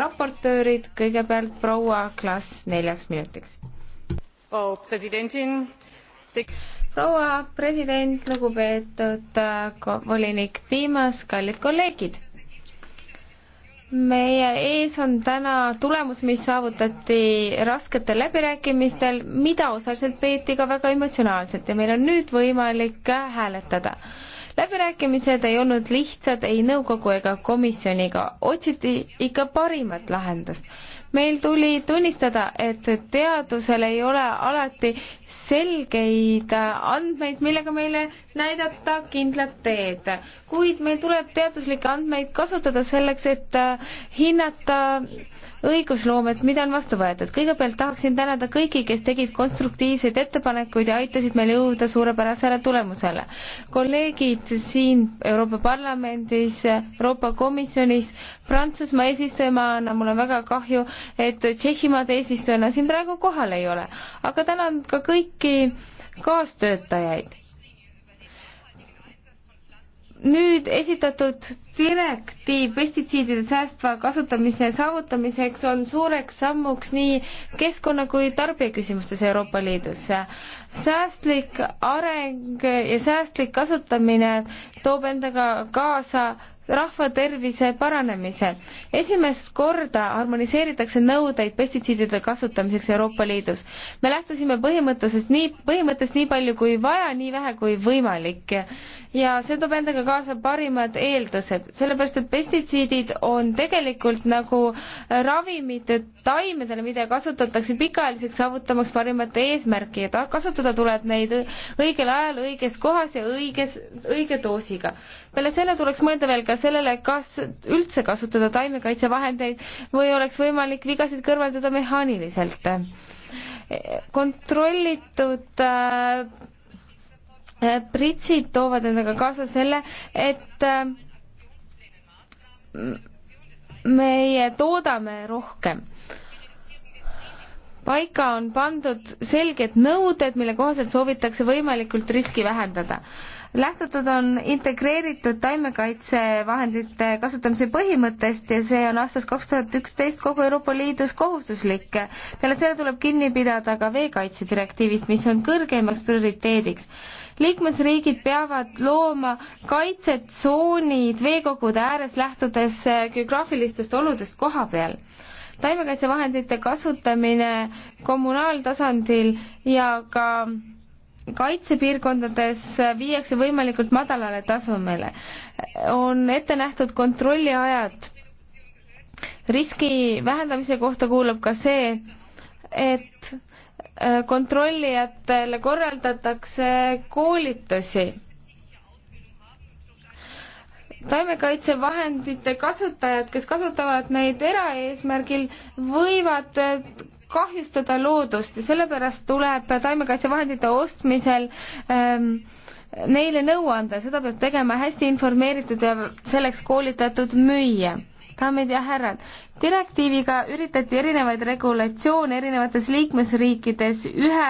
raportöörid, kõigepealt proua Klas neljaks minutiks. proua president, lugupeetud äh, volinik Tiimas, kallid kolleegid meie ees on täna tulemus, mis saavutati rasketel läbirääkimistel, mida osaliselt peeti ka väga emotsionaalselt ja meil on nüüd võimalik äh, hääletada läbirääkimised ei olnud lihtsad ei nõukogu ega komisjoniga, otsiti ikka parimat lahendust. meil tuli tunnistada, et teadusel ei ole alati selgeid andmeid, millega meile näidata kindlat teed, kuid meil tuleb teaduslikke andmeid kasutada selleks, et hinnata õigusloomet, mida on vastu võetud. kõigepealt tahaksin tänada kõiki, kes tegid konstruktiivseid ettepanekuid ja aitasid meil jõuda suurepärasele tulemusele. kolleegid siin Euroopa Parlamendis, Euroopa Komisjonis, Prantsusmaa eesistujamaana, mul on väga kahju, et Tšehhimaad eesistujana siin praegu kohal ei ole. aga tänan ka kõiki kaastöötajaid nüüd esitatud direktiiv pestitsiidide säästva kasutamise saavutamiseks on suureks sammuks nii keskkonna kui tarbijaküsimustes Euroopa Liidus. säästlik areng ja säästlik kasutamine toob endaga kaasa rahva tervise paranemise. esimest korda harmoniseeritakse nõudeid pestitsiidide kasutamiseks Euroopa Liidus. me lähtusime põhimõttest nii, põhimõttest nii palju kui vaja, nii vähe kui võimalik. ja see toob endaga kaasa parimad eeldused, sellepärast et pestitsiidid on tegelikult nagu ravimid taimedele, mida kasutatakse pikaajaliseks saavutamaks parimat eesmärki ja kasutada tuleb neid õigel ajal, õiges kohas ja õiges, õige doosiga peale selle tuleks mõelda veel ka sellele, kas üldse kasutada taimekaitsevahendeid või oleks võimalik vigasid kõrvaldada mehaaniliselt. kontrollitud äh, pritsid toovad endaga kaasa selle, et äh, meie toodame rohkem paika on pandud selged nõuded, mille kohaselt soovitakse võimalikult riski vähendada lähtutud on integreeritud taimekaitsevahendite kasutamise põhimõttest ja see on aastast kaks tuhat üksteist kogu Euroopa Liidus kohustuslik. peale selle tuleb kinni pidada ka veekaitse direktiivist, mis on kõrgeimaks prioriteediks. liikmesriigid peavad looma kaitsetsoonid veekogude ääres, lähtudes geograafilistest oludest koha peal taimekaitsevahendite kasutamine kommunaaltasandil ja ka kaitsepiirkondades viiakse võimalikult madalale tasumele. on ette nähtud kontrolliajad. riski vähendamise kohta kuulub ka see, et äh, kontrollijatele korraldatakse koolitusi taimekaitsevahendite kasutajad, kes kasutavad neid eraeesmärgil, võivad äh, kahjustada loodust ja sellepärast tuleb taimekaitsevahendite ostmisel ähm, neile nõu anda, seda peab tegema hästi informeeritud ja selleks koolitatud müüja daamid ja härrad, direktiiviga üritati erinevaid regulatsioone erinevates liikmesriikides ühe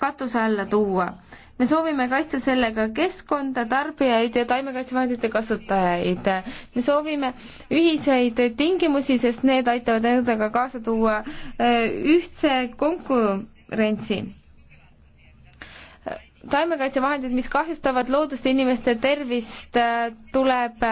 katuse alla tuua me soovime kaitsta sellega keskkonda, tarbijaid ja taimekaitsevahendite kasutajaid. me soovime ühiseid tingimusi, sest need aitavad endaga kaasa tuua äh, ühtse konkurentsi taimekaitsevahendid, mis kahjustavad loodust ja inimeste tervist, äh, tuleb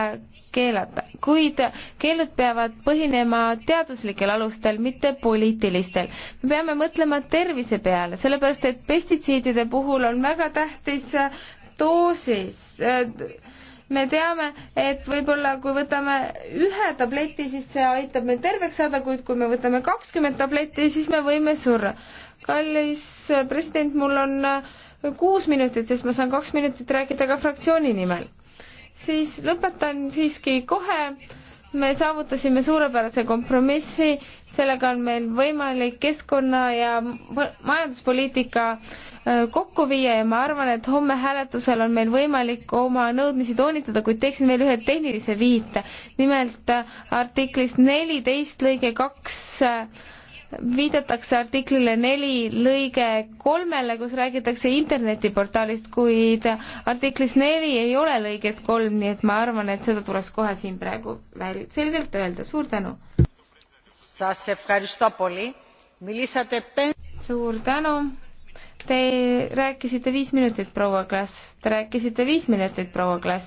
keelata kuid keelud peavad põhinema teaduslikel alustel, mitte poliitilistel. me peame mõtlema tervise peale, sellepärast et pestitsiidide puhul on väga tähtis äh, doosis äh, me teame, et võib-olla kui võtame ühe tableti, siis see aitab meil terveks saada, kuid kui me võtame kakskümmend tabletti, siis me võime surra. kallis president, mul on äh, kuus minutit, sest ma saan kaks minutit rääkida ka fraktsiooni nimel siis lõpetan siiski kohe. me saavutasime suurepärase kompromissi, sellega on meil võimalik keskkonna ja majanduspoliitika äh, kokku viia ja ma arvan, et homme hääletusel on meil võimalik oma nõudmisi toonitada, kuid teeksin veel ühe tehnilise viite. nimelt äh, artiklist neliteist lõige kaks 2 äh, viidatakse artiklile neli lõige kolmele, kus räägitakse internetiportaalist, kuid artiklis neli ei ole lõiget kolm, nii et ma arvan, et seda tuleks kohe siin praegu väl-, selgelt öelda, suur tänu. suur tänu. Te rääkisite viis minutit, proua Klaas, te rääkisite viis minutit, proua Klaas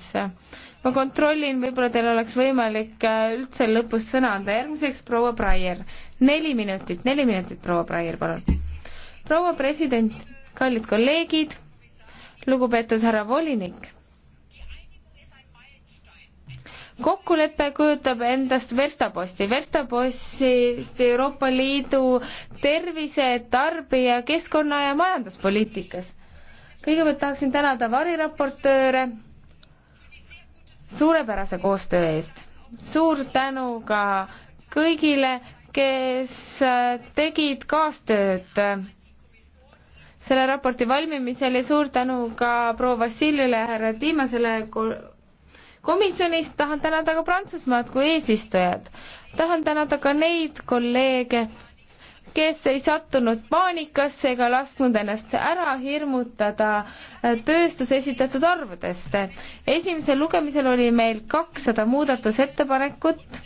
ma kontrollin, võib-olla teil oleks võimalik äh, üldse lõpus sõna anda. järgmiseks proua Breyer. neli minutit, neli minutit, proua Breyer, palun. proua president, kallid kolleegid, lugupeetud härra volinik. kokkulepe kujutab endast verstaposti, verstapostist Euroopa Liidu tervise, tarbija, keskkonna ja majanduspoliitikas. kõigepealt tahaksin tänada variraportööre suurepärase koostöö eest. suur tänu ka kõigile, kes äh, tegid kaastööd äh, selle raporti valmimisel ja suur tänu ka proua Vassiljele ja härra Tiimasele komisjonist, tahan tänada ka Prantsusmaad kui eesistujad. tahan tänada ka neid kolleege, kes ei sattunud paanikasse ega lasknud ennast ära hirmutada äh, tööstuse esitatud arvudest. esimesel lugemisel oli meil kakssada muudatusettepanekut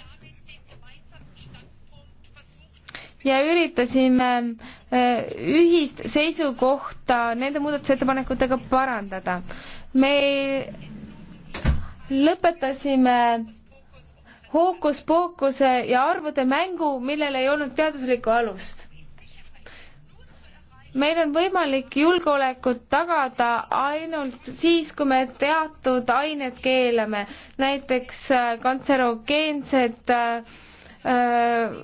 ja üritasime äh, ühist seisukohta nende muudatusettepanekutega parandada. me lõpetasime hookuspookuse ja arvude mängu, millel ei olnud teaduslikku alust. meil on võimalik julgeolekut tagada ainult siis, kui me teatud ained keelame, näiteks äh, kantserogeensed äh, äh,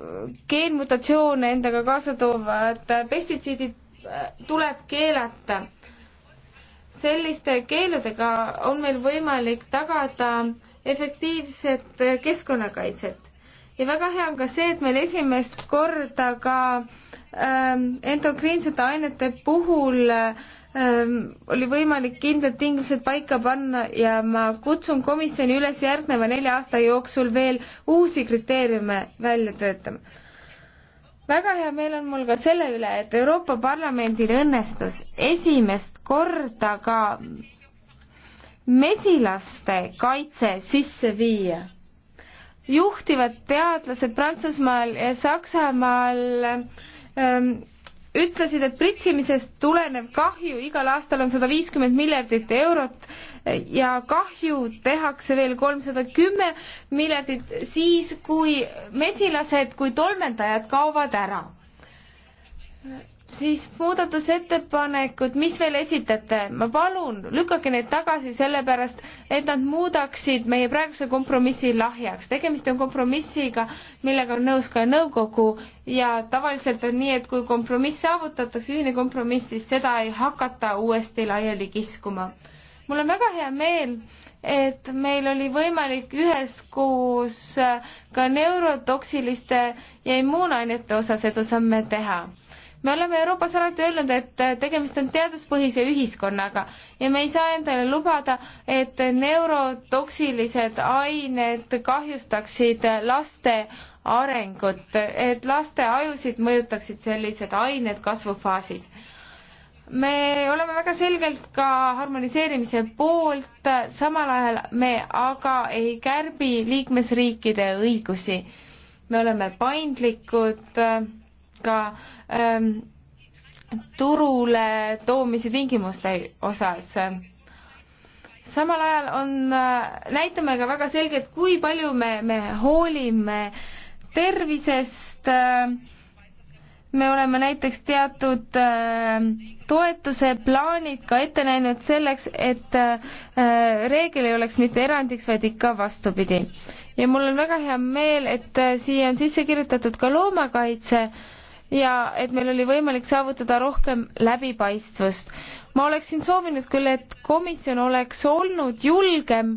geenmutatsioone endaga kaasa toovad äh, pestitsiidid tuleb keelata. selliste keeludega on meil võimalik tagada efektiivset äh, keskkonnakaitset. ja väga hea on ka see, et meil esimest korda ka ähm, endokriinsete ainete puhul ähm, oli võimalik kindlad tingimused paika panna ja ma kutsun komisjoni üles järgneva nelja aasta jooksul veel uusi kriteeriume välja töötama väga hea meel on mul ka selle üle, et Euroopa Parlamendil õnnestus esimest korda ka mesilaste kaitse sisse viia. juhtivad teadlased Prantsusmaal ja Saksamaal ähm, ütlesid, et pritsimisest tulenev kahju igal aastal on sada viiskümmend miljardit eurot äh, ja kahju tehakse veel kolmsada kümme miljardit siis, kui mesilased kui tolmeldajad kaovad ära siis muudatusettepanekud, mis veel esitate, ma palun, lükake need tagasi sellepärast, et nad muudaksid meie praeguse kompromissi lahjaks. tegemist on kompromissiga, millega on nõus ka nõukogu ja tavaliselt on nii, et kui kompromiss saavutatakse, ühine kompromiss, siis seda ei hakata uuesti laiali kiskuma. mul on väga hea meel, et meil oli võimalik üheskoos ka neurotoksiliste ja immuunainete osas edusamme teha me oleme Euroopas alati öelnud, et äh, tegemist on teaduspõhise ühiskonnaga ja me ei saa endale lubada, et neurotoksilised ained kahjustaksid laste arengut, et laste ajusid mõjutaksid sellised ained kasvufaasis me oleme väga selgelt ka harmoniseerimise poolt, samal ajal me aga ei kärbi liikmesriikide õigusi. me oleme paindlikud äh, ka ähm, turule toomise tingimuste osas. samal ajal on, äh, näitame ka väga selgelt, kui palju me, me hoolime tervisest äh,, me oleme näiteks teatud äh, toetuse plaanid ka ette näinud selleks, et äh, reegel ei oleks mitte erandiks, vaid ikka vastupidi. ja mul on väga hea meel, et siia on sisse kirjutatud ka loomakaitse, ja et meil oli võimalik saavutada rohkem läbipaistvust. ma oleksin soovinud küll, et komisjon oleks olnud julgem,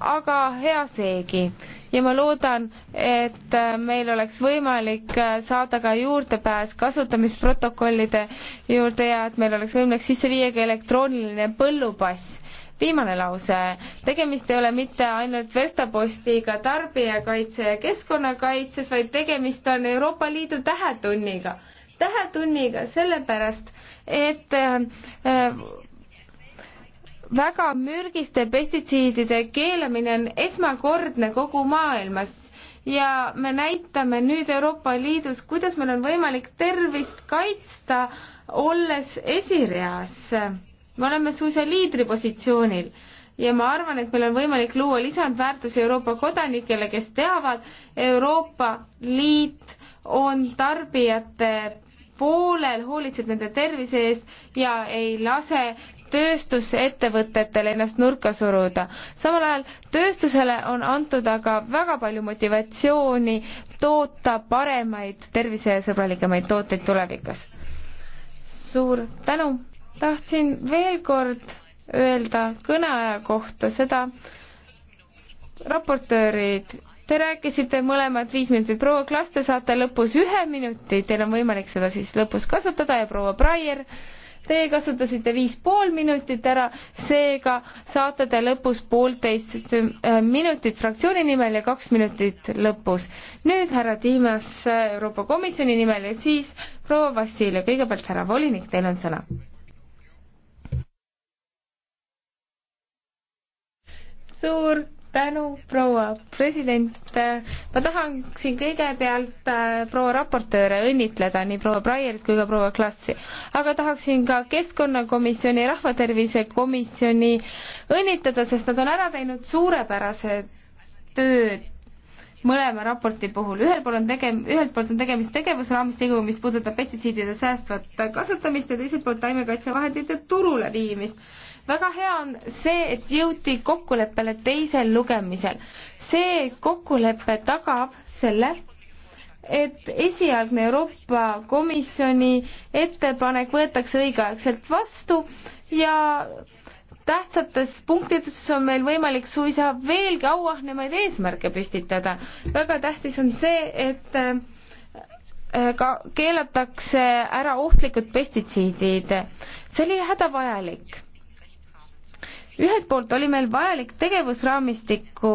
aga hea seegi ja ma loodan, et meil oleks võimalik saada ka juurdepääs kasutamisprotokollide juurde ja et meil oleks võimalik sisse viia ka elektrooniline põllupass viimane lause. tegemist ei ole mitte ainult verstapostiga tarbijakaitse ja keskkonnakaitses, vaid tegemist on Euroopa Liidu tähetunniga. tähetunniga sellepärast, et äh, väga mürgiste pestitsiidide keelamine on esmakordne kogu maailmas ja me näitame nüüd Euroopa Liidus, kuidas meil on võimalik tervist kaitsta, olles esireas me oleme suisa liidripositsioonil ja ma arvan, et meil on võimalik luua lisandväärtusi Euroopa kodanikele, kes teavad, Euroopa Liit on tarbijate poolel, hoolitseb nende tervise eest ja ei lase tööstusettevõtetel ennast nurka suruda. samal ajal tööstusele on antud aga väga palju motivatsiooni toota paremaid tervisesõbralikemaid tooteid tulevikus. suur tänu! tahtsin veel kord öelda kõneaja kohta seda, raportöörid, te rääkisite mõlemad viis minutit, proua Klas, te saate lõpus ühe minuti, teil on võimalik seda siis lõpus kasutada ja proua Breyer, teie kasutasite viis pool minutit ära, seega saate te lõpus poolteist äh, minutit fraktsiooni nimel ja kaks minutit lõpus. nüüd härra Tiimas äh, Euroopa Komisjoni nimel ja siis proua Vassiljev, kõigepealt härra volinik, teil on sõna suur tänu, proua president. ma tahaksin kõigepealt äh, proua raportööre õnnitleda, nii proua Breierit kui ka proua Klassi. aga tahaksin ka Keskkonnakomisjoni, Rahvatervise Komisjoni õnnitleda, sest nad on ära teinud suurepärase töö mõlema raporti puhul. ühel pool on tegem-, ühelt poolt on tegemist tegevusraamistikuga, mis puudutab pestitsiidide säästvat kasutamist ja teiselt poolt taimekaitsevahendite turule viimist väga hea on see, et jõuti kokkuleppele teisel lugemisel. see kokkulepe tagab selle, et esialgne Euroopa Komisjoni ettepanek võetakse õigeaegselt vastu ja tähtsates punktides on meil võimalik suisa veelgi auahnemaid eesmärke püstitada. väga tähtis on see, et äh, ka keelatakse ära ohtlikud pestitsiidid. see oli hädavajalik ühelt poolt oli meil vajalik tegevusraamistikku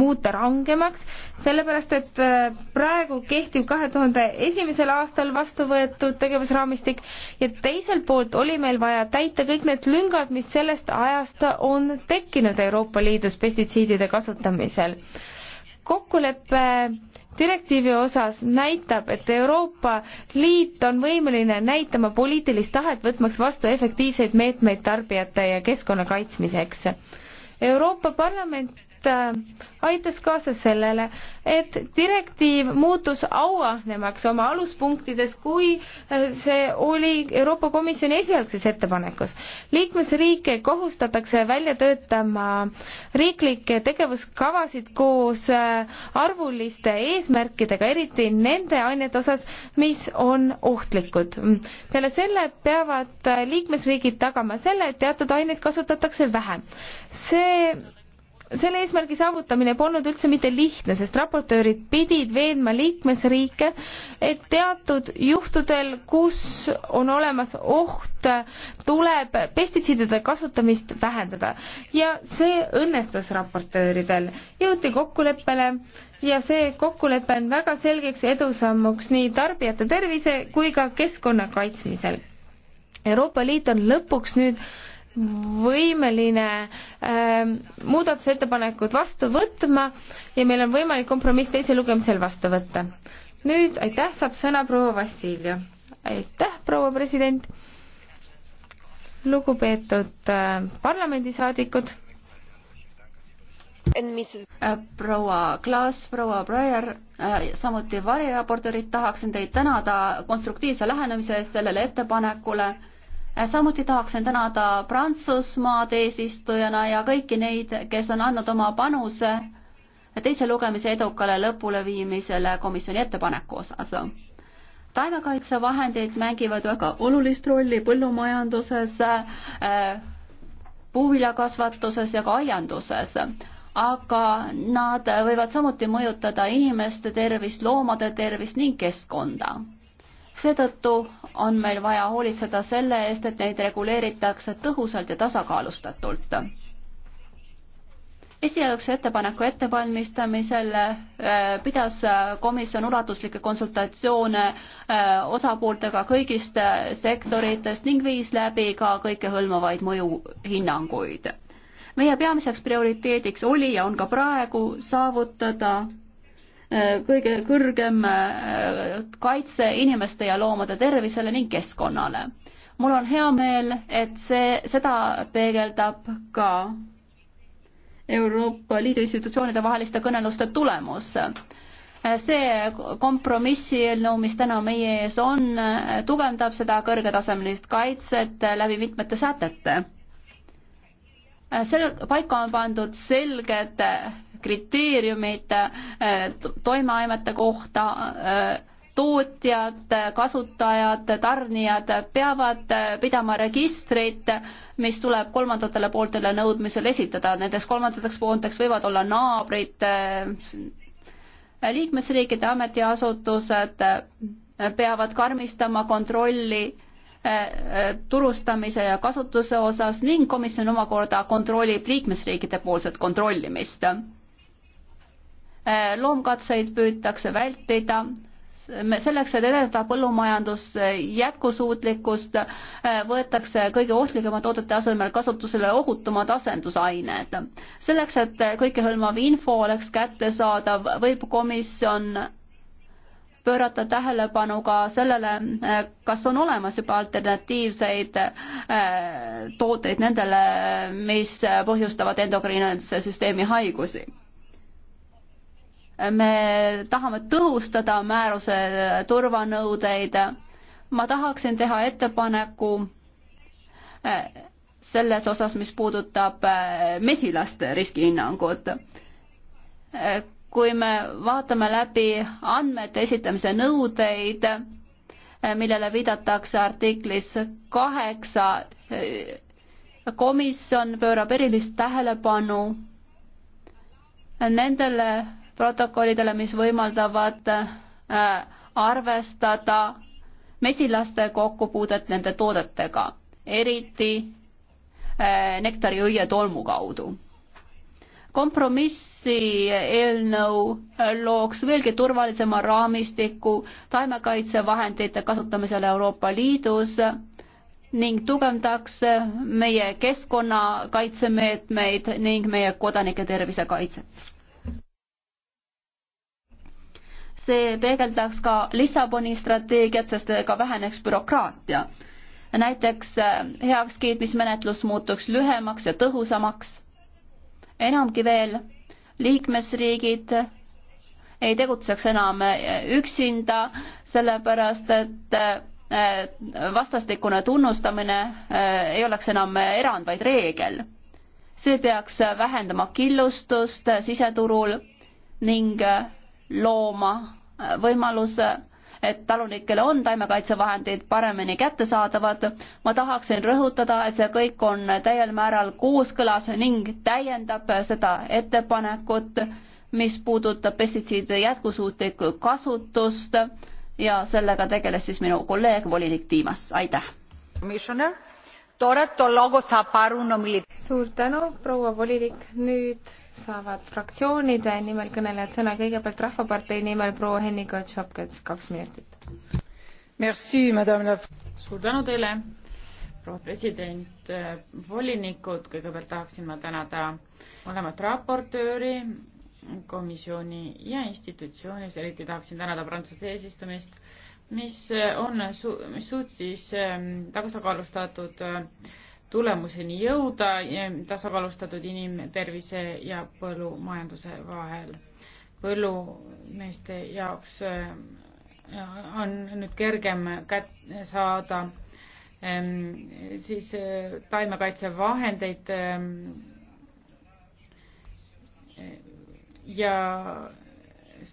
muuta rangemaks, sellepärast et äh, praegu kehtib kahe tuhande esimesel aastal vastu võetud tegevusraamistik ja teiselt poolt oli meil vaja täita kõik need lüngad, mis sellest ajast on tekkinud Euroopa Liidus pestitsiidide kasutamisel. kokkulepe direktiivi osas näitab, et Euroopa Liit on võimeline näitama poliitilist tahet, võtmaks vastu efektiivseid meetmeid tarbijate ja keskkonna kaitsmiseks. Euroopa Parlament Äh, aitas kaasa sellele, et direktiiv muutus auahnemaks oma aluspunktides, kui äh, see oli Euroopa Komisjoni esialgses ettepanekus. liikmesriike kohustatakse välja töötama riiklikke tegevuskavasid koos äh, arvuliste eesmärkidega, eriti nende ainete osas, mis on ohtlikud. peale selle peavad liikmesriigid tagama selle, et teatud aineid kasutatakse vähem. see selle eesmärgi saavutamine polnud üldse mitte lihtne, sest raportöörid pidid veenma liikmesriike, et teatud juhtudel, kus on olemas oht, tuleb pestitsiidide kasutamist vähendada ja see õnnestus raportööridel. jõuti kokkuleppele ja see kokkulepe on väga selgeks edusammuks nii tarbijate tervise kui ka keskkonna kaitsmisel. Euroopa Liit on lõpuks nüüd võimeline äh, muudatusettepanekud vastu võtma ja meil on võimalik kompromiss teisel lugemisel vastu võtta. nüüd aitäh, saab sõna proua Vassiljev. aitäh, proua president. lugupeetud äh, parlamendisaadikud. Äh, proua Klaas, proua Breyer äh,, samuti variraportöörid, tahaksin teid tänada konstruktiivse lähenemise eest sellele ettepanekule Äh, samuti tahaksin tänada Prantsusmaad eesistujana ja kõiki neid, kes on andnud oma panuse teise lugemise edukale lõpuleviimisele komisjoni ettepaneku osas. taimekaitsevahendid mängivad väga olulist rolli põllumajanduses, äh, puuviljakasvatuses ja ka aianduses, aga nad võivad samuti mõjutada inimeste tervist, loomade tervist ning keskkonda seetõttu on meil vaja hoolitseda selle eest, et neid reguleeritakse tõhusalt ja tasakaalustatult. esialgse ettepaneku ettevalmistamisel äh, pidas äh, komisjon ulatuslikke konsultatsioone äh, osapooltega kõigist sektoritest ning viis läbi ka kõikehõlmavaid mõjuhinnanguid meie peamiseks prioriteediks oli ja on ka praegu saavutada Äh, kõige kõrgem äh, kaitse inimeste ja loomade tervisele ning keskkonnale. mul on hea meel, et see, seda peegeldab ka Euroopa Liidu institutsioonide vaheliste kõneluste tulemus äh, see kompromissieelnõu, mis täna meie ees on, tugevdab seda kõrgetasemelist kaitset läbi mitmete sätete. selle paika on pandud selged kriteeriumid äh, toimeainete kohta, äh, tootjad, kasutajad, tarnijad peavad äh, pidama registrit, mis tuleb kolmandatele pooltele nõudmisel esitada, nendeks kolmandateks poolteks võivad olla naabrid, liikmesriikide ametiasutused peavad karmistama kontrolli turustamise ja kasutuse osas ning komisjon omakorda kontrollib liikmesriikide poolset kontrollimist. Äh, loomkatseid püütakse vältida, selleks, et edendada põllumajanduse äh, jätkusuutlikkust, äh, võetakse kõige ohtlikema toodete asemel kasutusele ohutumad asendusained. selleks, et kõikehõlmav info oleks kättesaadav, võib komisjon pöörata tähelepanu ka sellele, kas on olemas juba alternatiivseid tooteid nendele, mis põhjustavad endokriinilise süsteemi haigusi me tahame tõhustada määruse turvanõudeid. ma tahaksin teha ettepaneku eh, selles osas, mis puudutab eh, mesilaste riskihinnangut. Eh, kui me vaatame läbi andmete esitamise nõudeid, millele viidatakse artiklis kaheksa, komisjon pöörab erilist tähelepanu nendele protokollidele, mis võimaldavad äh, arvestada mesilaste kokkupuudet nende toodetega, eriti äh, nektariõie tolmu kaudu. kompromissi eelnõu äh, looks veelgi turvalisema raamistiku taimekaitsevahendite kasutamisel Euroopa Liidus ning tugevdaks meie keskkonnakaitsemeetmeid ning meie kodanike tervise kaitset see peegeldaks ka Lissaboni strateegiat, sest ka väheneks bürokraatia. näiteks äh, heakskiitmismenetlus muutuks lühemaks ja tõhusamaks. enamgi veel, liikmesriigid ei tegutseks enam äh, üksinda, sellepärast et äh, vastastikune tunnustamine ei oleks enam erand, vaid reegel. see peaks vähendama killustust siseturul ning looma äh, võimaluse äh, et talunikele on taimekaitsevahendid paremini kättesaadavad. ma tahaksin rõhutada, et see kõik on täiel määral kooskõlas ning täiendab seda ettepanekut, mis puudutab pestitsiidide jätkusuutlikku kasutust ja sellega tegeles siis minu kolleeg, volinik Tiimas, aitäh. suur tänu, proua volinik, nüüd saavad fraktsioonide nimel kõnelejad sõna, kõigepealt Rahvapartei nimel proua Henniga Tšapkets, kaks minutit. suur tänu teile, proua president, volinikud, kõigepealt tahaksin ma tänada mõlemat raportööri, komisjoni ja institutsioonis, eriti tahaksin tänada Prantsuse eesistumist, mis on, mis suutis ähm, tasakaalustatud äh, tulemuseni jõuda tasakaalustatud inimtervise ja põllumajanduse vahel. põllumeeste jaoks äh, on nüüd kergem kätt saada ähm, siis äh, taimekaitsevahendeid ähm, ja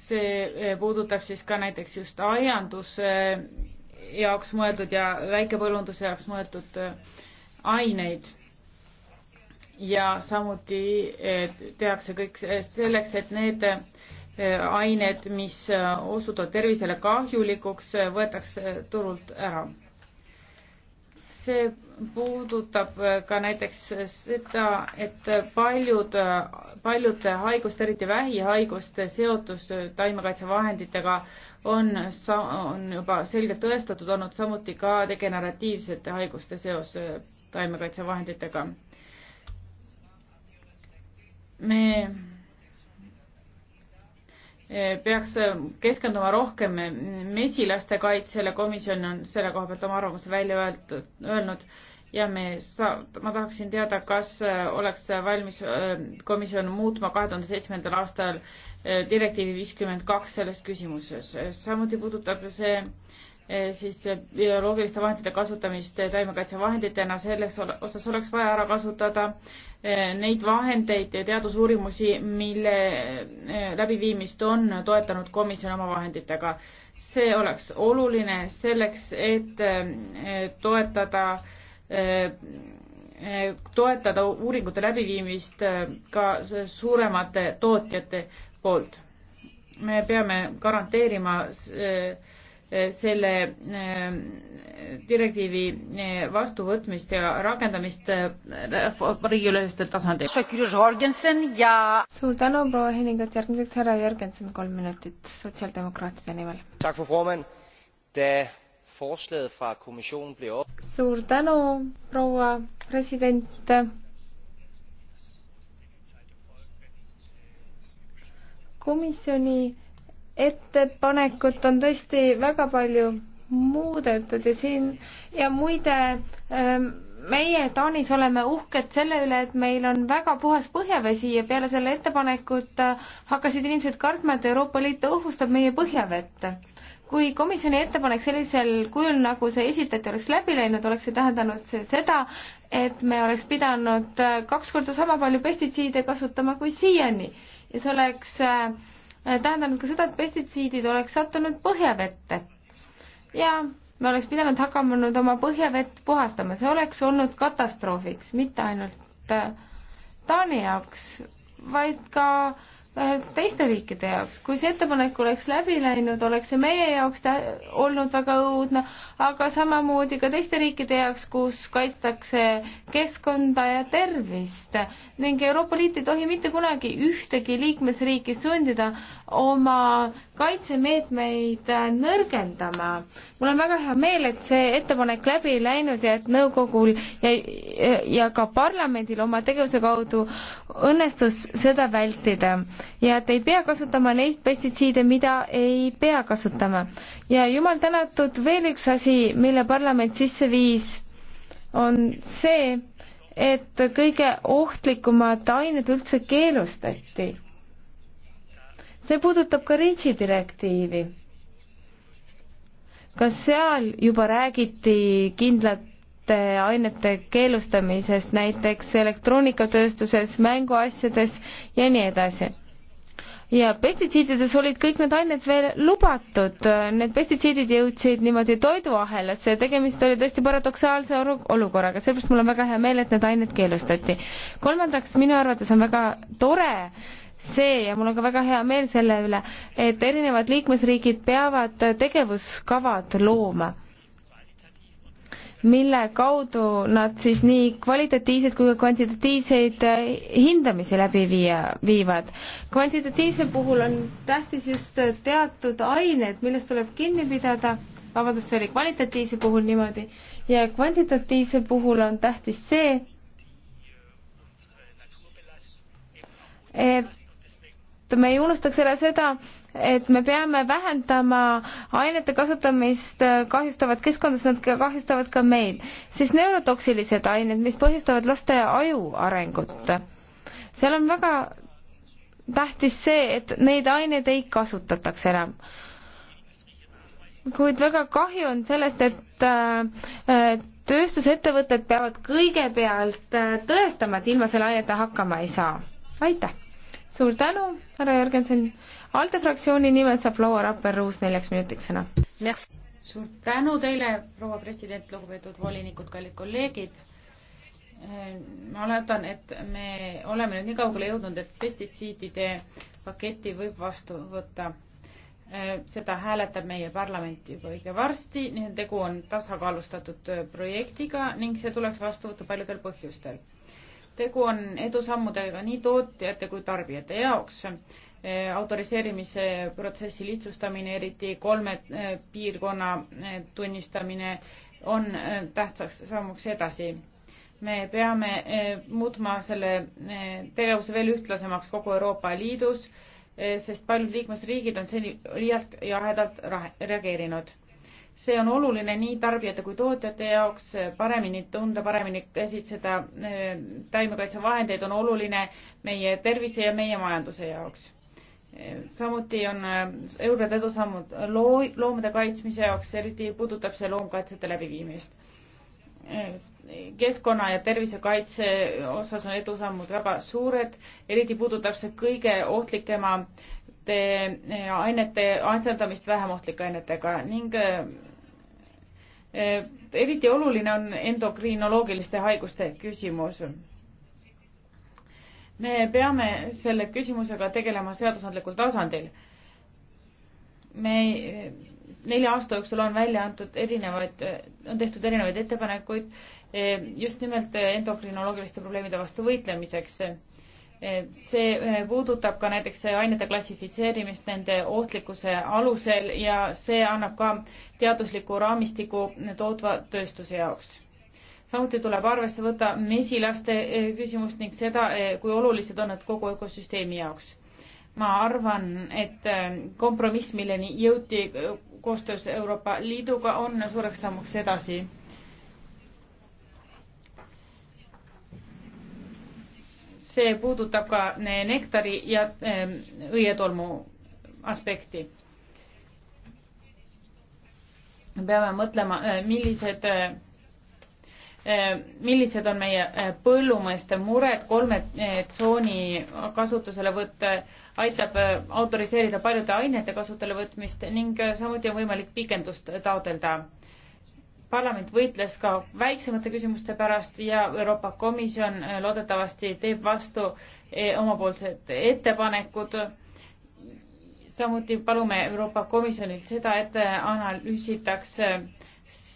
see äh, puudutab siis ka näiteks just aianduse jaoks mõeldud ja väikepõllunduse jaoks mõeldud äh, aineid ja samuti tehakse kõik selleks, et need eh, ained, mis eh, osutuvad tervisele kahjulikuks, eh, võetakse turult ära. see puudutab ka näiteks seda, et paljud, paljude haiguste, eriti vähihaiguste seotus taimekaitsevahenditega äh, on, on juba selgelt tõestatud olnud, samuti ka degeneratiivsete haiguste seos äh, taimekaitsevahenditega. me äh, peaks äh, keskenduma rohkem mesilaste kaitsele, komisjon on selle koha pealt oma arvamuse välja öeldud, öelnud ja me saa-, ma tahaksin teada, kas äh, oleks valmis äh, komisjon muutma kahe tuhande seitsmendal aastal äh, direktiivi viiskümmend kaks selles küsimuses. samuti puudutab see siis bioloogiliste vahendite kasutamist taimekaitsevahenditena, selles osas oleks vaja ära kasutada neid vahendeid ja teadusuurimusi, mille läbiviimist on toetanud komisjon oma vahenditega. see oleks oluline selleks, et toetada toetada uuringute läbiviimist äh, ka suuremate tootjate poolt. me peame garanteerima äh, selle äh, direktiivi vastuvõtmist ja rakendamist riigiülesel tasandil. suur tänu, proua Henningat, järgmiseks härra Jürgenson, kolm minutit sotsiaaldemokraatide nimel suur tänu, proua president. komisjoni ettepanekut on tõesti väga palju muudetud ja siin ja muide ähm, meie Taanis oleme uhked selle üle, et meil on väga puhas põhjavesi ja peale selle ettepanekut äh, hakkasid inimesed kartma, et Euroopa Liit õhustab meie põhjavett kui komisjoni ettepanek sellisel kujul, nagu see esitati, oleks läbi läinud, oleks see tähendanud see seda, et me oleks pidanud äh, kaks korda sama palju pestitsiide kasutama kui siiani ja see oleks äh, tähendanud ka seda, et pestitsiidid oleks sattunud põhjavette. ja me oleks pidanud hakkama nüüd oma põhjavett puhastama, see oleks olnud katastroofiks, mitte ainult äh, Taani jaoks, vaid ka äh, Äh, teiste riikide jaoks. kui see ettepanek oleks läbi läinud, oleks see meie jaoks olnud väga õudne, aga samamoodi ka teiste riikide jaoks, kus kaitstakse keskkonda ja tervist ning Euroopa Liit ei tohi mitte kunagi ühtegi liikmesriiki sundida oma kaitsemeetmeid nõrgendama. mul on väga hea meel, et see ettepanek läbi ei läinud ja et nõukogul ja, ja ka parlamendil oma tegevuse kaudu õnnestus seda vältida ja et ei pea kasutama neid pestitsiide, mida ei pea kasutama. ja jumal tänatud, veel üks asi, mille parlament sisse viis, on see, et kõige ohtlikumad ained üldse keelustati. see puudutab ka REACH-i direktiivi. kas seal juba räägiti kindlat teiste ainete keelustamisest, näiteks elektroonikatööstuses, mänguasjades ja nii edasi ja pestitsiidides olid kõik need ained veel lubatud. Need pestitsiidid jõudsid niimoodi toiduahelasse ja tegemist oli tõesti paradoksaalse olukorraga, sellepärast mul on väga hea meel, et need ained keelustati. kolmandaks, minu arvates on väga tore see ja mul on ka väga hea meel selle üle, et erinevad liikmesriigid peavad tegevuskavad looma mille kaudu nad siis nii kvalitatiivseid kui ka kvantitatiivseid äh, hindamisi läbi viia, viivad. kvantitatiivse puhul on tähtis just teatud ained, millest tuleb kinni pidada, vabandust, see oli kvalitatiivse puhul niimoodi, ja kvantitatiivse puhul on tähtis see, et me ei unustaks ära seda, et me peame vähendama ainete kasutamist, kahjustavad keskkonda, sest nad kahjustavad ka meil. siis neurotoksilised ained, mis põhjustavad laste aju arengut. seal on väga tähtis see, et neid aineid ei kasutataks enam kuid väga kahju on sellest, et äh, tööstusettevõtted peavad kõigepealt äh, tõestama, et ilma selle aineta hakkama ei saa. aitäh! suur tänu, härra Jörgenson! ALDE fraktsiooni nimel saab proua Rapper-Ruus neljaks minutiks sõna. suur tänu teile, proua president, lugupeetud volinikud, kallid kolleegid. Äh, ma oletan, et me oleme nüüd nii kaugele jõudnud, et pestitsiidide paketi võib vastu võtta. Äh, seda hääletab meie parlament juba õige varsti, nii et tegu on tasakaalustatud äh, projektiga ning see tuleks vastu võtta paljudel põhjustel tegu on edusammudega nii tootjate kui tarbijate jaoks Eh, autoriseerimise protsessi lihtsustamine, eriti kolme eh, piirkonna eh, tunnistamine on tähtsaks sammuks edasi. me peame muutma selle tegevuse veel ühtlasemaks kogu Euroopa Liidus, sest paljud liikmesriigid on seni liialt jahedalt reageerinud. see on oluline nii tarbijate kui tootjate jaoks paremini tunda, paremini käsitleda taimekaitsevahendeid on oluline meie tervise ja meie majanduse jaoks samuti on äh, eurod edusammud loo-, loomade kaitsmise jaoks, eriti puudutab see loomkaitsete läbiviimist. keskkonna ja tervisekaitse osas on edusammud väga suured, eriti puudutab see kõige ohtlikemate äh, ainete asendamist vähem ohtlike ainetega ning äh, eriti oluline on endokriinoloogiliste haiguste küsimus me peame selle küsimusega tegelema seadusandlikul tasandil. me nelja aasta jooksul on välja antud erinevaid, on tehtud erinevaid ettepanekuid e, just nimelt endokrinoloogiliste probleemide vastu võitlemiseks. E, see e, puudutab ka näiteks ainete klassifitseerimist nende ohtlikkuse alusel ja see annab ka teadusliku raamistiku tootva tööstuse jaoks samuti tuleb arvesse võtta mesilaste eh, küsimust ning seda, eh, kui olulised on nad kogu ökosüsteemi jaoks. ma arvan, et eh, kompromiss, milleni jõuti koostöös Euroopa Liiduga, on suureks sammuks edasi. see puudutab ka nektari ja õietolmu aspekti me peame mõtlema, millised Eh, millised on meie eh, põllumeeste mured, kolme eh, tsooni kasutuselevõtt aitab autoriseerida paljude ainete kasutuselevõtmist ning samuti on võimalik pikendust taotleda. parlament võitles ka väiksemate küsimuste pärast ja Euroopa Komisjon loodetavasti teeb vastu omapoolsed ettepanekud samuti palume Euroopa Komisjonilt seda, et analüüsitakse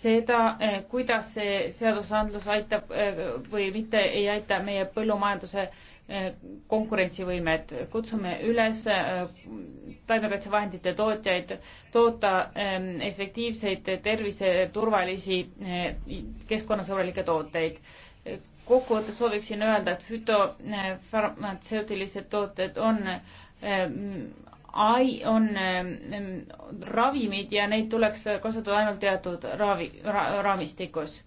seda, eh, kuidas see seadusandlus aitab eh, või mitte ei aita meie põllumajanduse eh, konkurentsivõimet. kutsume üles taimekaitsevahendite tootjaid toota efektiivseid, terviseturvalisi, keskkonnasõbralikke tooteid. kokkuvõttes sooviksin öelda, et fütofarmatseuutilised tooted on ai-, on ähm, ähm, ravimid ja neid tuleks kasutada ainult teatud raavi ra,, raamistikus.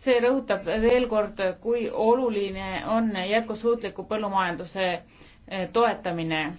see rõhutab veel kord, kui oluline on jätkusuutliku põllumajanduse äh, toetamine.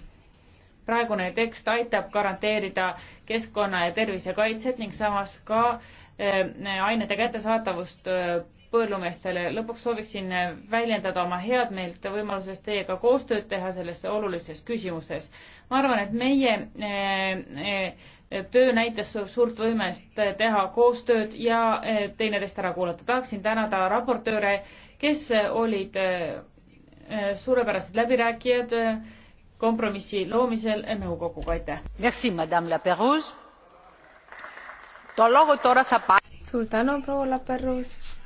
praegune tekst aitab garanteerida keskkonna ja tervise kaitset ning samas ka äh, äh ainete kättesaatavust äh, põllumeestele. lõpuks sooviksin väljendada oma head meelt võimalusest teiega koostööd teha selles olulises küsimuses. ma arvan, et meie eh, eh, töö näitas suurt võimest teha koostööd ja eh, teineteist ära kuulata. tahaksin tänada raportööre, kes olid suurepärased läbirääkijad kompromissi loomisel nõukoguga. aitäh! suur tänu proua laperrouze!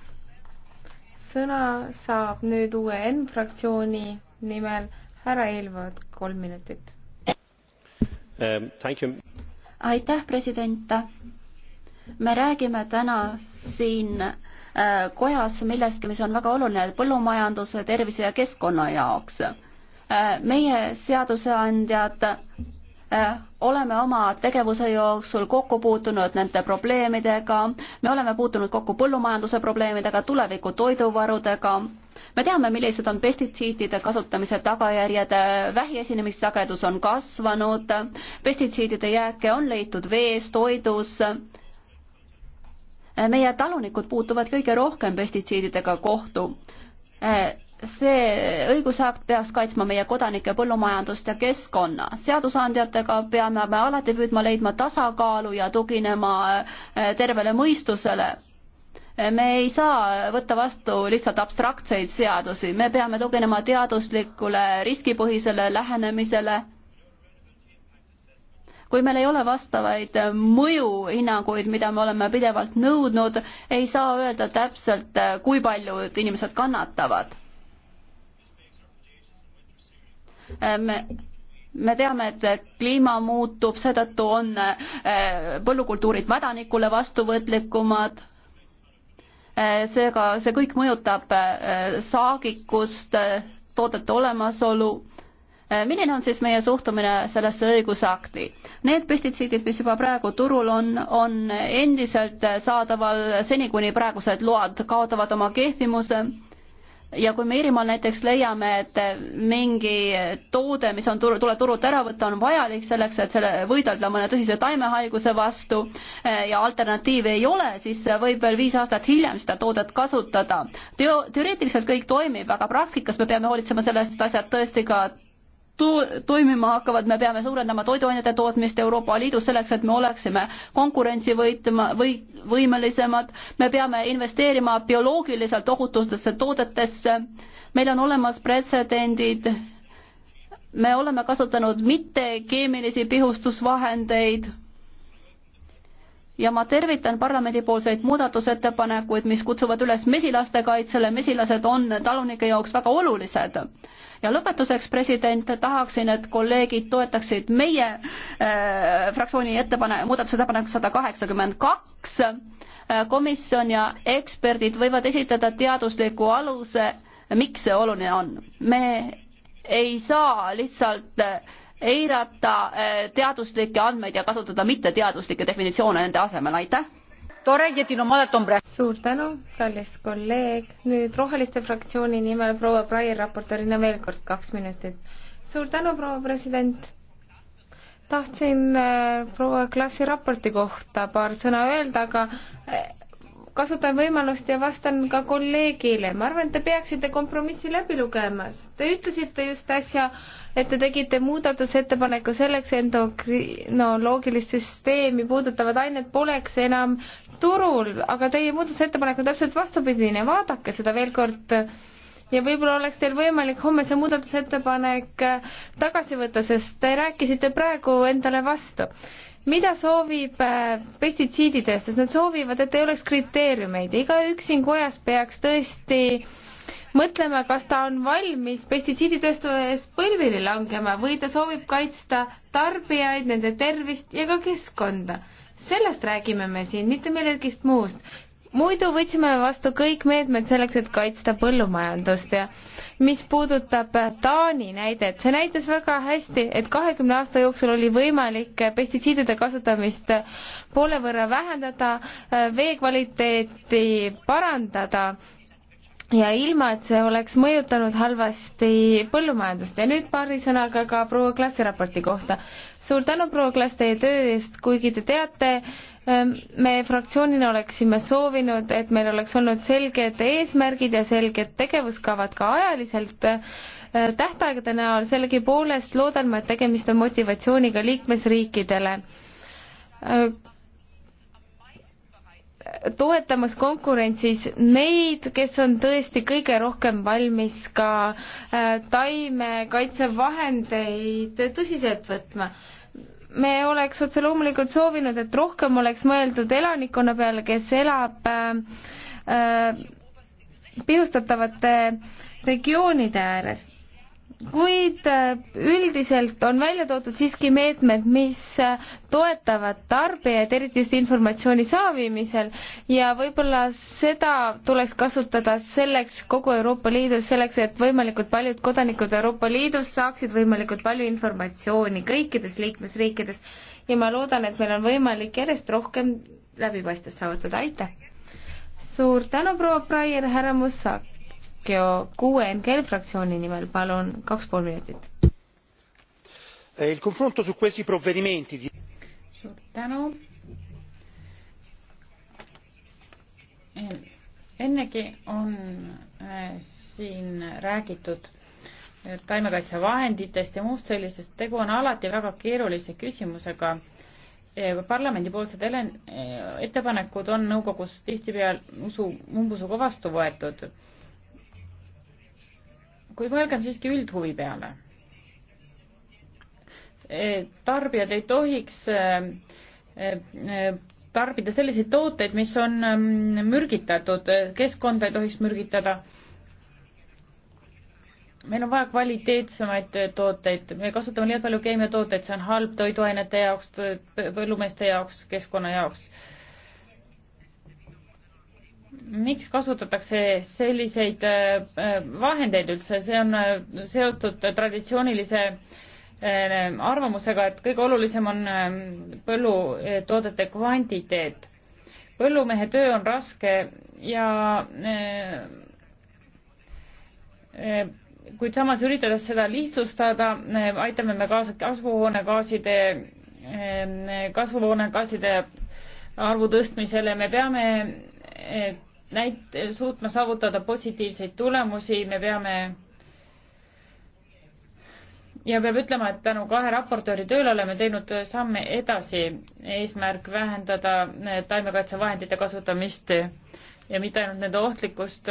sõna saab nüüd UN fraktsiooni nimel härra Eelvood, kolm minutit um,. aitäh, president. me räägime täna siin äh, kojas millestki, mis on väga oluline põllumajanduse, tervise ja keskkonna jaoks. Äh, meie seaduseandjad Äh, oleme oma tegevuse jooksul kokku puutunud nende probleemidega, me oleme puutunud kokku põllumajanduse probleemidega, tuleviku toiduvarudega, me teame, millised on pestitsiidide kasutamise tagajärjed, vähi esinemissagedus on kasvanud, pestitsiidide jääke on leitud vees, toidus, äh, meie talunikud puutuvad kõige rohkem pestitsiididega kohtu äh, see õigusakt peaks kaitsma meie kodanike põllumajandust ja keskkonna. seadusandjatega peame me alati püüdma leidma tasakaalu ja tuginema eh, tervele mõistusele. me ei saa võtta vastu lihtsalt abstraktseid seadusi, me peame tuginema teaduslikule riskipõhisele lähenemisele. kui meil ei ole vastavaid eh, mõjuhinnanguid, mida me oleme pidevalt nõudnud, ei saa öelda täpselt, eh, kui paljud inimesed kannatavad Äh, me me teame, et kliima muutub, seetõttu on äh, põllukultuurid mädanikule vastuvõtlikumad. Äh, seega see kõik mõjutab saagikust, toodete olemasolu. milline on siis meie suhtumine sellesse õigusakti? Need pestitsiidid, mis juba praegu turul on, on endiselt saadaval seni, kuni praegused load kaotavad oma kehvimuse ja kui me Iirimaal näiteks leiame, et mingi toode, mis on turu, tuleb turult ära võtta, on vajalik selleks, et selle, võidelda mõne tõsise taimehaiguse vastu eh, ja alternatiivi ei ole, siis võib veel viis aastat hiljem seda toodet kasutada. Teo-, teoreetiliselt kõik toimib, aga praktikas me peame hoolitsema selle eest, et asjad tõesti ka to-, toimima hakkavad, me peame suurendama toiduainete tootmist Euroopa Liidus selleks, et me oleksime konkurentsivõitma, või-, võimelisemad, me peame investeerima bioloogiliselt ohutustesse toodetesse, meil on olemas pretsedendid, me oleme kasutanud mittekeemilisi pihustusvahendeid ja ma tervitan parlamendipoolseid muudatusettepanekuid, mis kutsuvad üles mesilaste kaitsele, mesilased on talunike jaoks väga olulised ja lõpetuseks, president, tahaksin, et kolleegid toetaksid meie äh, fraktsiooni ettepane-, muudatusettepanek sada kaheksakümmend kaks, äh, komisjon ja eksperdid võivad esitada teadusliku aluse, miks see oluline on. me ei saa lihtsalt äh, eirata äh, teaduslikke andmeid ja kasutada mitteteaduslikke definitsioone nende asemel, aitäh! suur tänu, kallis kolleeg. nüüd Roheliste fraktsiooni nimel proua Breyer raportöörina veel kord kaks minutit. suur tänu, proua president. tahtsin äh, proua Klassi raporti kohta paar sõna öelda, aga äh, kasutan võimalust ja vastan ka kolleegile. ma arvan, et te peaksite kompromissi läbi lugema. Te ütlesite just äsja, et te tegite muudatusettepaneku selleks, et endokrinoloogilist süsteemi puudutavad ained poleks enam turul, aga teie muudatusettepanek on täpselt vastupidine. vaadake seda veel kord ja võib-olla oleks teil võimalik homme see muudatusettepanek tagasi võtta, sest te rääkisite praegu endale vastu mida soovib äh, pestitsiiditööstus, nad soovivad, et ei oleks kriteeriumeid ja igaüks siin kojas peaks tõesti mõtlema, kas ta on valmis pestitsiiditööstuses põlvili langema või ta soovib kaitsta tarbijaid, nende tervist ja ka keskkonda sellest räägime me siin, mitte millestki muust muidu võtsime vastu kõik meetmed selleks, et kaitsta põllumajandust ja mis puudutab Taani näidet, see näitas väga hästi, et kahekümne aasta jooksul oli võimalik pestitsiidide kasutamist poole võrra vähendada, vee kvaliteeti parandada ja ilma, et see oleks mõjutanud halvasti põllumajandust ja nüüd paari sõnaga ka proua Klassi raporti kohta. suur tänu, proua Klass, teie töö eest, kuigi te teate, Ehm, me fraktsioonina oleksime soovinud, et meil oleks olnud selged eesmärgid ja selged tegevuskavad ka ajaliselt eh, tähtaegade näol, sellegipoolest loodan ma, et tegemist on motivatsiooniga liikmesriikidele eh, toetamas konkurentsis neid, kes on tõesti kõige rohkem valmis ka eh, taimekaitsevahendeid tõsiselt võtma me oleks otse loomulikult soovinud, et rohkem oleks mõeldud elanikkonna peale, kes elab äh, äh pihustatavate regioonide ääres kuid äh, üldiselt on välja toodud siiski meetmed, mis äh, toetavad tarbijaid, eriti just informatsiooni saavimisel ja võib-olla seda tuleks kasutada selleks kogu Euroopa Liidus, selleks et võimalikult paljud kodanikud Euroopa Liidus saaksid võimalikult palju informatsiooni kõikides liikmesriikides ja ma loodan, et meil on võimalik järjest rohkem läbipaistvust saavutada, aitäh! suur tänu, proua Breyer, härra Mussak! Pacchio kuue NGL fraktsiooni nimel, palun, kaks pool minutit. Eh, suur tänu. ennegi on eh, siin räägitud eh, taimekaitsevahenditest ja muust sellisest, tegu on alati väga keerulise küsimusega parlamendipoolsed ettepanekud on nõukogus tihtipeale usu, umbusuga vastu võetud kuid mõelgem siiski üldhuvi peale. E, tarbijad ei tohiks e, e, tarbida selliseid tooteid, mis on mm, mürgitatud, keskkonda ei tohiks mürgitada. meil on vaja kvaliteetsemaid tooteid, me kasutame liialt palju keemiatooteid, see on halb toiduainete jaoks, põllumeeste jaoks, keskkonna jaoks miks kasutatakse selliseid äh, äh, vahendeid üldse, see on äh, seotud traditsioonilise arvamusega, et kõige olulisem on põllutoodete kvantiteet. põllumehe töö on raske ja kuid samas üritades seda lihtsustada, aitame me kaasa kasvuhoonegaaside, kasvuhoonegaaside arvu tõstmisele, me peame näit-, suutma saavutada positiivseid tulemusi, me peame ja peab ütlema, et tänu kahe raportööri tööle oleme teinud samme edasi, eesmärk vähendada eh, taimekaitsevahendite kasutamist ja mitte ainult nende ohtlikkust,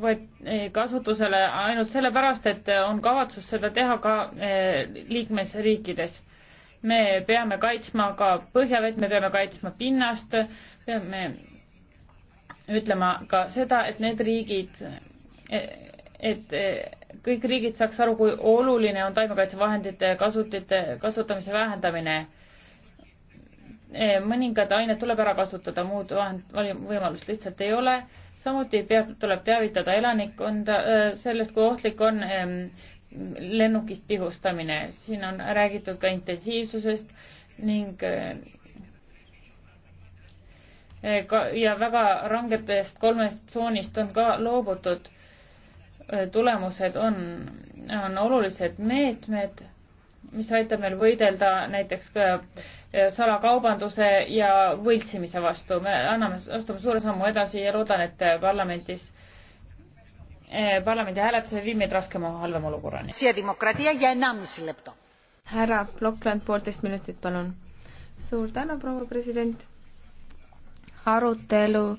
vaid eh, kasutusele ainult sellepärast, et on kavatsus seda teha ka eh, liikmesriikides me peame kaitsma ka põhjavett, me peame kaitsma pinnast, peame ütlema ka seda, et need riigid, et kõik riigid saaks aru, kui oluline on taimekaitsevahendite kasutite, kasutamise vähendamine. mõningad ained tuleb ära kasutada, muud vahend, võimalust lihtsalt ei ole samuti peab, tuleb teavitada elanikkonda äh, sellest, kui ohtlik on ähm, lennukist pihustamine, siin on räägitud ka intensiivsusest ning eh, ka ja väga rangetest kolmest tsoonist on ka loobutud. Eh, tulemused on, on olulised meetmed, mis aitab meil võidelda näiteks ka eh, salakaubanduse ja võltsimise vastu. me anname, astume suure sammu edasi ja loodan, et parlamendis Eh, parlamendi hääletuse viib meid raskema, halvema olukorrani. härra Blokland, poolteist minutit, palun. suur tänu, proua president. arutelu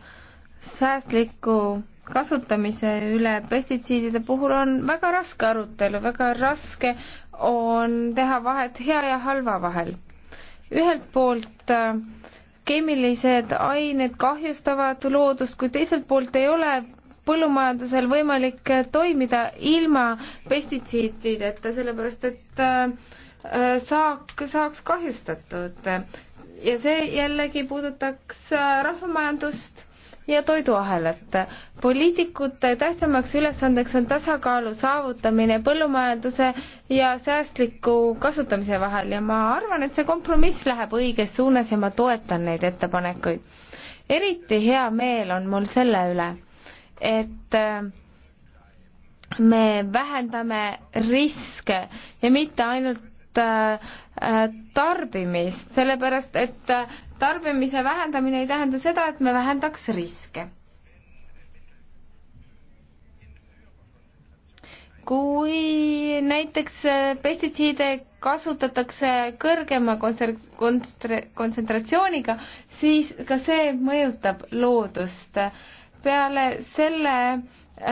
säästliku kasutamise üle pestitsiidide puhul on väga raske arutelu, väga raske on teha vahet hea ja halva vahel. ühelt poolt äh, keemilised ained kahjustavad loodust, kui teiselt poolt ei ole põllumajandusel võimalik toimida ilma pestitsiidideta, sellepärast et äh, saak saaks kahjustatud. ja see jällegi puudutaks äh, rahvamajandust ja toiduahelat. poliitikute tähtsamaks ülesandeks on tasakaalu saavutamine põllumajanduse ja säästliku kasutamise vahel ja ma arvan, et see kompromiss läheb õiges suunas ja ma toetan neid ettepanekuid. eriti hea meel on mul selle üle et äh, me vähendame riske ja mitte ainult äh, äh, tarbimist, sellepärast et tarbimise vähendamine ei tähenda seda, et me vähendaks riske. kui näiteks pestitsiide kasutatakse kõrgema kontsentratsiooniga, siis ka see mõjutab loodust peale selle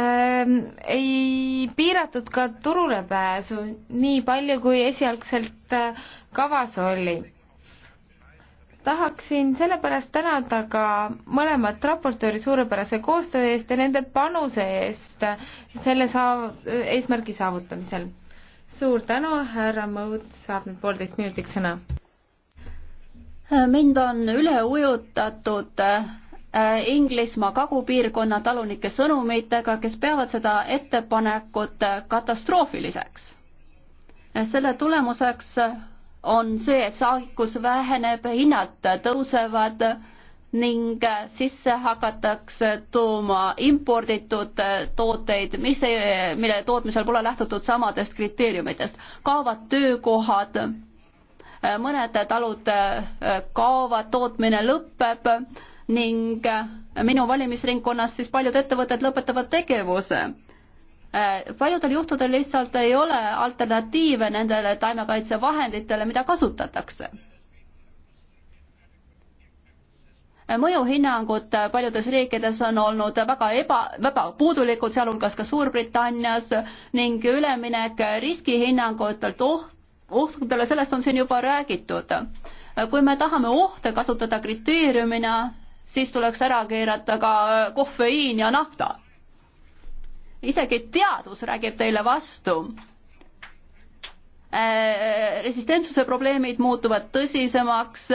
ähm, ei piiratud ka turule pääsu nii palju, kui esialgselt äh, kavas oli. tahaksin sellepärast tänada ka mõlemat raportööri suurepärase koostöö eest ja nende panuse eest äh, selle saav-, eesmärgi saavutamisel. suur tänu, härra Mõud saab nüüd poolteist minutiks sõna. mind on üle ujutatud äh, Äh, Inglismaa kagupiirkonna talunike sõnumitega, kes peavad seda ettepanekut äh, katastroofiliseks. Äh, selle tulemuseks on see, et saagikus väheneb, hinnad tõusevad ning sisse hakatakse tooma imporditud tooteid, mis, mille tootmisel pole lähtutud samadest kriteeriumitest. kaovad töökohad, mõned talud kaovad, tootmine lõpeb ning äh, minu valimisringkonnas siis paljud ettevõtted lõpetavad tegevuse. Äh, paljudel juhtudel lihtsalt ei ole alternatiive nendele taimekaitsevahenditele, mida kasutatakse. Äh, mõjuhinnangud paljudes riikides on olnud väga eba, väga puudulikud, sealhulgas ka Suurbritannias ning üleminek riskihinnangutelt oht, ohtudele, sellest on siin juba räägitud kui me tahame ohte kasutada kriteeriumina, siis tuleks ära keerata ka äh, kofeiin ja nafta. isegi teadus räägib teile vastu. Äh, äh, resistentsuse probleemid muutuvad tõsisemaks,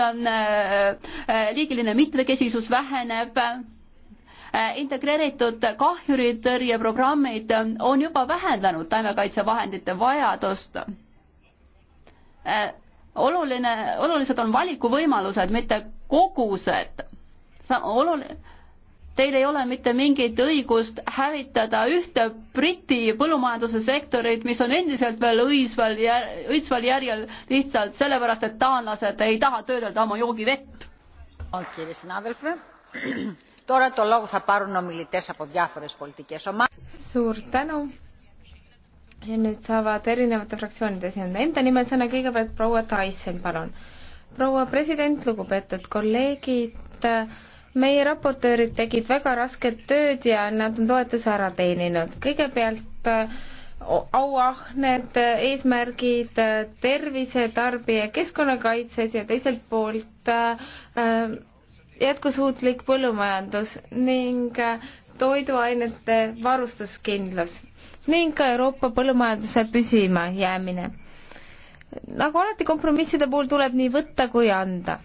liigiline mitmekesisus väheneb integreeritud kahjuritõrjeprogrammid on juba vähendanud taimekaitsevahendite vajadust. oluline, olulised on valikuvõimalused, mitte kogused oluline, teil ei ole mitte mingit õigust hävitada ühte Briti põllumajanduse sektorit, mis on endiselt veel õisval jär,, õitsval järjel lihtsalt sellepärast, et taanlased ei taha töödelda oma joogivett. suur tänu. ja nüüd saavad erinevate fraktsioonide esindajad enda nimel sõna, kõigepealt proua Tyson, palun. proua president, lugupeetud kolleegid meie raportöörid tegid väga rasket tööd ja nad on toetuse ära teeninud. kõigepealt äh, auahned äh, eesmärgid äh, tervise, tarbija, keskkonnakaitses ja teiselt poolt jätkusuutlik põllumajandus ning toiduainete varustuskindlus ning ka Euroopa põllumajanduse püsima jäämine nagu alati kompromisside puhul tuleb nii võtta kui anda.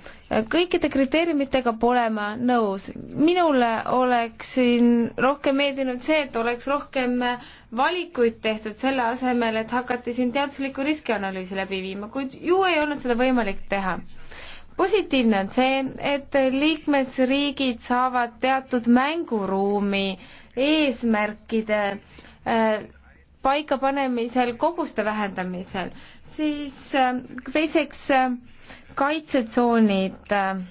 kõikide kriteeriumitega pole ma nõus. minule oleks siin rohkem meeldinud see, et oleks rohkem valikuid tehtud selle asemel, et hakati siin teaduslikku riskianalüüsi läbi viima, kuid ju ei olnud seda võimalik teha. positiivne on see, et liikmesriigid saavad teatud mänguruumi eesmärkide äh, paikapanemisel, koguste vähendamisel siis ähm, teiseks ähm, kaitsetsoonid. Ähm,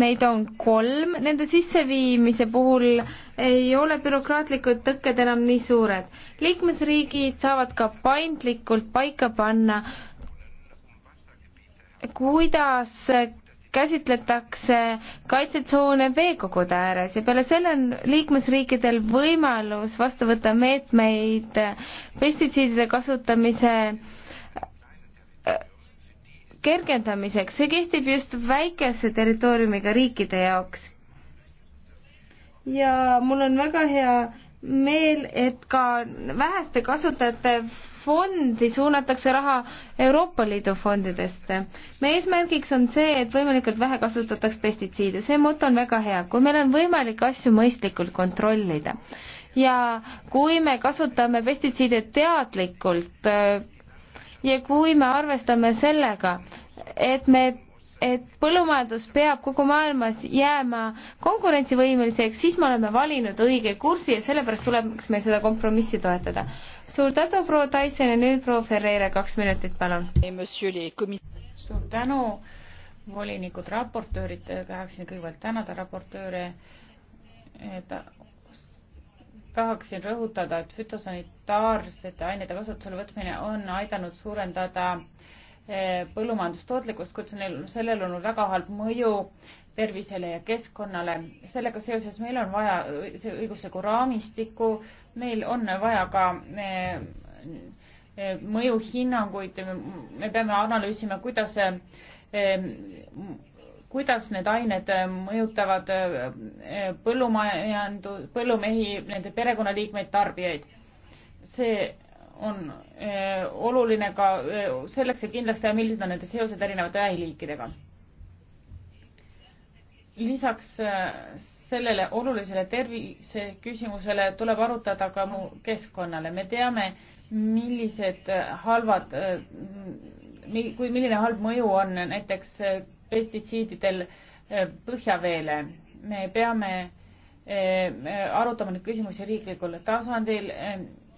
neid on kolm, nende sisseviimise puhul ei ole bürokraatlikud tõkked enam nii suured. liikmesriigid saavad ka paindlikult paika panna, kuidas käsitletakse kaitsetsoone veekogude ääres ja peale selle on liikmesriikidel võimalus vastu võtta meetmeid pestitsiidide kasutamise äh, kergendamiseks, see kehtib just väikese territooriumiga riikide jaoks. ja mul on väga hea meel, et ka väheste kasutajate fondi suunatakse raha Euroopa Liidu fondidest. meie eesmärgiks on see, et võimalikult vähe kasutataks pestitsiide, see moto on väga hea, kui meil on võimalik asju mõistlikult kontrollida ja kui me kasutame pestitsiide teadlikult äh, ja kui me arvestame sellega, et me et põllumajandus peab kogu maailmas jääma konkurentsivõimeliseks, siis me oleme valinud õige kursi ja sellepärast tuleks meil seda kompromissi toetada. suur tänu, proua Tyson ja nüüd proua Ferreira, kaks minutit, palun. suur tänu, volinikud, raportöörid, tahaksin kõigepealt tänada raportööre eh, Ta, tahaksin rõhutada, et fütosanitaarsete ainete kasutusele võtmine on aidanud suurendada äh, Eh, põllumajandustootlikkust, kuid sellel on väga halb mõju tervisele ja keskkonnale. sellega seoses meil on vaja eh, õiguslikku raamistikku, meil on vaja ka eh, mõjuhinnanguid, me peame analüüsima, kuidas, kuidas need ained mõjutavad põllumajandu, põllumehi, nende perekonnaliikmeid, tarbijaid. see on eh, oluline ka eh, selleks, et kindlaks teha, millised on nende seosed erinevate vähiliikidega. lisaks eh, sellele olulisele terviseküsimusele tuleb arutada ka mu keskkonnale. me teame, millised halvad, kui, milline halb mõju on näiteks pestitsiididel põhjaveele. me peame arutama neid küsimusi riiklikul tasandil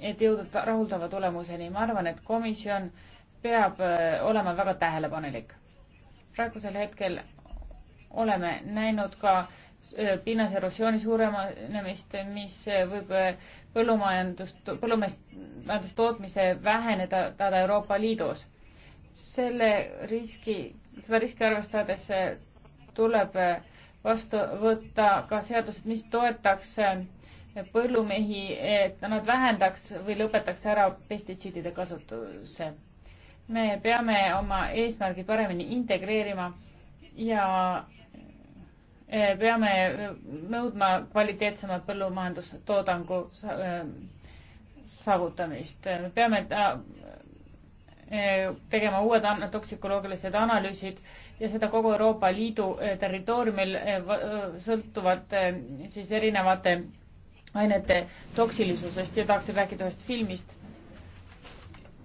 et jõuda rahuldava tulemuseni. ma arvan, et komisjon peab äh, olema väga tähelepanelik. praegusel hetkel oleme näinud ka äh, pinnas erosiooni suurenemist, mis äh, võib põllumajandust, põllumajandustootmise väheneda tada Euroopa Liidus. selle riski, seda riski arvestades tuleb vastu võtta ka seadused, mis toetaks põllumehi, et nad vähendaks või lõpetaks ära pestitsiidide kasutuse. me peame oma eesmärgid paremini integreerima ja e, peame nõudma kvaliteetsema põllumajandustoodangu e, saavutamist. me peame e, tegema uued toksikoloogilised analüüsid ja seda kogu Euroopa Liidu territooriumil sõltuvalt siis erinevate ainete toksilisusest ja tahaksin rääkida ühest filmist,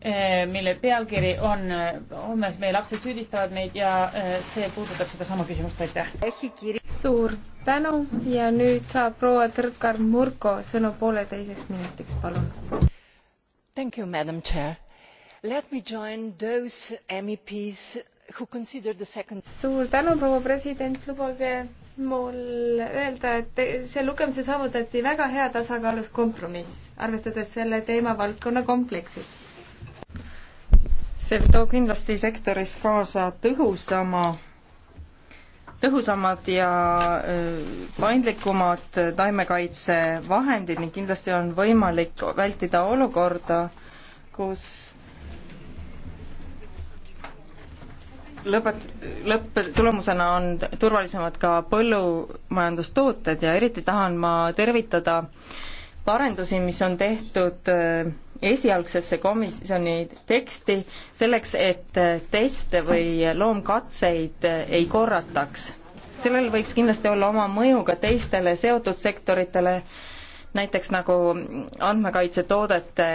eh, mille pealkiri on eh, Homme meie lapsed süüdistavad meid ja eh, see puudutab sedasama küsimust, aitäh. suur tänu ja nüüd saab proua Tõrkar Murko sõnu pooleteiseks minutiks, palun. Thank you, madam chair. Let me join those MEPs who consider the second. suur tänu, proua president, lubage mul öelda, et seal lugemisel saavutati väga hea tasakaalus kompromiss, arvestades selle teemavaldkonna kompleksi. see toob kindlasti sektoris kaasa tõhusama, tõhusamad ja paindlikumad taimekaitsevahendid ning kindlasti on võimalik vältida olukorda, kus lõpet-, lõpp, tulemusena on turvalisemad ka põllumajandustooted ja eriti tahan ma tervitada parendusi, mis on tehtud äh, esialgsesse komisjoni teksti selleks, et äh, teste või loomkatseid äh, ei korrataks. sellel võiks kindlasti olla oma mõju ka teistele seotud sektoritele, näiteks nagu andmekaitsetoodete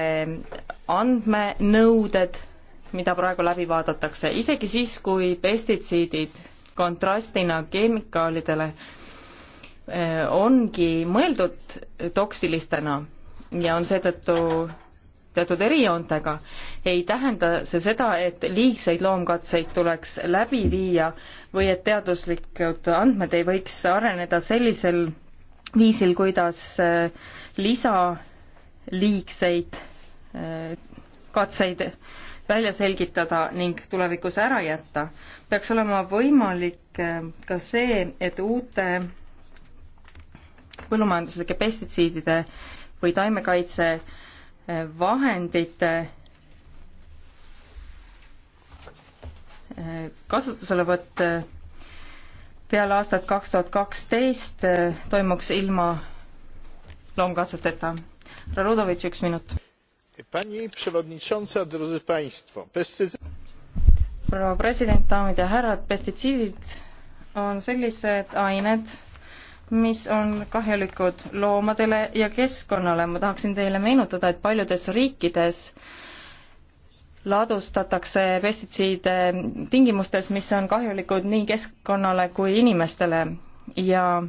andmenõuded mida praegu läbi vaadatakse, isegi siis, kui pestitsiidid kontrastina kemikaalidele eh, ongi mõeldud toksilistena ja on seetõttu teatud erijoontega, ei tähenda see seda, et liigseid loomkatseid tuleks läbi viia või et teaduslikud andmed ei võiks areneda sellisel viisil, kuidas eh, lisaliigseid eh, katseid välja selgitada ning tulevikus ära jätta. peaks olema võimalik äh, ka see, et uute põllumajanduslike pestitsiidide või taimekaitsevahendite äh, äh, kasutuselevõtt peale aastat kaks tuhat kaksteist toimuks ilma loomkatseteta. Rarudovitš, üks minut pani przewodnicząca! drodzy państwo! pestitsiidid on sellised ained mis on kahjulikud loomadele ja keskkonnale. ma tahaksin teile meenutada et paljudes riikides ladustatakse pestitsiide tingimustes mis on kahjulikud nii keskkonnale kui inimestele ja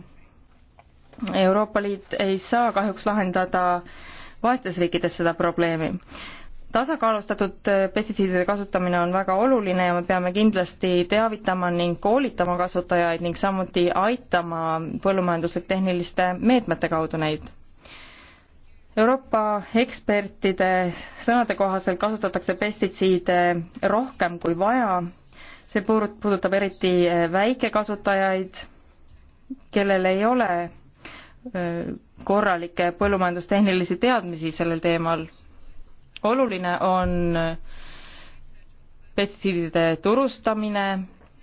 euroopa liit ei saa kahjuks lahendada vaestes riikides seda probleemi. tasakaalustatud pestitsiidide kasutamine on väga oluline ja me peame kindlasti teavitama ning koolitama kasutajaid ning samuti aitama põllumajanduslik-tehniliste meetmete kaudu neid Euroopa ekspertide sõnade kohaselt kasutatakse pestitsiide rohkem kui vaja. see puudutab eriti eh, väikekasutajaid, kellel ei ole eh, korralikke põllumajandustehnilisi teadmisi sellel teemal. oluline on pestitsiidide turustamine,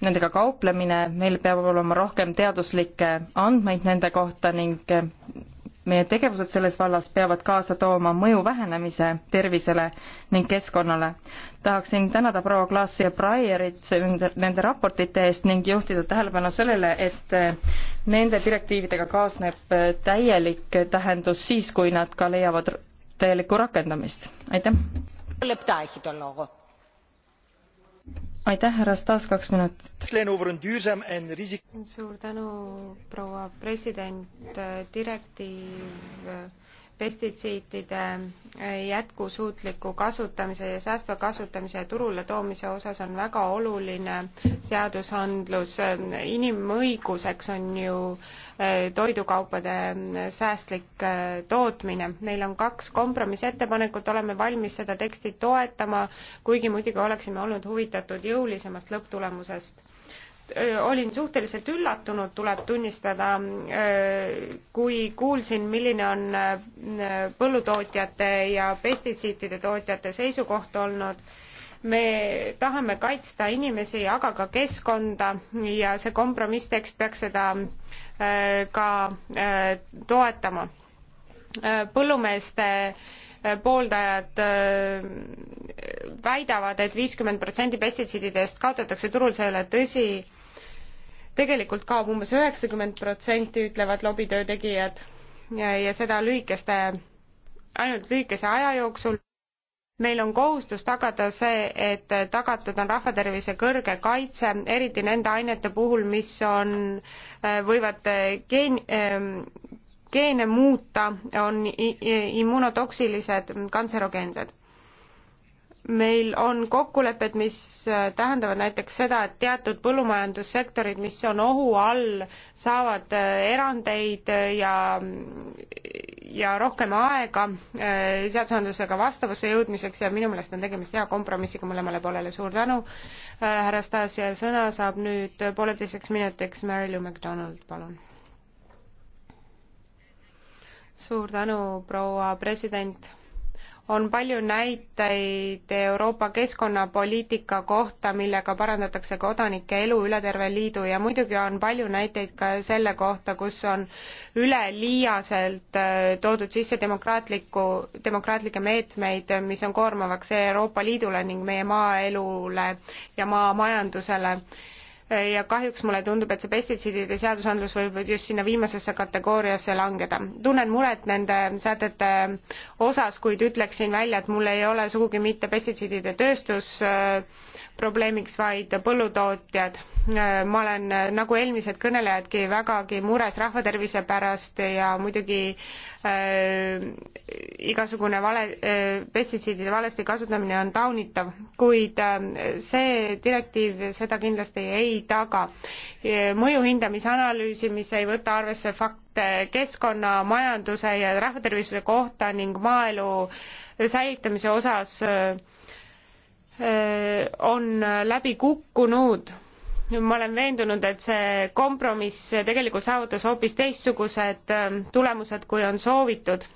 nendega kauplemine, meil peab olema rohkem teaduslikke andmeid nende kohta ning meie tegevused selles vallas peavad kaasa tooma mõju vähenemise tervisele ning keskkonnale. tahaksin tänada proua Klaasi ja Breierit nende raportite eest ning juhtida tähelepanu sellele, et eh, nende direktiividega kaasneb eh, täielik tähendus siis, kui nad ka leiavad täielikku rakendamist. aitäh! aitäh, härra Stas, kaks minutit. suur tänu, proua president, direktiiv pestitsiidide äh, jätkusuutliku kasutamise ja säästva kasutamise ja turule toomise osas on väga oluline seadusandlus. inimõiguseks on ju äh, toidukaupade äh, säästlik tootmine. meil on kaks kompromissettepanekut, oleme valmis seda teksti toetama, kuigi muidugi oleksime olnud huvitatud jõulisemast lõpptulemusest olin suhteliselt üllatunud, tuleb tunnistada, kui kuulsin, milline on põllutootjate ja pestitsiidide tootjate seisukoht olnud. me tahame kaitsta inimesi, aga ka keskkonda ja see kompromisstekst peaks seda ka toetama. põllumeeste pooldajad väidavad et, et viiskümmend protsenti pestitsiididest kaotatakse turul, see ei ole tõsi tegelikult kaob umbes üheksakümmend protsenti, ütlevad lobitöö tegijad ja, ja seda lühikeste, ainult lühikese aja jooksul. meil on kohustus tagada see, et tagatud on rahvatervise kõrge kaitse, eriti nende ainete puhul, mis on, äh, võivad äh, geen-, ähm, geene muuta, on immunotoksilised, kantserogeensed meil on kokkulepped, mis äh, tähendavad näiteks seda, et teatud põllumajandussektorid, mis on ohu all, saavad äh, erandeid äh, ja, ja rohkem aega seadusandlusega vastavusse jõudmiseks ja minu meelest on tegemist hea kompromissiga mõlemale poolele. suur tänu, härra Stasja, sõna saab nüüd pooleteiseks minutiks Mary-Lou McDonald, palun suur tänu, proua president on palju näiteid Euroopa keskkonnapoliitika kohta, millega parandatakse kodanike elu üle terve liidu ja muidugi on palju näiteid ka selle kohta, kus on üleliiaselt äh, toodud sisse demokraatliku, demokraatlikke meetmeid, mis on koormavaks Euroopa Liidule ning meie maaelule ja maamajandusele ja kahjuks mulle tundub, et see pestitsiidide seadusandlus võib just sinna viimasesse kategooriasse langeda. tunnen muret nende sätete osas, kuid ütleksin välja, et mul ei ole sugugi mitte pestitsiidide tööstus äh, probleemiks vaid põllutootjad. ma olen nagu eelmised kõnelejadki vägagi mures rahvatervise pärast ja muidugi äh, igasugune vale äh,, pestitsiidide valesti kasutamine on taunitav, kuid äh, see direktiiv seda kindlasti ei taga. mõju hindamise analüüsi, mis ei võta arvesse fakte keskkonna, majanduse ja rahvatervisuse kohta ning maaelu säilitamise osas äh, Äh, on läbi kukkunud ma olen veendunud, et see kompromiss tegelikult saavutas hoopis teistsugused äh, tulemused, kui on soovitud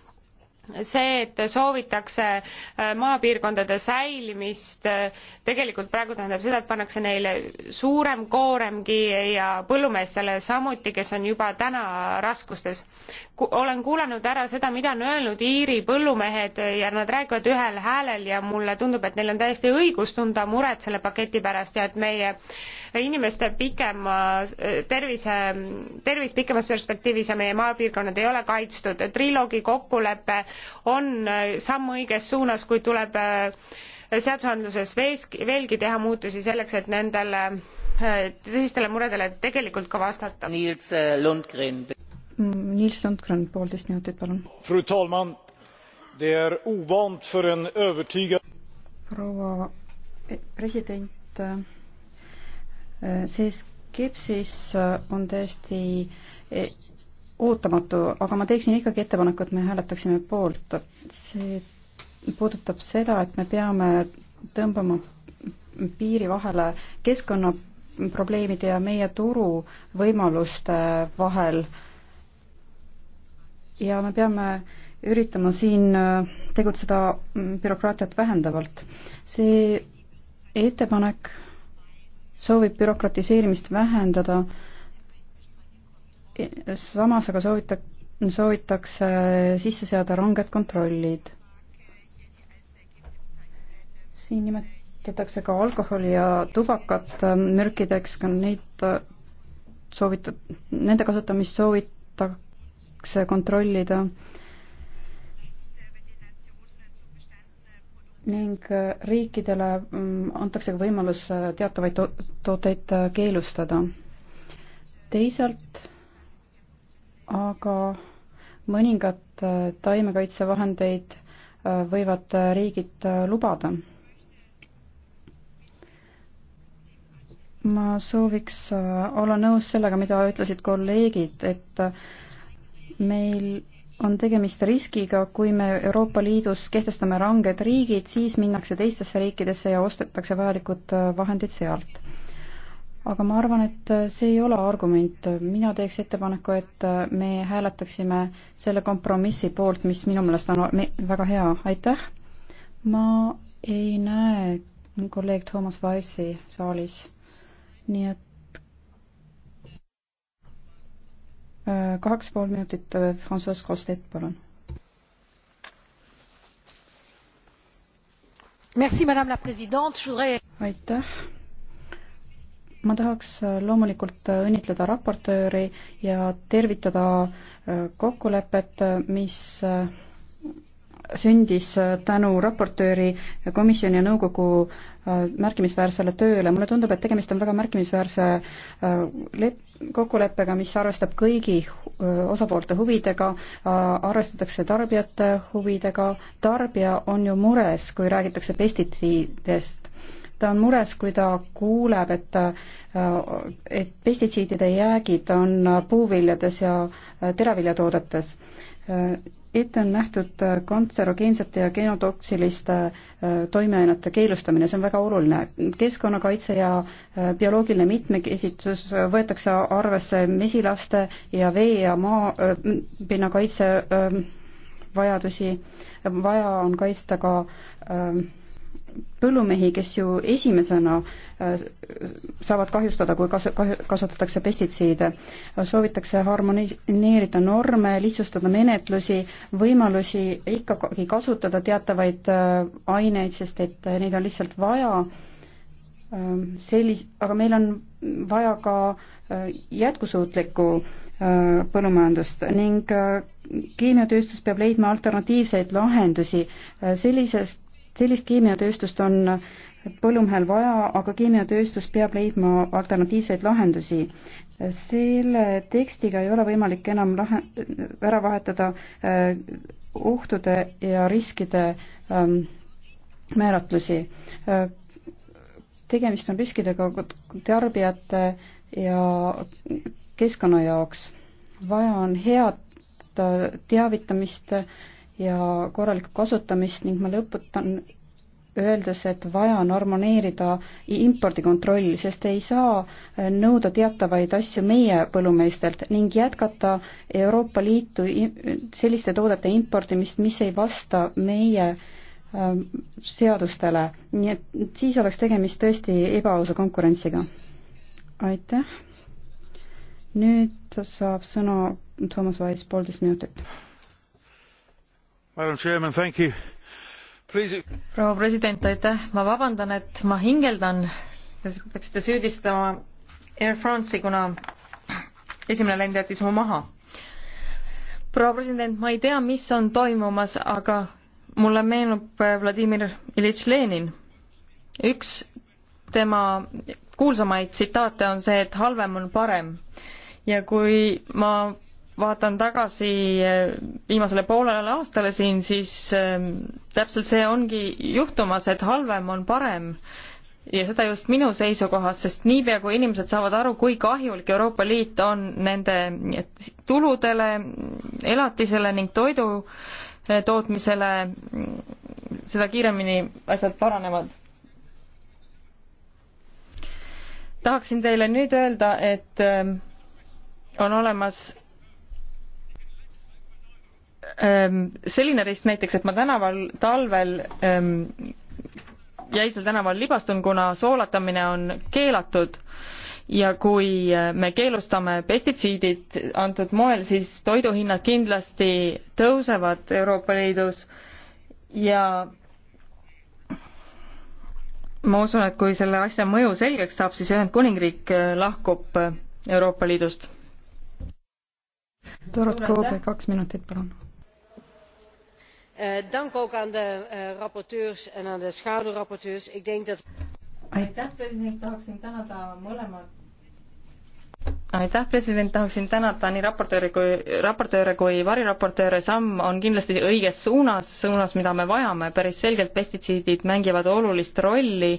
see, et soovitakse äh, maapiirkondade säilimist, äh, tegelikult praegu tähendab seda, et pannakse neile suurem kooremgi ja põllumeestele samuti, kes on juba täna raskustes. olen kuulanud ära seda, mida on öelnud Iiri põllumehed ja nad räägivad ühel häälel ja mulle tundub, et neil on täiesti õigus tunda muret selle paketi pärast ja et meie äh, inimeste pikema tervise, tervis pikemas perspektiivis ja meie maapiirkonnad ei ole kaitstud. triloogi kokkulepe on samm õiges suunas, kuid tuleb äh, seadusandluses vees, veelgi teha muutusi selleks, et nendele äh, tõsistele muredele tegelikult ka vastata. Nils äh, Lundgren. Nils Lundgren, poolteist minutit, palun. Fru talman, det är ovant för en övertygad proua eh, president see skepsis äh, on tõesti e, ootamatu, aga ma teeksin ikkagi ettepaneku, et me hääletaksime poolt. see puudutab seda, et me peame tõmbama piiri vahele keskkonnaprobleemide ja meie turu võimaluste vahel. ja me peame üritama siin äh, tegutseda mm, bürokraatiat vähendavalt. see ettepanek soovib bürokratiseerimist vähendada, samas aga soovita-, soovitakse sisse seada ranged kontrollid. siin nimetatakse ka alkoholi ja tubakat äh, mürkideks, ka neid äh, soovita-, nende kasutamist soovitakse kontrollida äh, ning äh, riikidele mm, antakse ka võimalus äh, teatavaid to tooteid äh, keelustada. teisalt aga mõningad taimekaitsevahendeid võivad riigid lubada. ma sooviks olla nõus sellega, mida ütlesid kolleegid, et meil on tegemist riskiga, kui me Euroopa Liidus kehtestame ranged riigid, siis minnakse teistesse riikidesse ja ostetakse vajalikud äh, vahendid sealt. aga ma arvan, et äh, see ei ole argument, mina teeks ettepaneku, et äh, me hääletaksime selle kompromissi poolt, mis minu meelest on väga hea, aitäh. ma ei näe kolleeg Toomas Vaesi saalis, nii et kaheksa pool minutit, äh, Francois Grosset, palun. aitäh. ma tahaks äh, loomulikult äh, õnnitleda raportööri ja tervitada kokkulepet, mis sündis tänu raportööri, komisjoni ja nõukogu märkimisväärsele tööle. mulle tundub, et tegemist on väga märkimisväärse lep-, kokkuleppega, mis arvestab kõigi osapoolte huvidega, arvestatakse tarbijate huvidega, tarbija on ju mures, kui räägitakse pestitsiididest. ta on mures, kui ta kuuleb, et, et pestitsiidide jäägid on puuviljades ja teraviljatoodetes ette on nähtud äh, kantserogeensete ja genotoksiliste äh, toimeainete keelustamine, see on väga oluline. keskkonnakaitse ja äh, bioloogiline mitmekesitus võetakse arvesse mesilaste ja vee- ja maapinna kaitse vajadusi, vaja on kaitsta ka äh, põllumehi, kes ju esimesena äh, saavad kahjustada, kui kasu-, kasutatakse pestitsiide. soovitakse harmoneerida norme, lihtsustada menetlusi, võimalusi ikkagi kasutada teatavaid äh, aineid, sest et äh, neid on lihtsalt vaja ähm, sellis-, aga meil on vaja ka jätkusuutlikku põllumajandust ning keemiatööstus peab leidma alternatiivseid lahendusi. sellisest sellist keemiatööstust on põllumehel vaja, aga keemiatööstus peab leidma alternatiivseid lahendusi. selle tekstiga ei ole võimalik enam lahe-, ära vahetada äh, ohtude ja riskide ähm, määratlusi. Äh, tegemist on riskidega tarbijate ja keskkonna jaoks. vaja on head äh, teavitamist äh, ja korralikku kasutamist ning ma lõputan öeldes, et vaja on harmoneerida impordikontrolli, sest ei saa nõuda teatavaid asju meie põllumeestelt ning jätkata Euroopa Liitu selliste toodete importimist, mis ei vasta meie ähm, seadustele, nii et siis oleks tegemist tõesti ebaausa konkurentsiga. aitäh. nüüd saab sõna Toomas Vais, poolteist minutit proua president, aitäh, ma vabandan, et ma hingeldan. Te peaksite süüdistama Air France'i, kuna esimene lend jättis mu maha. proua president, ma ei tea, mis on toimumas, aga mulle meenub Vladimir Iljitš Lenin. üks tema kuulsamaid tsitaate on see, et halvem on parem. ja kui ma vaatan tagasi eh, viimasele poolele aastale siin, siis eh, täpselt see ongi juhtumas, et halvem on parem. ja seda just minu seisukohast, sest niipea kui inimesed saavad aru, kui kahjulik Euroopa Liit on nende tuludele, elatisele ning toidu eh, tootmisele, seda kiiremini asjad paranevad. tahaksin teile nüüd öelda, et on olemas Ehm, selline risk näiteks, et ma tänaval talvel ehm, jäisel tänaval libastun, kuna soolatamine on keelatud ja kui eh, me keelustame pestitsiidid antud moel, siis toiduhinnad kindlasti tõusevad Euroopa Liidus ja ma usun, et kui selle asja mõju selgeks saab, siis Ühendkuningriik eh, lahkub eh, Euroopa Liidust. Dorot Koobe, kaks minutit, palun Eh, dank ook aan de eh, rapporteurs en aan de schaduwrapporteurs. ik denk dat. aitäh president tahaksin tänada mõlemat aitäh, president, tahaksin tänada nii raportööri kui, raportööre kui variraportööre, samm on kindlasti õiges suunas, suunas, mida me vajame, päris selgelt pestitsiidid mängivad olulist rolli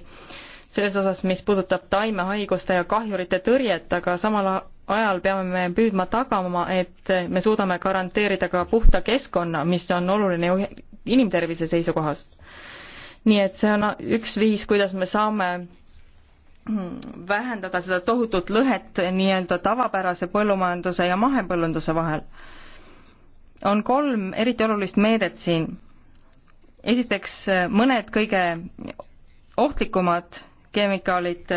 selles osas, mis puudutab taimehaiguste ja kahjurite tõrjet, aga samal ajal peame me püüdma tagama, et me suudame garanteerida ka puhta keskkonna, mis on oluline inimtervise seisukohast. nii et see on üks viis, kuidas me saame vähendada seda tohutut lõhet nii-öelda tavapärase põllumajanduse ja mahepõllunduse vahel. on kolm eriti olulist meedet siin. esiteks mõned kõige ohtlikumad keemikaalid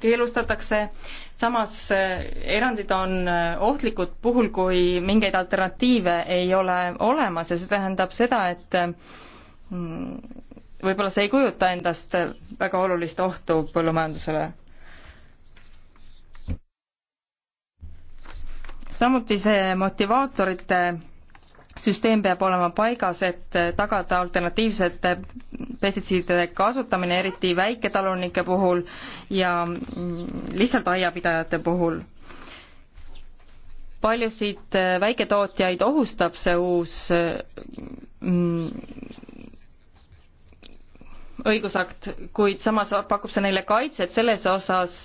keelustatakse samas eh, erandid on eh, ohtlikud puhul, kui mingeid alternatiive ei ole olemas ja see tähendab seda, et mm, võib-olla see ei kujuta endast väga olulist ohtu põllumajandusele samuti see motivaatorite süsteem peab olema paigas, et tagada alternatiivsete pestitsiidide kasutamine, eriti väiketalunike puhul ja lihtsalt aiapidajate puhul. paljusid väiketootjaid ohustab see uus mm, õigusakt, kuid samas pakub see neile kaitset selles osas,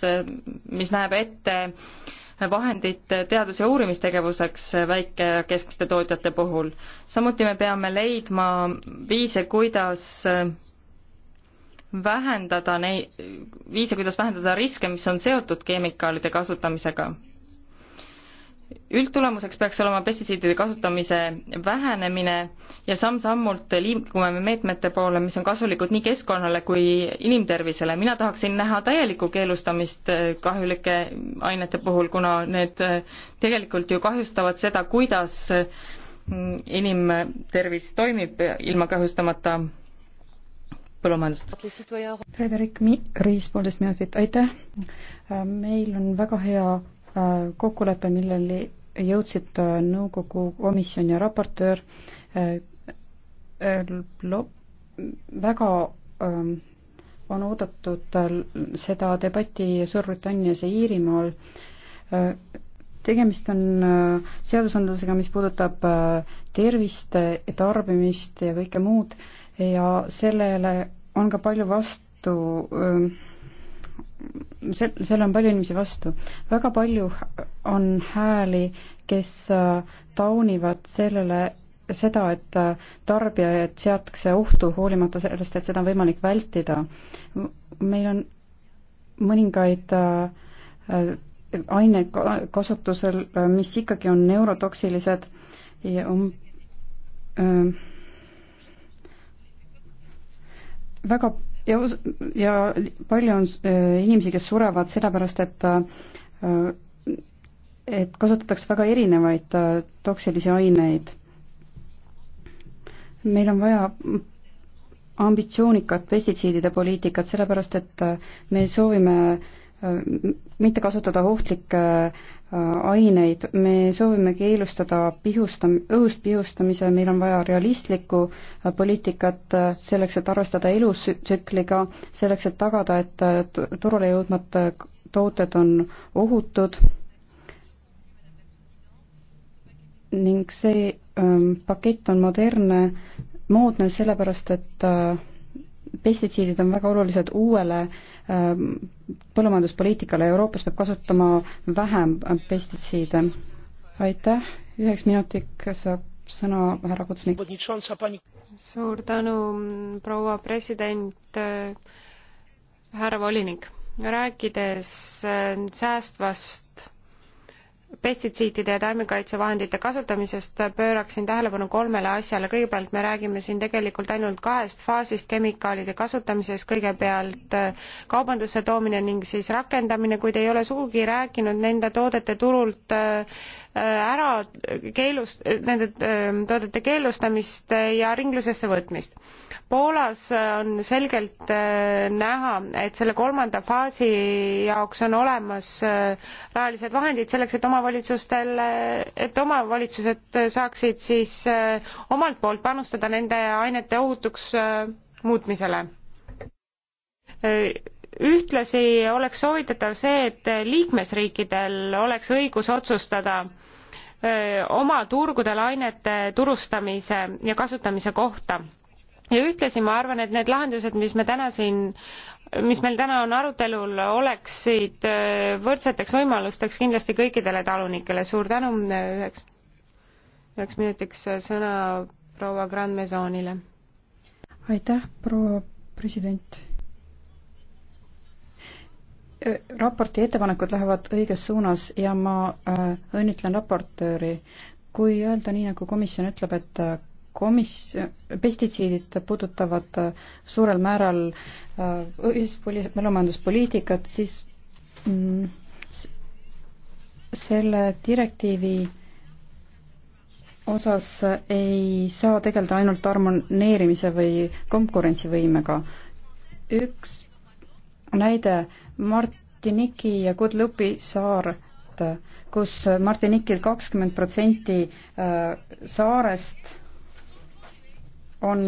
mis näeb ette äh, vahendid teadus- ja uurimistegevuseks väike- ja keskmiste tootjate puhul. samuti me peame leidma viise, kuidas vähendada neid, viise, kuidas vähendada riske, mis on seotud keemikaalide kasutamisega üldtulemuseks peaks olema pestitsiidide kasutamise vähenemine ja samm-sammult liigume me meetmete poole, mis on kasulikud nii keskkonnale kui inimtervisele. mina tahaksin näha täielikku keelustamist äh, kahjulike ainete puhul, kuna need äh, tegelikult ju kahjustavad seda, kuidas äh, inimtervis toimib ilma kahjustamata põllumajandust. Frederik Riis, poolteist minutit, aitäh! meil on väga hea kokkulepe, milleni jõudsid äh, nõukogu komisjon ja raportöör äh, äh, väga ähm, on oodatud seda debatti Suurbritannias ja Iirimaal. tegemist on seadusandlusega, mis puudutab tervist, tarbimist ja kõike muud ja sellele on ka palju vastu ähm, sel-, seal on palju inimesi vastu. väga palju on hääli, kes äh, taunivad sellele, seda, et äh, tarbijaid seatakse ohtu, hoolimata sellest, et seda on võimalik vältida. meil on mõningaid äh, aineid kasutusel, mis ikkagi on neurotoksilised ja on um-, öö, väga ja, ja palju on äh, inimesi, kes surevad sellepärast, et äh, et kasutatakse väga erinevaid äh, toksilisi aineid. meil on vaja ambitsioonikat pestitsiidide poliitikat, sellepärast et me soovime mitte kasutada ohtlikke aineid, me soovime keelustada pihustam-, õhust pihustamise, meil on vaja realistlikku äh, poliitikat äh, selleks, et arvestada elustsükliga, selleks, et tagada, et äh, turule jõudmata tooted on ohutud ning see ähm, pakett on modernne, moodne sellepärast, et äh, pestitsiidid on väga olulised uuele ähm, põllumajanduspoliitikale, Euroopas peab kasutama vähem pestitsiide. aitäh, üheks minutiks saab sõna härra Kutsmik. suur tänu, proua president, äh, härra volinik. rääkides äh, säästvast pestitsiidide ja taimekaitsevahendite kasutamisest pööraksin tähelepanu kolmele asjale kõigepealt me räägime siin tegelikult ainult kahest faasist kemikaalide kasutamises kõigepealt äh, kaubandusse toomine ning siis rakendamine kuid ei ole sugugi rääkinud nende toodete turult äh, ära keelust, nende ähm, toodete keelustamist ja ringlusesse võtmist. Poolas on selgelt äh, näha, et selle kolmanda faasi jaoks on olemas äh, rahalised vahendid selleks, et omavalitsustel, et omavalitsused saaksid siis äh, omalt poolt panustada nende ainete ohutuks muutmisele ühtlasi oleks soovitatav see, et liikmesriikidel oleks õigus otsustada oma turgudel ainete turustamise ja kasutamise kohta. ja ühtlasi ma arvan, et need lahendused, mis me täna siin, mis meil täna on arutelul, oleksid võrdseteks võimalusteks kindlasti kõikidele talunikele. suur tänu üheks, üheks minutiks sõna proua Grand Maisonile. aitäh, proua president raporti ettepanekud lähevad õiges suunas ja ma äh, õnnitlen raportööri. kui öelda nii, nagu komisjon ütleb, et äh, komis-, pestitsiidid puudutavad äh, suurel määral ühispoli-, põllumajanduspoliitikat, siis mm, selle direktiivi osas ei saa tegeleda ainult harmoneerimise või konkurentsivõimega. üks näide Martiniki ja Guadeloupe'i saart, kus Martinikil kakskümmend protsenti äh, saarest on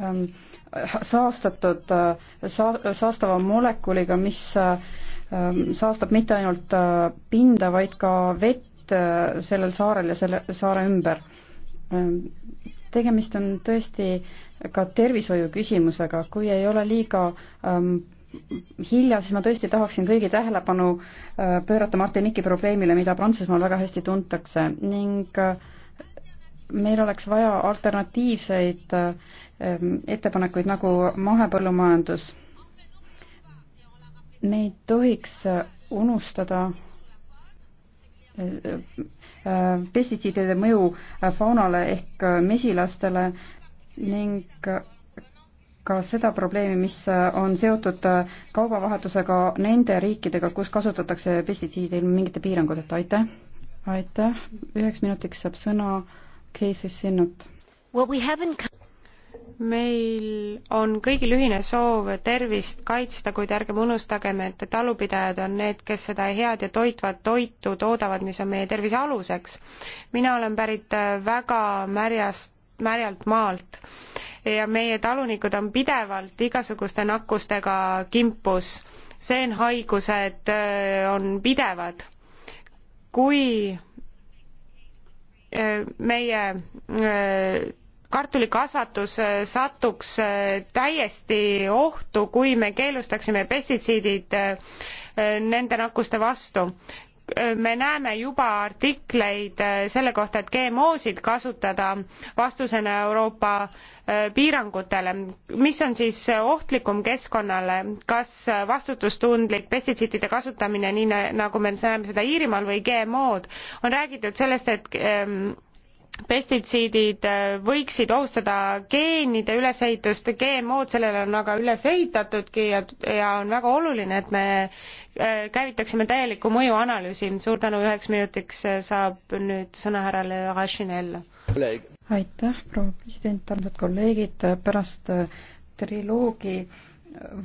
ähm, saastatud äh, saa-, saastava molekuliga, mis ähm, saastab mitte ainult äh, pinda, vaid ka vett sellel saarel ja selle saare ümber. Ähm, tegemist on tõesti ka tervishoiu küsimusega, kui ei ole liiga ähm, hilja, siis ma tõesti tahaksin kõigi tähelepanu äh, pöörata Martiniki probleemile, mida Prantsusmaal väga hästi tuntakse ning äh, meil oleks vaja alternatiivseid äh, ettepanekuid nagu mahepõllumajandus. me ei tohiks äh, unustada äh, äh, pestitsiidide mõju faunale ehk mesilastele ning ka seda probleemi, mis on seotud kaubavahetusega nende riikidega, kus kasutatakse pestitsiide ilma mingite piiranguteta, aitäh. aitäh, üheks minutiks saab sõna Keith'i Sinnut. meil on kõigil ühine soov tervist kaitsta, kuid ärgem unustagem, et talupidajad on need, kes seda head ja toitvat toitu toodavad, mis on meie tervise aluseks. mina olen pärit väga märjast märjalt maalt ja meie talunikud on pidevalt igasuguste nakkustega kimpus, seenhaigused äh, on pidevad. kui äh, meie äh, kartulikasvatus satuks täiesti ohtu, kui me keelustaksime pestitsiidid nende nakkuste vastu. Äh, me näeme juba artikleid äh, selle kohta, et GMO-sid kasutada vastusena Euroopa äh, piirangutele. mis on siis ohtlikum keskkonnale, kas vastutustundlik pestitsiidide kasutamine, nii nagu me näeme seda Iirimaal või GMO-d, on räägitud sellest, et ähm, pestitsiidid äh, võiksid ohustada geenide ülesehitust, GMO-d sellele on aga üles ehitatudki ja, ja on väga oluline, et me äh, käivitaksime täieliku mõjuanalüüsi. suur tänu, üheks minutiks äh, saab nüüd sõna härrale Rašinel. aitäh, proua president, armsad kolleegid, pärast triloogi äh,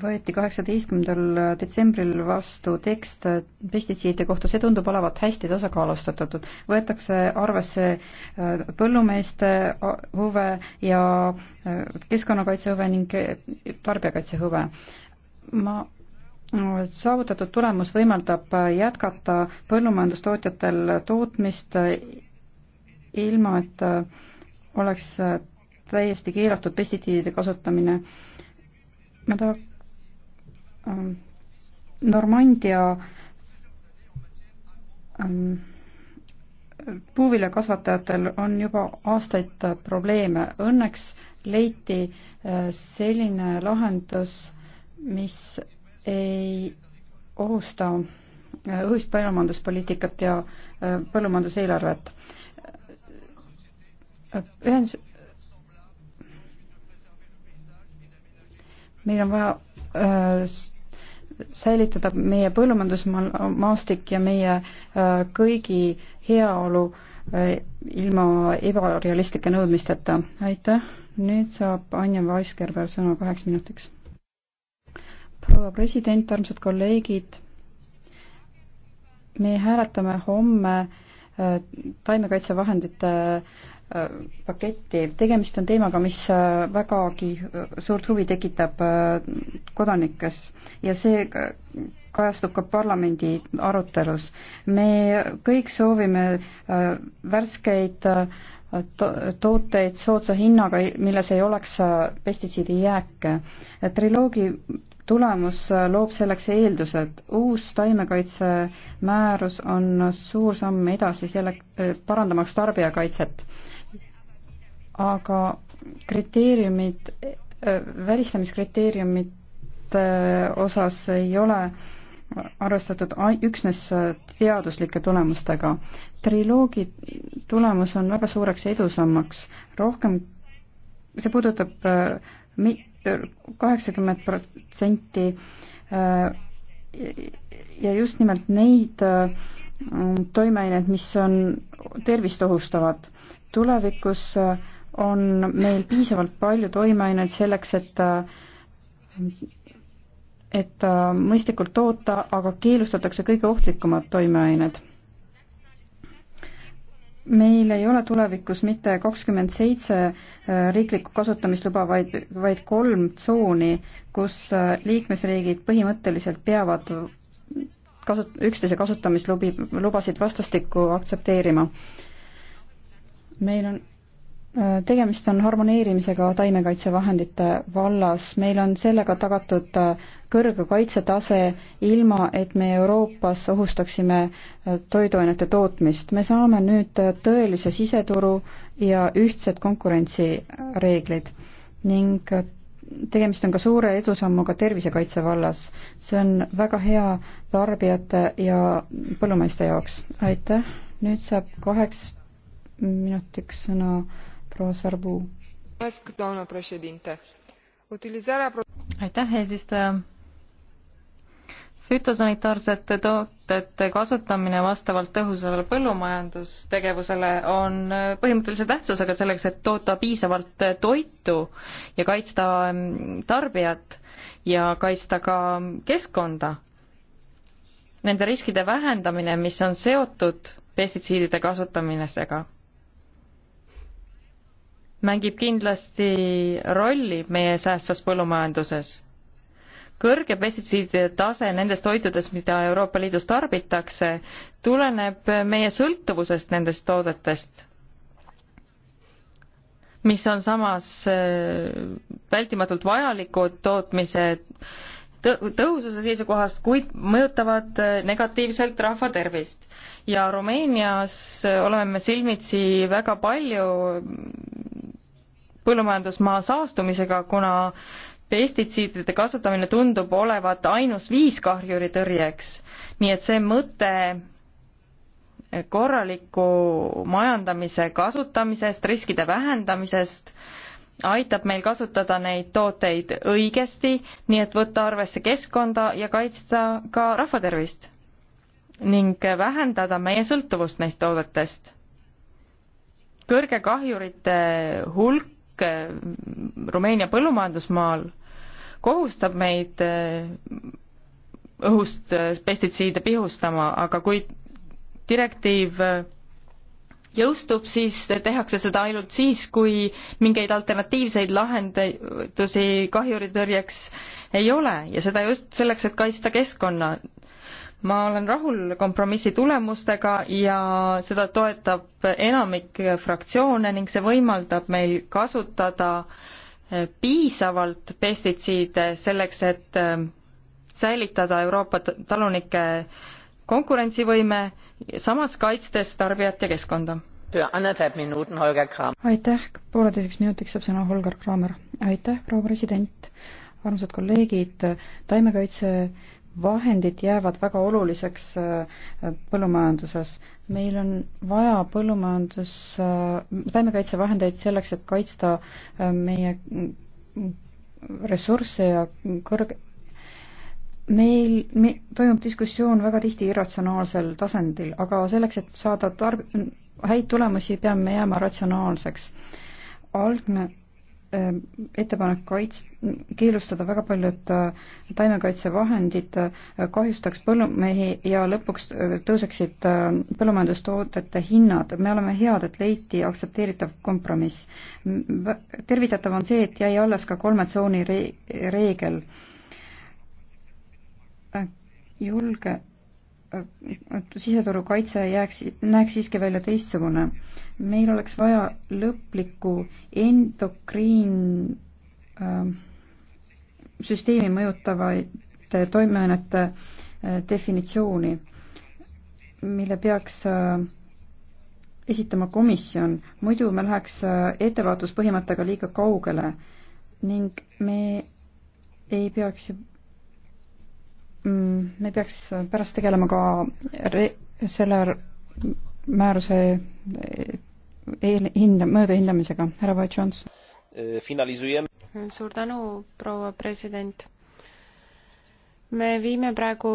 võeti kaheksateistkümnendal detsembril vastu tekst pestitsiidide kohta, see tundub olevat hästi tasakaalustatud. võetakse arvesse äh, põllumeeste äh, huve ja äh, keskkonnakaitse huve ning tarbijakaitse huve. ma saavutatud tulemus võimaldab jätkata põllumajandustootjatel tootmist ilma, et oleks täiesti keelatud pestitsiidide kasutamine äh, ma tahaks ähm, Normandia ähm, puuviljakasvatajatel on juba aastaid probleeme. Õnneks leiti äh, selline lahendus, mis ei ohusta äh, õhust põllumajanduspoliitikat ja äh, põllumajanduseelarvet. ühendus, meil on vaja äh, säilitada meie põllumajandusmaastik ja meie äh, kõigi heaolu äh, ilma ebarealistlike nõudmisteta. aitäh, nüüd saab Anja Vaiskerber sõna kaheks minutiks. proua president, armsad kolleegid, me hääletame homme äh, taimekaitsevahendite äh, paketti, tegemist on teemaga, mis äh, vägagi äh, suurt huvi tekitab äh, kodanikes ja see kajastub ka parlamendi arutelus. me kõik soovime värskeid tooteid soodsa hinnaga, milles ei oleks pestitsiidijääke. triloogi tulemus loob selleks eeldused. uus taimekaitse määrus on suur samm edasi selle, parandamaks tarbijakaitset aga kriteeriumid, välistamiskriteeriumite osas ei ole arvestatud üksnes teaduslike tulemustega. triloogi tulemus on väga suureks edusammaks, rohkem, see puudutab äh, kaheksakümmend protsenti äh, ja just nimelt neid äh, toimeained, mis on tervist ohustavad. tulevikus äh, on meil piisavalt palju toimeaineid selleks, et et mõistlikult toota, aga keelustatakse kõige ohtlikumad toimeained. meil ei ole tulevikus mitte kakskümmend seitse riiklikku kasutamisluba, vaid, vaid kolm tsooni, kus liikmesriigid põhimõtteliselt peavad kasut-, üksteise kasutamislubi, lubasid vastastikku aktsepteerima. meil on tegemist on harmoneerimisega taimekaitsevahendite vallas, meil on sellega tagatud kõrge kaitsetase, ilma et me Euroopas ohustaksime toiduainete tootmist. me saame nüüd tõelise siseturu ja ühtsed konkurentsireeglid ning tegemist on ka suure edusammuga tervisekaitse vallas. see on väga hea tarbijate ja põllumeeste jaoks. aitäh, nüüd saab kaheks minutiks sõna no proua Sarbu. aitäh, eesistuja. fütosanitaarsete tootete kasutamine vastavalt tõhusale põllumajandustegevusele on põhimõttelise tähtsusega selleks, et toota piisavalt toitu ja kaitsta ähm, tarbijat ja kaitsta ka keskkonda nende riskide vähendamine, mis on seotud pestitsiidide kasutamisega mängib kindlasti rolli meie säästvas põllumajanduses. kõrge pestitsiidide tase nendes toitudes, mida Euroopa Liidus tarbitakse, tuleneb meie sõltuvusest nendest toodetest, mis on samas äh, vältimatult vajalikud tootmise tõhususe seisukohast, kuid mõjutavad äh, negatiivselt rahva tervist. ja Rumeenias äh, oleme me silmitsi väga palju põllumajandusmaa saastumisega, kuna pestitsiidide kasutamine tundub olevat ainus viis kahjuri tõrjeks. nii et see mõte korraliku majandamise kasutamisest, riskide vähendamisest, aitab meil kasutada neid tooteid õigesti, nii et võtta arvesse keskkonda ja kaitsta ka rahvatervist ning vähendada meie sõltuvust neist toodetest. kõrge kahjurite hulk Eh, Rumeenia põllumajandusmaal kohustab meid eh, õhust eh, pestitsiide pihustama, aga kui direktiiv jõustub, siis tehakse seda ainult siis, kui mingeid alternatiivseid lahendusi kahjuritõrjeks ei ole ja seda just selleks, et kaitsta keskkonna ma olen rahul kompromissi tulemustega ja seda toetab enamik fraktsioone ning see võimaldab meil kasutada eh, piisavalt pestitsiide selleks, et eh, säilitada Euroopa talunike konkurentsivõime, samas kaitstes tarbijat ja keskkonda. aitäh, pooleteiseks minutiks saab sõna Holger Kramer. aitäh, proua president, armsad kolleegid, taimekaitse vahendid jäävad väga oluliseks äh, põllumajanduses. meil on vaja põllumajandus, äh, taimekaitsevahendeid selleks, et kaitsta äh, meie mm, ressursse ja kõrg-, meil me, toimub diskussioon väga tihti irratsionaalsel tasandil, aga selleks, et saada tarb-, häid tulemusi, peame jääma ratsionaalseks. algne Ähm, ettepanek kaits-, keelustada väga paljud äh, taimekaitsevahendid äh, kahjustaks põllumehi ja lõpuks äh, tõuseksid põllumajandustoodete hinnad. me oleme head, et leiti aktsepteeritav kompromiss. tervitatav on see, et jäi alles ka kolme tsooni re-, reegel. julge siseturu kaitse jääks, näeks siiski välja teistsugune meil oleks vaja lõplikku endokriin ähm, süsteemi mõjutavate toimeainete äh, definitsiooni, mille peaks äh, esitama komisjon, muidu me läheks äh, ettevaatuspõhimõttega liiga kaugele ning me ei peaks ju, mm, me peaks pärast tegelema ka re, selle määruse eelhinda, möödahindamisega. härra Boyd Johnson. Äh, suur tänu, proua president me viime praegu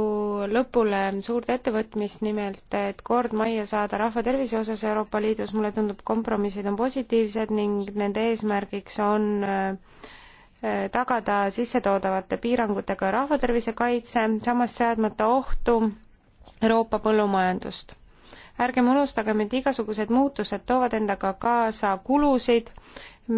lõpule suurt ettevõtmist, nimelt et kord majja saada rahvatervise osas Euroopa Liidus, mulle tundub, kompromissid on positiivsed ning nende eesmärgiks on äh, tagada sissetoodavate piirangutega rahvatervise kaitse, samas seadmata ohtu Euroopa põllumajandust ärgem unustagem, et igasugused muutused toovad endaga kaasa kulusid,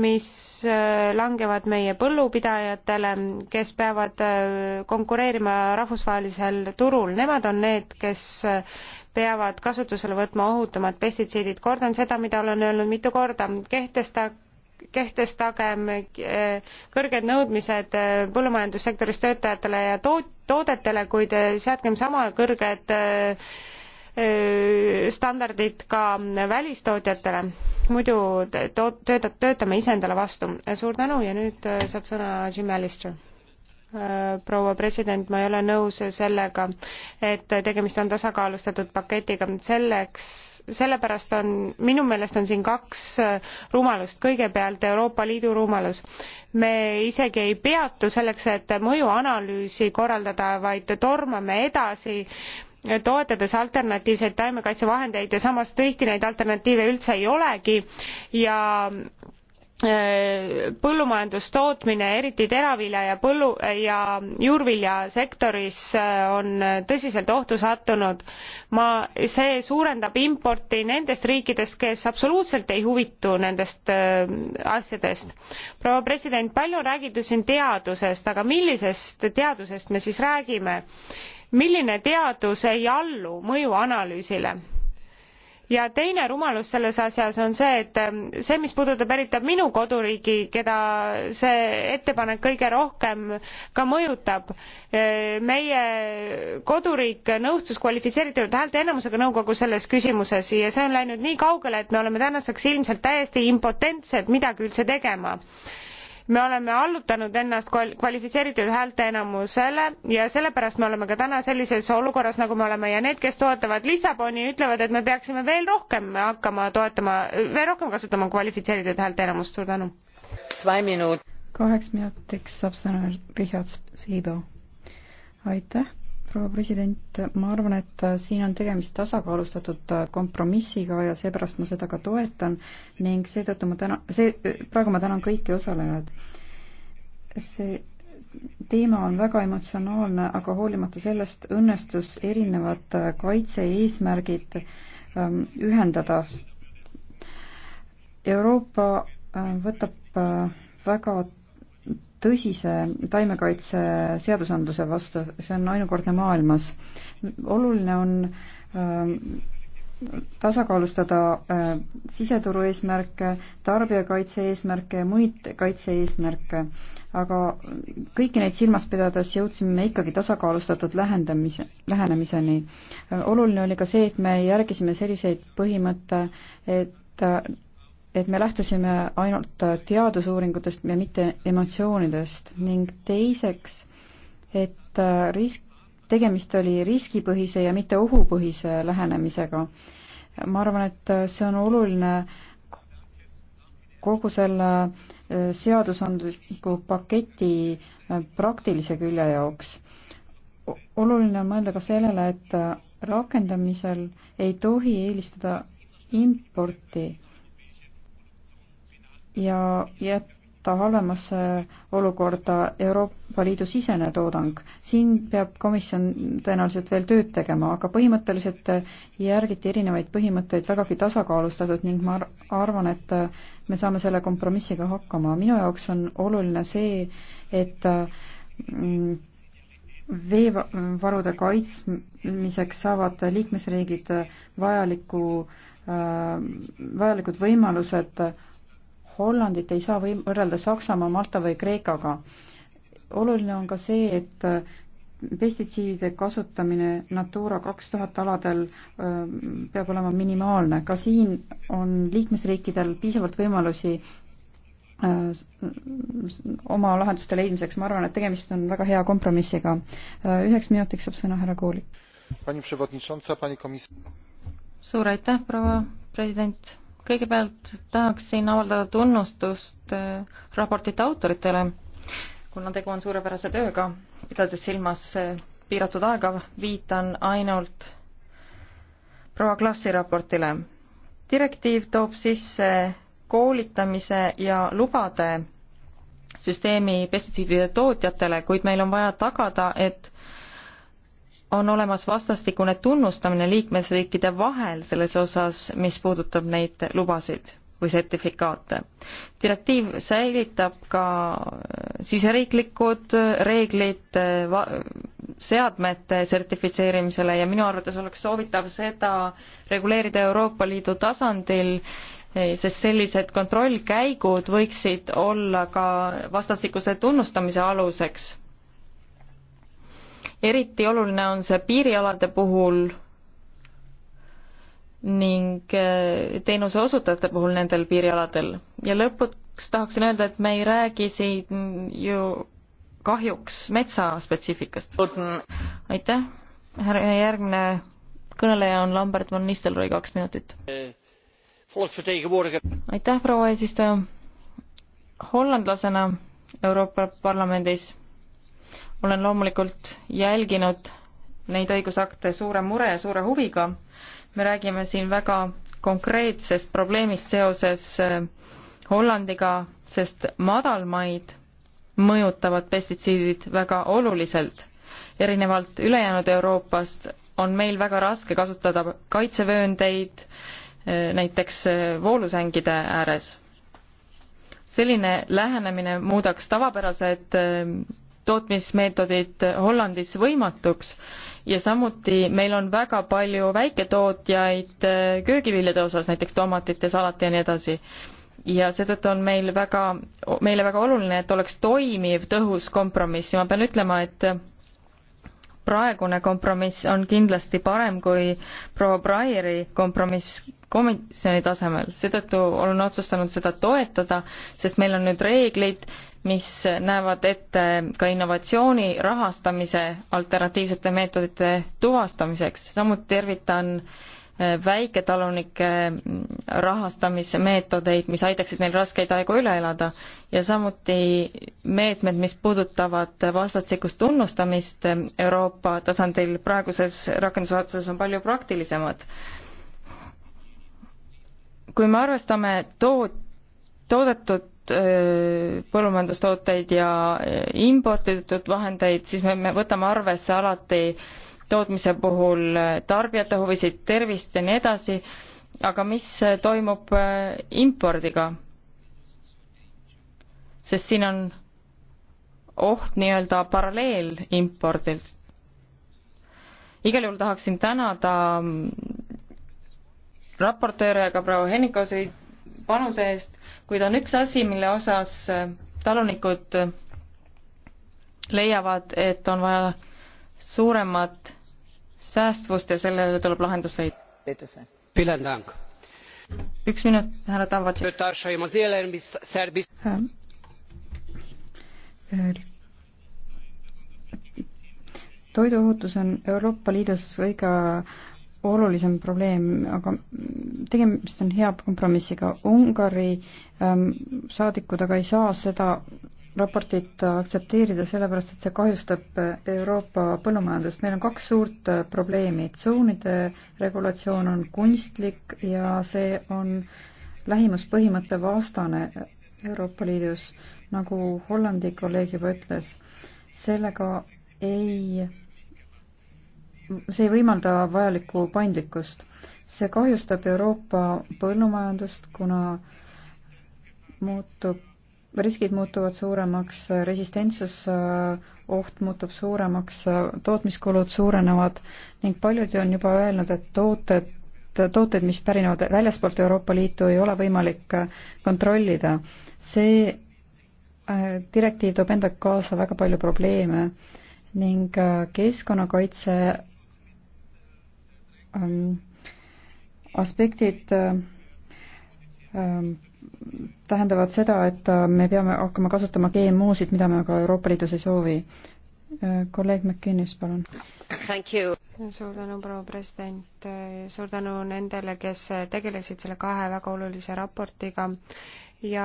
mis äh, langevad meie põllupidajatele, kes peavad äh, konkureerima rahvusvahelisel turul. Nemad on need, kes äh, peavad kasutusele võtma ohutumad pestitsiidid. kordan seda, mida olen öelnud mitu korda, kehtesta, kehtestagem kõrged nõudmised põllumajandussektoris töötajatele ja toot-, toodetele, kuid seadkem sama kõrged standardid ka välistootjatele, muidu toot-, töötab, töötame iseendale vastu. suur tänu ja nüüd saab sõna Jim Allister proua president, ma ei ole nõus sellega, et tegemist on tasakaalustatud paketiga, selleks, sellepärast on, minu meelest on siin kaks rumalust, kõigepealt Euroopa Liidu rumalus. me isegi ei peatu selleks, et mõjuanalüüsi korraldada, vaid tormame edasi äh, toetades alternatiivseid taimekaitsevahendeid ja samas tihti neid alternatiive üldse ei olegi ja äh, põllumajandustootmine eriti teravilja ja põllu ja juurviljasektoris äh, on tõsiselt ohtu sattunud ma see suurendab importi nendest riikidest kes absoluutselt ei huvitu nendest äh, asjadest proua president palju on räägitud siin teadusest aga millisest teadusest me siis räägime milline teadus ei allu mõjuanalüüsile ja teine rumalus selles asjas on see, et ähm, see, mis puudutab eriti minu koduriigi, keda see ettepanek kõige rohkem ka mõjutab, äh, meie koduriik nõustus kvalifitseeritud häälteenamusega nõukogu selles küsimuses ja see on läinud nii kaugele, et me oleme tänaseks ilmselt täiesti impotentsed midagi üldse tegema me oleme allutanud ennast kvalifitseeritud häälteenamusele ja sellepärast me oleme ka täna sellises olukorras nagu me oleme ja need kes toetavad lissaboni ütlevad et me peaksime veel rohkem hakkama toetama veel rohkem kasutama kvalifitseeritud häälteenamust suur tänu kaheks minutiks saab sõna Richard Siibel aitäh proua president, ma arvan, et äh, siin on tegemist tasakaalustatud äh, kompromissiga ja seepärast ma seda ka toetan ning seetõttu ma täna, see, äh, praegu ma tänan kõiki osalejaid. see teema on väga emotsionaalne, aga hoolimata sellest õnnestus erinevad kaitse-eesmärgid ähm, ühendada. Euroopa võtab väga tõsise taimekaitse seadusandluse vastu, see on ainukordne maailmas. oluline on äh, tasakaalustada äh, siseturu eesmärke, tarbijakaitse eesmärke ja muid kaitse-eesmärke, aga kõiki neid silmas pidades jõudsime ikkagi tasakaalustatud lähendamise, lähenemiseni. Äh, oluline oli ka see, et me järgisime selliseid põhimõtte, et et me lähtusime ainult teadusuuringutest ja mitte emotsioonidest ning teiseks, et risk, tegemist oli riskipõhise ja mitte ohupõhise lähenemisega. ma arvan, et see on oluline kogu selle seadusandliku paketi praktilise külje jaoks. oluline on mõelda ka sellele, et rakendamisel ei tohi eelistada importi ja jätta halvemasse olukorda Euroopa Liidu sisene toodang. siin peab komisjon tõenäoliselt veel tööd tegema, aga põhimõtteliselt järgiti erinevaid põhimõtteid vägagi tasakaalustatud ning ma arvan, et me saame selle kompromissiga hakkama. minu jaoks on oluline see, et mm, veevarude kaitsmiseks saavad liikmesriigid vajaliku, äh, vajalikud võimalused Hollandit ei saa võim-, võrrelda Saksamaa, Malta või Kreekaga. oluline on ka see, et äh, pestitsiidide kasutamine Natura kaks tuhat aladel äh, peab olema minimaalne. ka siin on liikmesriikidel piisavalt võimalusi äh, oma lahenduste leidmiseks, ma arvan, et tegemist on väga hea kompromissiga. üheks minutiks saab sõna härra Kooli. suur aitäh, proua president kõigepealt tahaksin avaldada tunnustust äh, raportite autoritele, kuna tegu on suurepärase tööga, pidades silmas äh, piiratud aega, viitan ainult proua Klassi raportile. direktiiv toob sisse koolitamise ja lubade süsteemi pestitsiidide tootjatele, kuid meil on vaja tagada, et on olemas vastastikune tunnustamine liikmesriikide vahel selles osas, mis puudutab neid lubasid või sertifikaate. direktiiv säilitab ka siseriiklikud reeglid seadmete sertifitseerimisele ja minu arvates oleks soovitav seda reguleerida Euroopa Liidu tasandil, sest sellised kontrollkäigud võiksid olla ka vastastikuse tunnustamise aluseks eriti oluline on see piirialade puhul ning eh, teenuse osutajate puhul nendel piirialadel. ja lõpuks tahaksin öelda, et me ei räägi siin ju kahjuks metsaspetsiifikast. aitäh, härra, järgmine kõneleja on Lambert von Nistelrooy, kaks minutit. aitäh, proua eesistuja. hollandlasena Euroopa Parlamendis olen loomulikult jälginud neid õigusakte suure mure ja suure huviga. me räägime siin väga konkreetsest probleemist seoses äh, Hollandiga, sest madalmaid mõjutavad pestitsiidid väga oluliselt. erinevalt ülejäänud Euroopast on meil väga raske kasutada kaitsevööndeid äh, näiteks äh, voolusängide ääres. selline lähenemine muudaks tavapärased tootmismeetodid Hollandis võimatuks ja samuti meil on väga palju väiketootjaid köögiviljade osas, näiteks tomatite, salati ja nii edasi. ja seetõttu on meil väga, meile väga oluline, et oleks toimiv, tõhus kompromiss ja ma pean ütlema, et praegune kompromiss on kindlasti parem kui proua Breyeri kompromiss komisjoni tasemel, seetõttu olen otsustanud seda toetada, sest meil on nüüd reeglid, mis näevad ette ka innovatsiooni rahastamise alternatiivsete meetodite tuvastamiseks. samuti tervitan äh, väiketalunike mm, rahastamismeetodeid, mis aitaksid neil raskeid aegu üle elada ja samuti meetmed, mis puudutavad vastastikust tunnustamist äh, Euroopa tasandil, praeguses rakendusvahetuses on palju praktilisemad. kui me arvestame toot-, toodetud põllumajandustooteid ja imporditud vahendeid, siis me, me võtame arvesse alati tootmise puhul tarbijate huvisid, tervist ja nii edasi, aga mis toimub impordiga? sest siin on oht nii-öelda paralleelimpordilt. igal juhul tahaksin tänada raportööre ja ka proua Hennikosit panuse eest, kuid on üks asi, mille osas äh, talunikud äh, leiavad, et on vaja suuremat säästvust ja sellele tuleb lahendus leida. üks minut, härra Tavatšev. Ähm, toiduohutus on Euroopa Liidus kõige olulisem probleem, aga tegemist on hea kompromissiga. Ungari ähm, saadikud aga ei saa seda raportit aktsepteerida, sellepärast et see kahjustab äh, Euroopa põllumajandust. meil on kaks suurt äh, probleemi. tsoonide regulatsioon on kunstlik ja see on lähimuspõhimõtte vastane Euroopa Liidus, nagu Hollandi kolleeg juba ütles. sellega ei see ei võimalda vajalikku paindlikkust. see kahjustab Euroopa põllumajandust, kuna muutub, riskid muutuvad suuremaks, resistentsus äh, oht muutub suuremaks, äh, tootmiskulud suurenevad ning paljud ju on juba öelnud, et tooted, tooted, mis pärinevad väljaspoolt Euroopa Liitu, ei ole võimalik äh, kontrollida. see direktiiv toob endaga kaasa väga palju probleeme ning keskkonnakaitse Ähm, aspektid äh, ähm, tähendavad seda, et äh, me peame hakkama kasutama GMO-sid, mida me aga Euroopa Liidus ei soovi. Äh, kolleeg McKinnis, palun. suur tänu, proua president, suur tänu nendele, kes tegelesid selle kahe väga olulise raportiga ja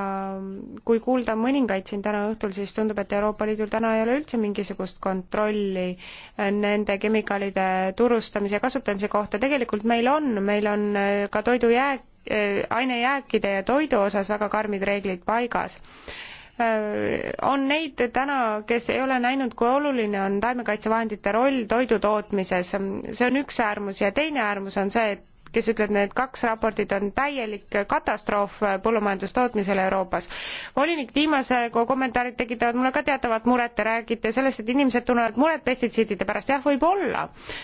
kui kuulda mõningaid siin täna õhtul, siis tundub, et Euroopa Liidul täna ei ole üldse mingisugust kontrolli äh, nende kemikaalide turustamise ja kasutamise kohta, tegelikult meil on, meil on äh, ka toidujääk, äh, ainejääkide ja toidu osas väga karmid reeglid paigas on neid täna, kes ei ole näinud, kui oluline on taimekaitsevahendite roll toidu tootmises. see on üks äärmus ja teine äärmus on see, et kes ütleb, need kaks raportit on täielik katastroof põllumajandustootmisele Euroopas. volinik Tiimase äh, kommentaarid tekitavad mulle ka teatavat muret, te räägite sellest, et inimesed tunnevad muret pestitsiidide pärast, jah, võib-olla,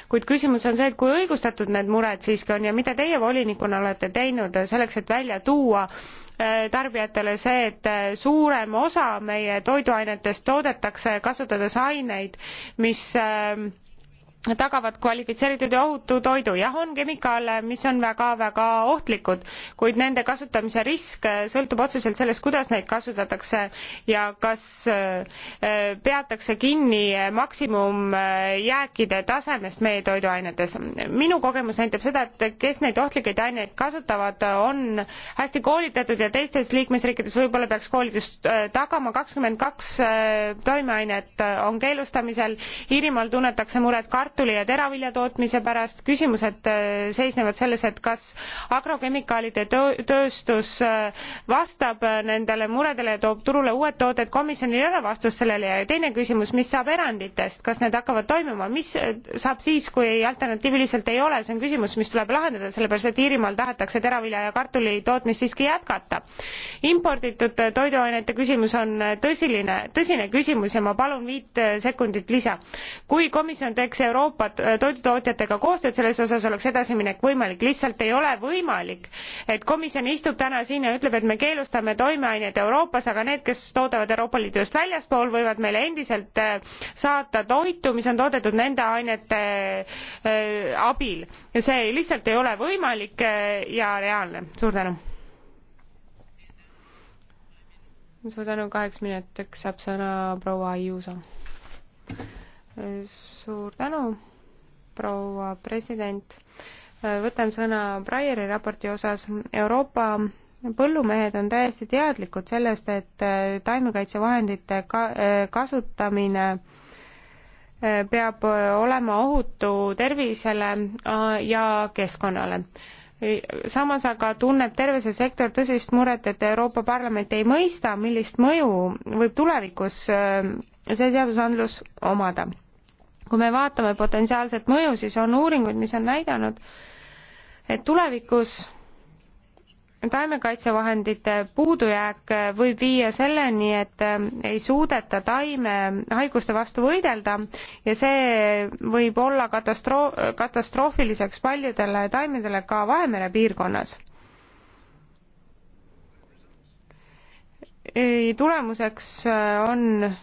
kuid küsimus on see, et kui õigustatud need mured siiski on ja mida teie volinikuna olete teinud selleks, et välja tuua äh, tarbijatele see, et äh, suurem osa meie toiduainetest toodetakse kasutades aineid, mis äh, tagavad kvalifitseeritud ja ohutu toidu. jah, on kemikaale, mis on väga-väga ohtlikud, kuid nende kasutamise risk sõltub otseselt sellest, kuidas neid kasutatakse ja kas äh, peatakse kinni maksimumjääkide äh, tasemest meie toiduainetes. minu kogemus näitab seda, et kes neid ohtlikke aineid kasutavad, on hästi koolitatud ja teistes liikmesriikides võib-olla peaks koolitust äh, tagama. kakskümmend kaks toimeainet on keelustamisel, Iirimaal tunnetakse muret kart-, kartuli ja teravilja tootmise pärast küsimused äh, seisnevad selles et kas agrokemikaalide tööstus äh, vastab äh, nendele muredele ja toob turule uued tooted komisjonil ei ole vastust sellele ja teine küsimus mis saab eranditest kas need hakkavad toimima mis saab siis kui alternatiivi lihtsalt ei ole see on küsimus mis tuleb lahendada sellepärast et iirimaal tahetakse teravilja ja kartuli tootmist siiski jätkata imporditud toiduainete küsimus on tõsiline tõsine küsimus ja ma palun viit sekundit lisa kui komisjon teeks euroopa Euroopa äh, toidutootjatega koostööd selles osas oleks edasiminek võimalik. lihtsalt ei ole võimalik, et komisjon istub täna siin ja ütleb, et me keelustame toimeained Euroopas, aga need, kes toodavad Euroopa Liidust väljaspool, võivad meile endiselt äh, saata toitu, mis on toodetud nende ainete äh, abil. see lihtsalt ei ole võimalik ja reaalne. suur tänu suur tänu, kaheks minutiks saab sõna proua Aiuso suur tänu, proua president. võtan sõna Breyeri raporti osas. Euroopa põllumehed on täiesti teadlikud sellest, et taimekaitsevahendite ka-, kasutamine peab olema ohutu tervisele ja keskkonnale samas aga tunneb terve see sektor tõsist muret, et Euroopa Parlament ei mõista, millist mõju võib tulevikus äh, see seadusandlus omada kui me vaatame potentsiaalset mõju, siis on uuringuid, mis on näidanud, et tulevikus taimekaitsevahendite puudujääk võib viia selleni, et eh, ei suudeta taime haiguste vastu võidelda ja see võib olla katastroo-, katastroofiliseks paljudele taimedele ka Vahemere piirkonnas. tulemuseks eh, on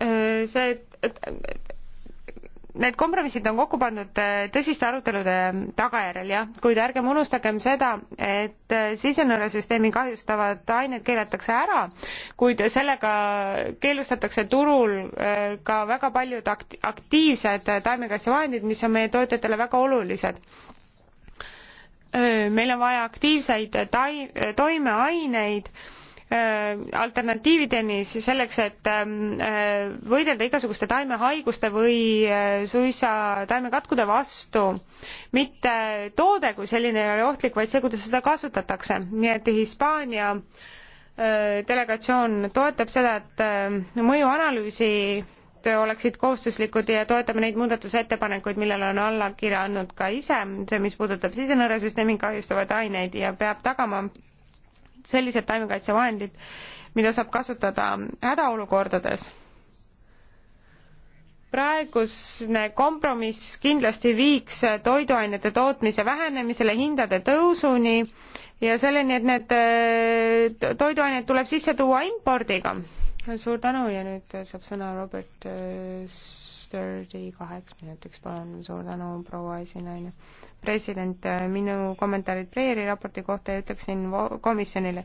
Äh, see, et need kompromissid on kokku pandud äh, tõsiste arutelude tagajärjel, jah, kuid ärgem unustagem seda, et äh, sisenõrasüsteemi kahjustavad ained keelatakse ära, kuid sellega keelustatakse turul ka väga paljud akti-, aktiivsed taimekaitsevahendid, mis on meie tootjatele väga olulised. meil on vaja aktiivseid tai-, toimeaineid Äh, alternatiivideni siis selleks, et ähm, äh, võidelda igasuguste taimehaiguste või äh, suisa taimekatkude vastu. mitte toode kui selline ei ole ohtlik, vaid see, kuidas seda kasutatakse, nii et Hispaania delegatsioon toetab seda, et mõjuanalüüsid oleksid kohustuslikud ja toetame neid muudatusettepanekuid, millele on allakirja andnud ka ise, see, mis puudutab sisenõrasüsteemi kahjustavaid aineid ja peab tagama sellised taimekaitsevahendid, mida saab kasutada hädaolukordades. praegusne kompromiss kindlasti viiks toiduainete tootmise vähenemisele, hindade tõusuni ja selleni, et need äh, toiduained tuleb sisse tuua impordiga. suur tänu ja nüüd saab sõna Robert äh, Sturdy kaheks minutiks, palun, suur tänu, proua esinaine. president, äh, minu kommentaarid Preeri raporti kohta ja ütleksin komisjonile,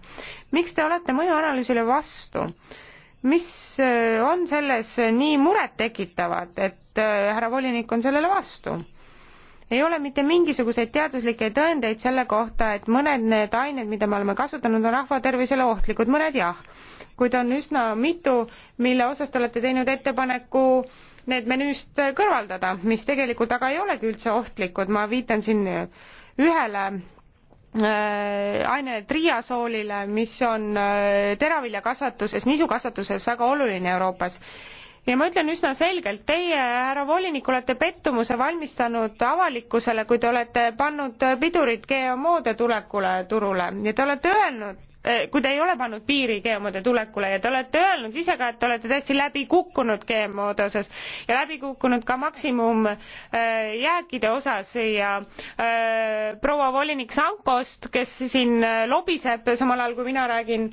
miks te olete mõjuanalüüsile vastu? mis äh, on selles nii murettekitavat, et äh, härra volinik on sellele vastu? ei ole mitte mingisuguseid teaduslikke tõendeid selle kohta, et mõned need ained, mida me oleme kasutanud, on rahvatervisele ohtlikud, mõned jah, kuid on üsna mitu, mille osas te olete teinud ettepaneku need menüüst kõrvaldada, mis tegelikult aga ei olegi üldse ohtlikud, ma viitan siin ühele äh, aine triasoolile, mis on äh, teraviljakasvatuses, nisukasvatuses väga oluline Euroopas ja ma ütlen üsna selgelt, teie, härra volinik, olete pettumuse valmistanud avalikkusele, kui te olete pannud pidurid GMO-de tulekule turule ja te olete öelnud, Eh, kui te ei ole pannud piiri GMO-de tulekule ja te olete öelnud ise ka, et te olete täiesti läbi kukkunud GMO-de osas ja läbi kukkunud ka maksimum eh, jääkide osas ja eh, proua volinik Sankost, kes siin lobiseb samal ajal kui mina räägin,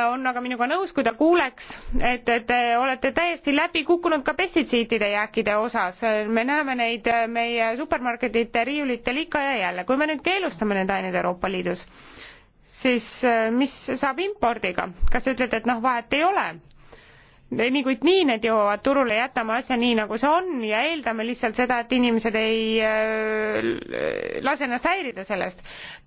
on aga minuga nõus, kui ta kuuleks, et te olete täiesti läbi kukkunud ka pestitsiidide jääkide osas. me näeme neid meie supermarketite riiulite liika ja jälle, kui me nüüd keelustame need ained Euroopa Liidus siis äh, mis saab impordiga, kas te ütlete, et noh, vahet ei ole? niikuinii need jõuavad turule, jätame asja nii, nagu see on ja eeldame lihtsalt seda, et inimesed ei äh, lase ennast häirida sellest.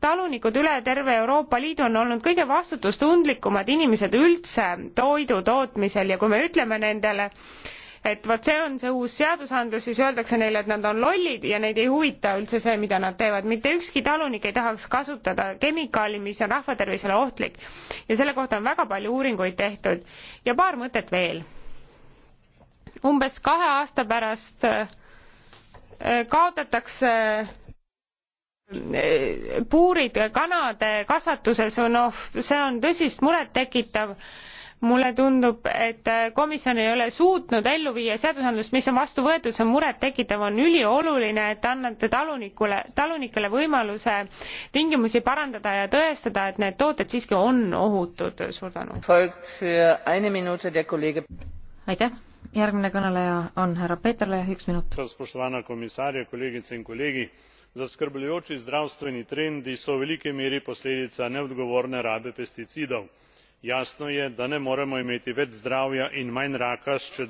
talunikud üle terve Euroopa Liidu on olnud kõige vastutustundlikumad inimesed üldse toidu tootmisel ja kui me ütleme nendele äh, et vot see on see uus seadusandlus, siis öeldakse neile, et nad on lollid ja neid ei huvita üldse see, mida nad teevad. mitte ükski talunik ei tahaks kasutada kemikaali, mis on rahvatervisele ohtlik. ja selle kohta on väga palju uuringuid tehtud ja paar mõtet veel. umbes kahe aasta pärast äh, kaotatakse äh, puurid kanade kasvatuses, noh, see on tõsist muret tekitav mulle tundub, et äh, komisjon ei ole suutnud ellu viia seadusandlust, mis on vastu võetud, see on murettekitav, on ülioluline, et annate talunikule, talunikele võimaluse tingimusi parandada ja tõestada, et need tooted siiski on ohutud. suur tänu. aitäh, järgmine kõneleja on härra Peeterle, üks minut zaskrbljujoči zdravstveni trendi so v veliki meri posledica neodgovorne rabe pesticidov jasno je da ne moremo imeti več zdravja in manj raka če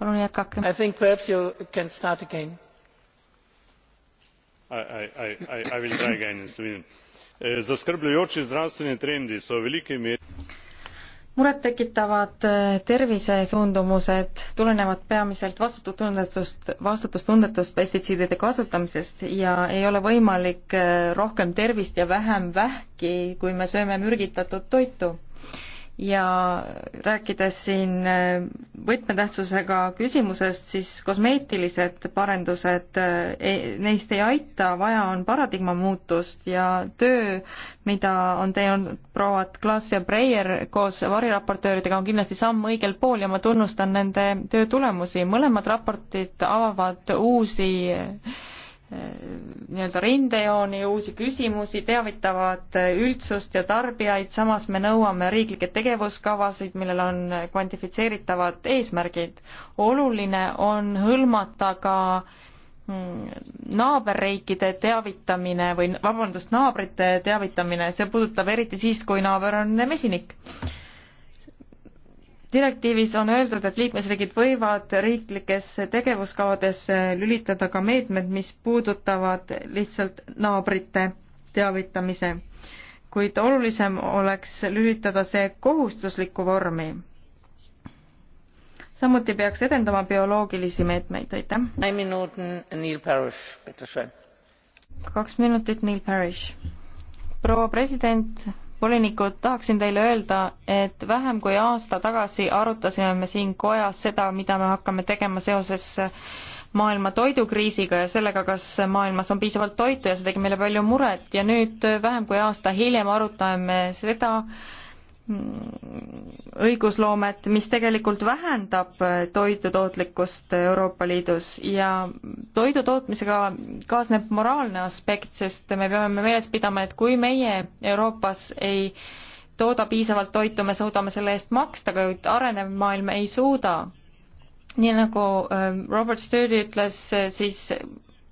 i think perhaps you can start again. Eh, zaskrbljujoči zdravstveni trendi so v veliki meri posledica murettekitavad äh, tervisesuundumused tulenevad peamiselt vastutustundetust, vastutustundetust pestitsiidide kasutamisest ja ei ole võimalik äh, rohkem tervist ja vähem vähki, kui me sööme mürgitatud toitu ja rääkides siin äh, võtmetähtsusega küsimusest, siis kosmeetilised parendused, äh, e-, neist ei aita, vaja on paradigma muutust ja töö, mida on teinud prouad Klaas ja Breyer koos variraportööridega, on kindlasti samm õigel pool ja ma tunnustan nende töö tulemusi. mõlemad raportid avavad uusi nii-öelda rindejooni ja uusi küsimusi, teavitavad üldsust ja tarbijaid, samas me nõuame riiklikke tegevuskavasid, millel on kvantifitseeritavad eesmärgid. oluline on hõlmata ka mm, naaberriikide teavitamine või vabandust, naabrite teavitamine, see puudutab eriti siis, kui naaber on mesinik direktiivis on öeldud, et liikmesriigid võivad riiklikesse tegevuskavadesse lülitada ka meetmed, mis puudutavad lihtsalt naabrite teavitamise, kuid olulisem oleks lülitada see kohustuslikku vormi. samuti peaks edendama bioloogilisi meetmeid, aitäh. kaks minutit, Neil Parish. proua president volinikud, tahaksin teile öelda, et vähem kui aasta tagasi arutasime me siin kojas seda, mida me hakkame tegema seoses maailma toidukriisiga ja sellega, kas maailmas on piisavalt toitu ja see tegi meile palju muret ja nüüd vähem kui aasta hiljem arutame seda, õigusloomet, mis tegelikult vähendab toidutootlikkust Euroopa Liidus ja toidutootmisega kaasneb moraalne aspekt, sest me peame meeles pidama, et kui meie Euroopas ei tooda piisavalt toitu, me suudame selle eest maksta, kuid arenev maailm ei suuda. nii nagu äh, Robert Sturdy ütles, äh, siis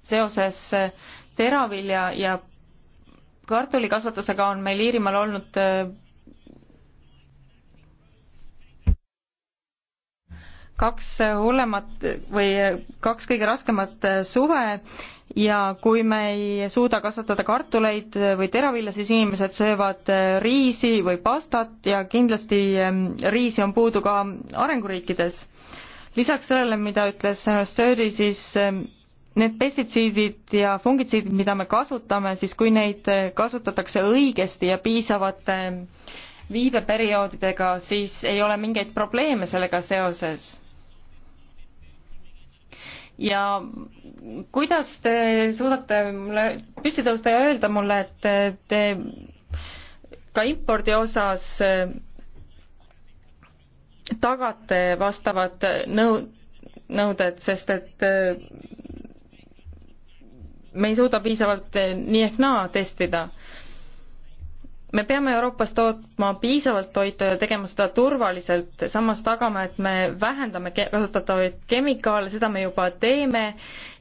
seoses äh, teravilja ja kartulikasvatusega on meil Iirimaal olnud kaks hullemat või kaks kõige raskemat suve ja kui me ei suuda kasvatada kartuleid või teravilja, siis inimesed söövad riisi või pastat ja kindlasti ehm, riisi on puudu ka arenguriikides. lisaks sellele, mida ütles härra Stöödi, siis ehm, need pestitsiidid ja fungitsiidid, mida me kasutame, siis kui neid kasutatakse õigesti ja piisavate ehm, viibeperioodidega, siis ei ole mingeid probleeme sellega seoses ja kuidas te suudate mulle püsti tõusta ja öelda mulle, et te ka impordi osas eh, tagate vastavad nõu-, nõuded, sest et eh, me ei suuda piisavalt eh, nii ehk naa testida me peame Euroopas tootma piisavalt toitu ja tegema seda turvaliselt, samas tagama, et me vähendame kasutatavaid kemikaale, seda me juba teeme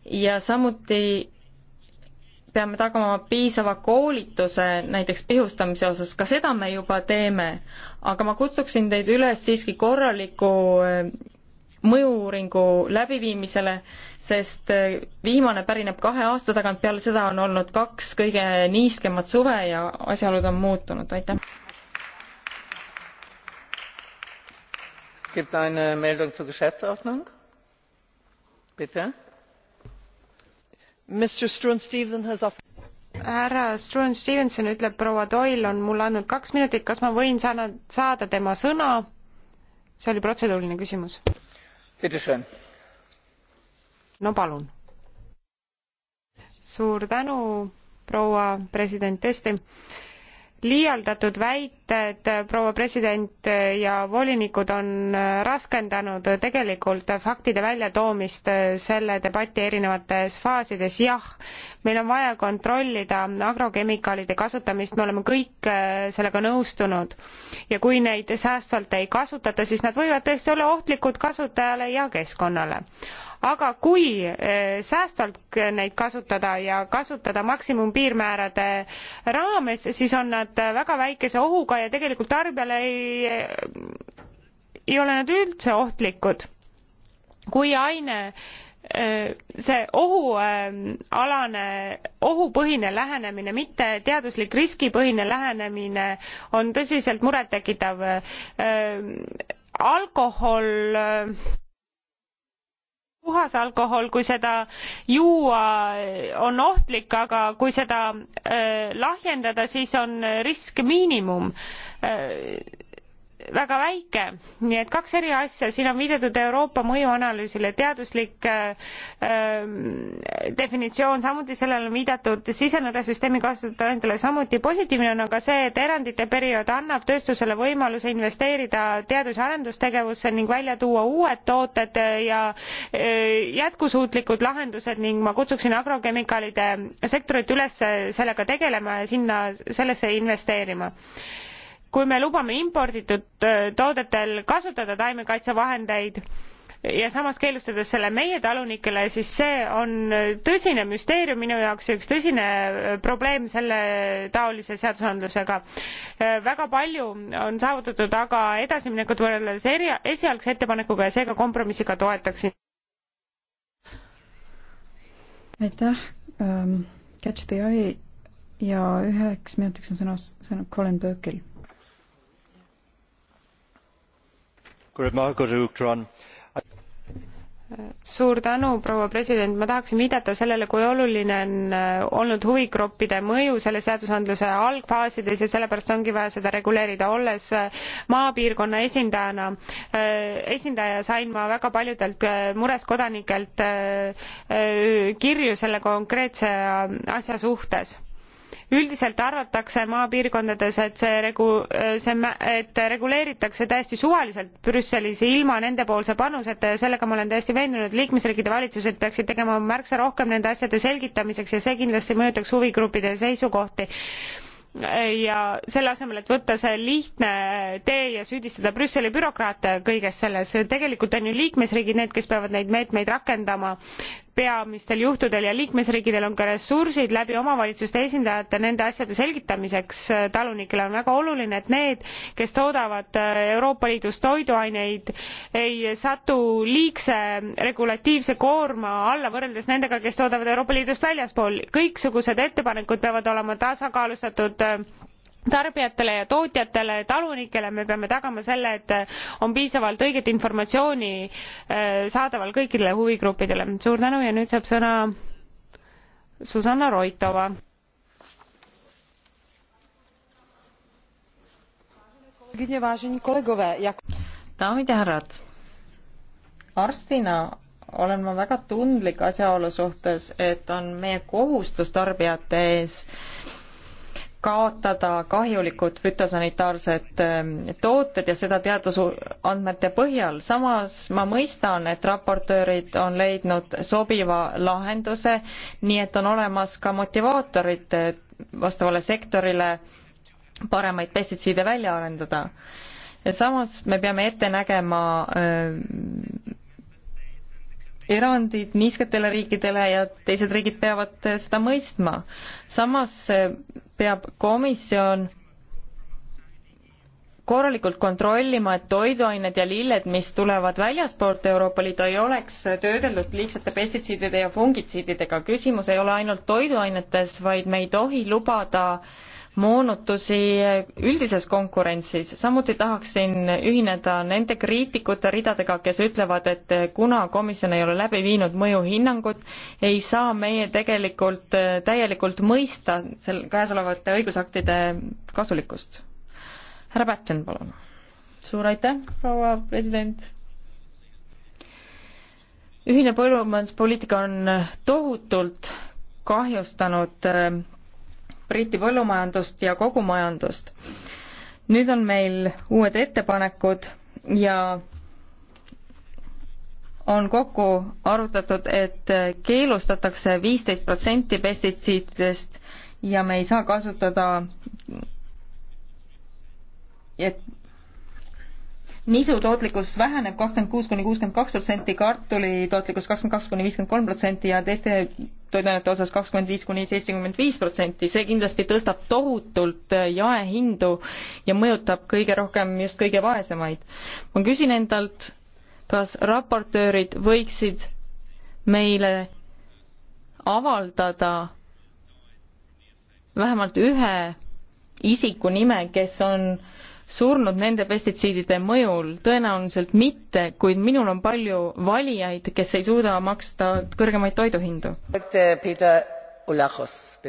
ja samuti peame tagama piisava koolituse näiteks pihustamise osas, ka seda me juba teeme. aga ma kutsuksin teid üles siiski korraliku eh, mõju-uuringu läbiviimisele sest äh, viimane pärineb kahe aasta tagant, peale seda on olnud kaks kõige niiskemat suve ja asjaolud on muutunud, aitäh. gibt eine meldung zur geschäftsordnung? bitte. Mr Struan Steven has offered härra Struan Stevenson ütleb, proua Doyle on mulle andnud kaks minutit, kas ma võin saada, saada tema sõna? see oli protseduuriline küsimus no palun. suur tänu, proua president, tõesti liialdatud väited, proua president ja volinikud on raskendanud tegelikult faktide väljatoomist selle debati erinevates faasides, jah, meil on vaja kontrollida agrokemikaalide kasutamist, me oleme kõik äh, sellega nõustunud. ja kui neid säästvalt ei kasutata, siis nad võivad tõesti olla ohtlikud kasutajale ja keskkonnale aga kui eh, säästvalt neid kasutada ja kasutada maksimumpiirmäärade raames, siis on nad väga väikese ohuga ja tegelikult tarbijale ei, ei ole nad üldse ohtlikud. kui aine eh, see ohualane, eh, ohupõhine lähenemine, mitte teaduslik riskipõhine lähenemine on tõsiselt murettekitav. alkohol puhas alkohol, kui seda juua on ohtlik, aga kui seda äh, lahjendada, siis on risk miinimum äh, väga väike, nii et kaks eri asja, siin on viidatud Euroopa mõjuanalüüsile, teaduslik äh, äh definitsioon, samuti sellele on viidatud sisenõrresüsteemi kasutajatele, samuti positiivne on aga see, et erandite periood annab tööstusele võimaluse investeerida teadus- ja arendustegevusse ning välja tuua uued tooted ja äh, jätkusuutlikud lahendused ning ma kutsuksin agrokemikaalide sektorit üles sellega tegelema ja sinna, sellesse investeerima kui me lubame imporditud äh, toodetel kasutada taimekaitsevahendeid ja samas keelustades selle meie talunikele siis see on tõsine müsteerium minu jaoks ja üks tõsine äh, probleem selle taolise seadusandlusega äh, väga palju on saavutatud aga edasiminekut võrreldes eri- esialgse ettepanekuga ja seega kompromissi ka toetaksin aitäh um, catch the eye ja üheks minutiks on sõna sõna Colin Burke'il suur tänu proua president ma tahaksin viidata sellele kui oluline on äh, olnud huvigruppide mõju selle seadusandluse algfaasides ja sellepärast ongi vaja seda reguleerida olles äh, maapiirkonna esindajana äh, esindaja sain ma väga paljudelt mures kodanikelt kirju selle konkreetse asja suhtes üldiselt arvatakse maapiirkondades, et see regu-, see, et reguleeritakse täiesti suvaliselt Brüsselis ilma nendepoolse panuseta ja sellega ma olen täiesti veendunud, et liikmesriikide valitsused peaksid tegema märksa rohkem nende asjade selgitamiseks ja see kindlasti mõjutaks huvigruppide seisukohti ja selle asemel, et võtta see lihtne tee ja süüdistada Brüsseli bürokraate kõiges selles, tegelikult on ju liikmesriigid need, kes peavad neid meetmeid rakendama peamistel juhtudel ja liikmesriikidel on ka ressursid läbi omavalitsuste esindajate nende asjade selgitamiseks talunikele on väga oluline et need kes toodavad äh, euroopa liidus toiduaineid ei satu liigse regulatiivse koorma alla võrreldes nendega kes toodavad euroopa liidust väljaspool kõiksugused ettepanekud peavad olema tasakaalustatud äh, tarbijatele ja tootjatele talunikele me peame tagama selle et on piisavalt õiget informatsiooni äh, saadaval kõikidele huvigruppidele suur tänu ja nüüd saab sõna susanna roitova daamid ja härrad arstina olen ma väga tundlik asjaolu suhtes et on meie kohustus tarbijate ees kaotada kahjulikud fütosanitaarsed ähm, tooted ja seda teadusandmete põhjal. samas ma mõistan, et raportöörid on leidnud sobiva lahenduse, nii et on olemas ka motivaatorid vastavale sektorile paremaid pestitsiide välja arendada. ja samas me peame ette nägema ähm, erandid niisketele riikidele ja teised riigid peavad äh, seda mõistma. samas äh, peab komisjon korralikult kontrollima, et toiduained ja lilled, mis tulevad väljaspoolt Euroopa Liidu, ei oleks töödeldud liigsete pestitsiidide ja fungitsiididega. küsimus ei ole ainult toiduainetes, vaid me ei tohi lubada äh, moonutusi üldises konkurentsis. samuti tahaksin ühineda nende kriitikute ridadega, kes ütlevad, et kuna komisjon ei ole läbi viinud mõjuhinnangut, ei saa meie tegelikult äh, täielikult mõista sel käesolevate õigusaktide kasulikkust. härra Pätsen, palun. suur aitäh, proua president ühine põllumajanduspoliitika on tohutult kahjustanud äh, Briti põllumajandust ja kogu majandust. nüüd on meil uued ettepanekud ja on kokku arutatud, et keelustatakse viisteist protsenti pestitsiididest ja me ei saa kasutada, et nisu tootlikkus väheneb kakskümmend kuus kuni kuuskümmend kaks protsenti, kartuli tootlikkus kakskümmend kaks kuni viiskümmend kolm protsenti ja teiste toiduainete osas kakskümmend viis kuni seitsekümmend viis protsenti. see kindlasti tõstab tohutult jaehindu ja mõjutab kõige rohkem just kõige vaesemaid. ma küsin endalt, kas raportöörid võiksid meile avaldada vähemalt ühe isiku nime, kes on äh, surnud nende pestitsiidide mõjul, tõenäoliselt mitte, kuid minul on palju valijaid, kes ei suuda maksta kõrgemaid toiduhindu. aitäh, Peeter Olahos,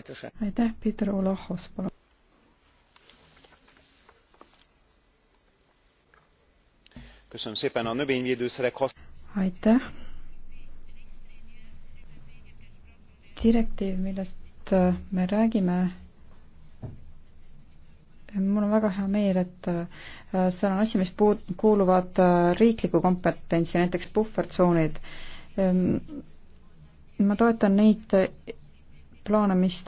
palun. aitäh. direktiiv, millest äh, me räägime, mul on väga hea meel, et äh, seal on asju, mis puud-, kuuluvad äh, riikliku kompetentsi, näiteks puhvertsoonid. Ehm, ma toetan neid äh, plaane, mis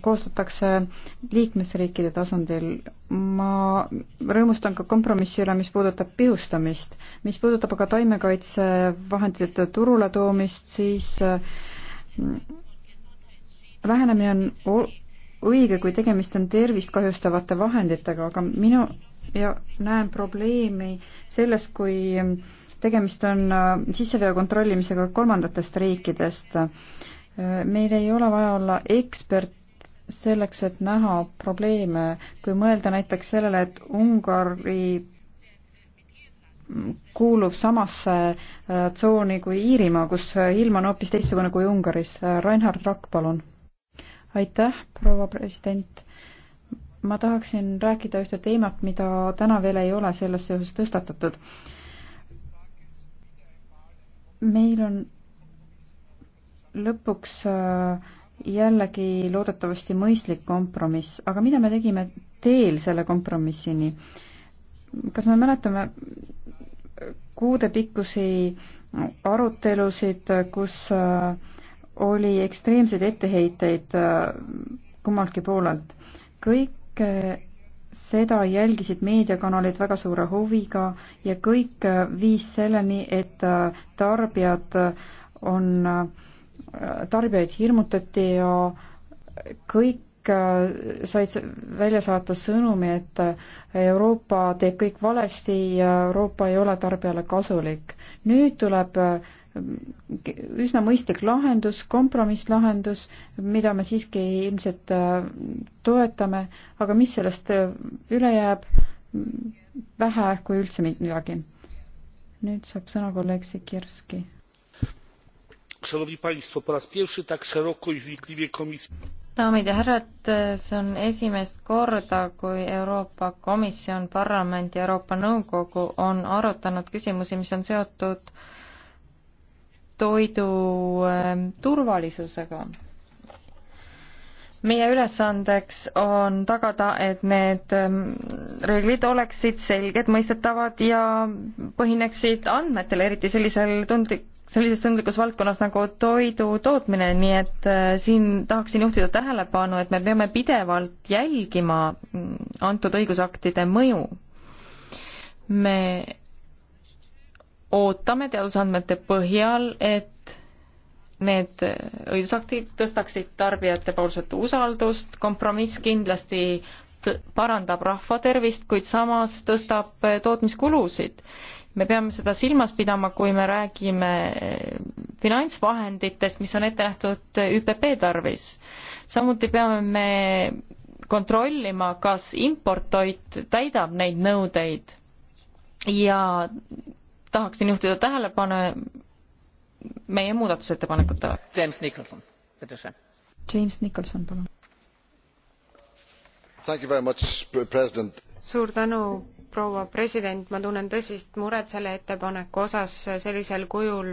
koostatakse liikmesriikide tasandil. ma rõõmustan ka kompromissi üle, mis puudutab pihustamist. mis puudutab aga taimekaitsevahendite turule toomist, siis lähenemine on õige, kui tegemist on tervist kahjustavate vahenditega, aga minu ja näen probleemi selles, kui tegemist on äh, sisseveo kontrollimisega kolmandatest riikidest. Äh, meil ei ole vaja olla ekspert selleks, et näha probleeme, kui mõelda näiteks sellele, et Ungari kuulub samasse äh, tsooni kui Iirimaa, kus ilm on hoopis teistsugune kui Ungaris. Reinhard Rakk, palun aitäh, proua president. ma tahaksin rääkida ühte teemat, mida täna veel ei ole selles seoses tõstatatud. meil on lõpuks äh, jällegi loodetavasti mõistlik kompromiss, aga mida me tegime teel selle kompromissini? kas me mäletame kuudepikkusi arutelusid, kus äh, oli ekstreemseid etteheiteid äh, kummaltki poolelt. kõik äh, seda jälgisid meediakanalid väga suure huviga ja kõik äh, viis selleni, et tarbijad on, tarbijaid hirmutati ja kõik said välja saata sõnumi, et Euroopa teeb kõik valesti ja Euroopa ei ole tarbijale kasulik. nüüd tuleb äh, üsna mõistlik lahendus, kompromisslahendus, mida me siiski ilmselt äh, toetame, aga mis sellest äh, üle jääb, vähe kui üldse midagi. nüüd saab sõna kolleeg Sikirski. daamid ja härrad, see on esimest korda, kui Euroopa Komisjon, parlament ja Euroopa Nõukogu on arutanud küsimusi, mis on seotud toidu ähm, turvalisusega. meie ülesandeks on tagada, et need ähm, reeglid oleksid selged, mõistetavad ja põhineksid andmetel, eriti sellisel tundlik, sellises tundlikus valdkonnas nagu toidu tootmine, nii et äh, siin tahaksin juhtida tähelepanu, et me peame pidevalt jälgima mm, antud õigusaktide mõju. me ootame teadusandmete põhjal, et need õigusaktid tõstaksid tarbijate poolset usaldust, kompromiss kindlasti parandab rahva tervist, kuid samas tõstab tootmiskulusid. me peame seda silmas pidama, kui me räägime eh, finantsvahenditest, mis on ette nähtud ÜPP tarvis. samuti peame me kontrollima, kas importtoit täidab neid nõudeid ja tahaksin juhtida tähelepanu meie muudatusettepanekutele. James Nicholson, James Nicholson, palun. suur tänu, proua president, ma tunnen tõsist muret selle ettepaneku osas sellisel kujul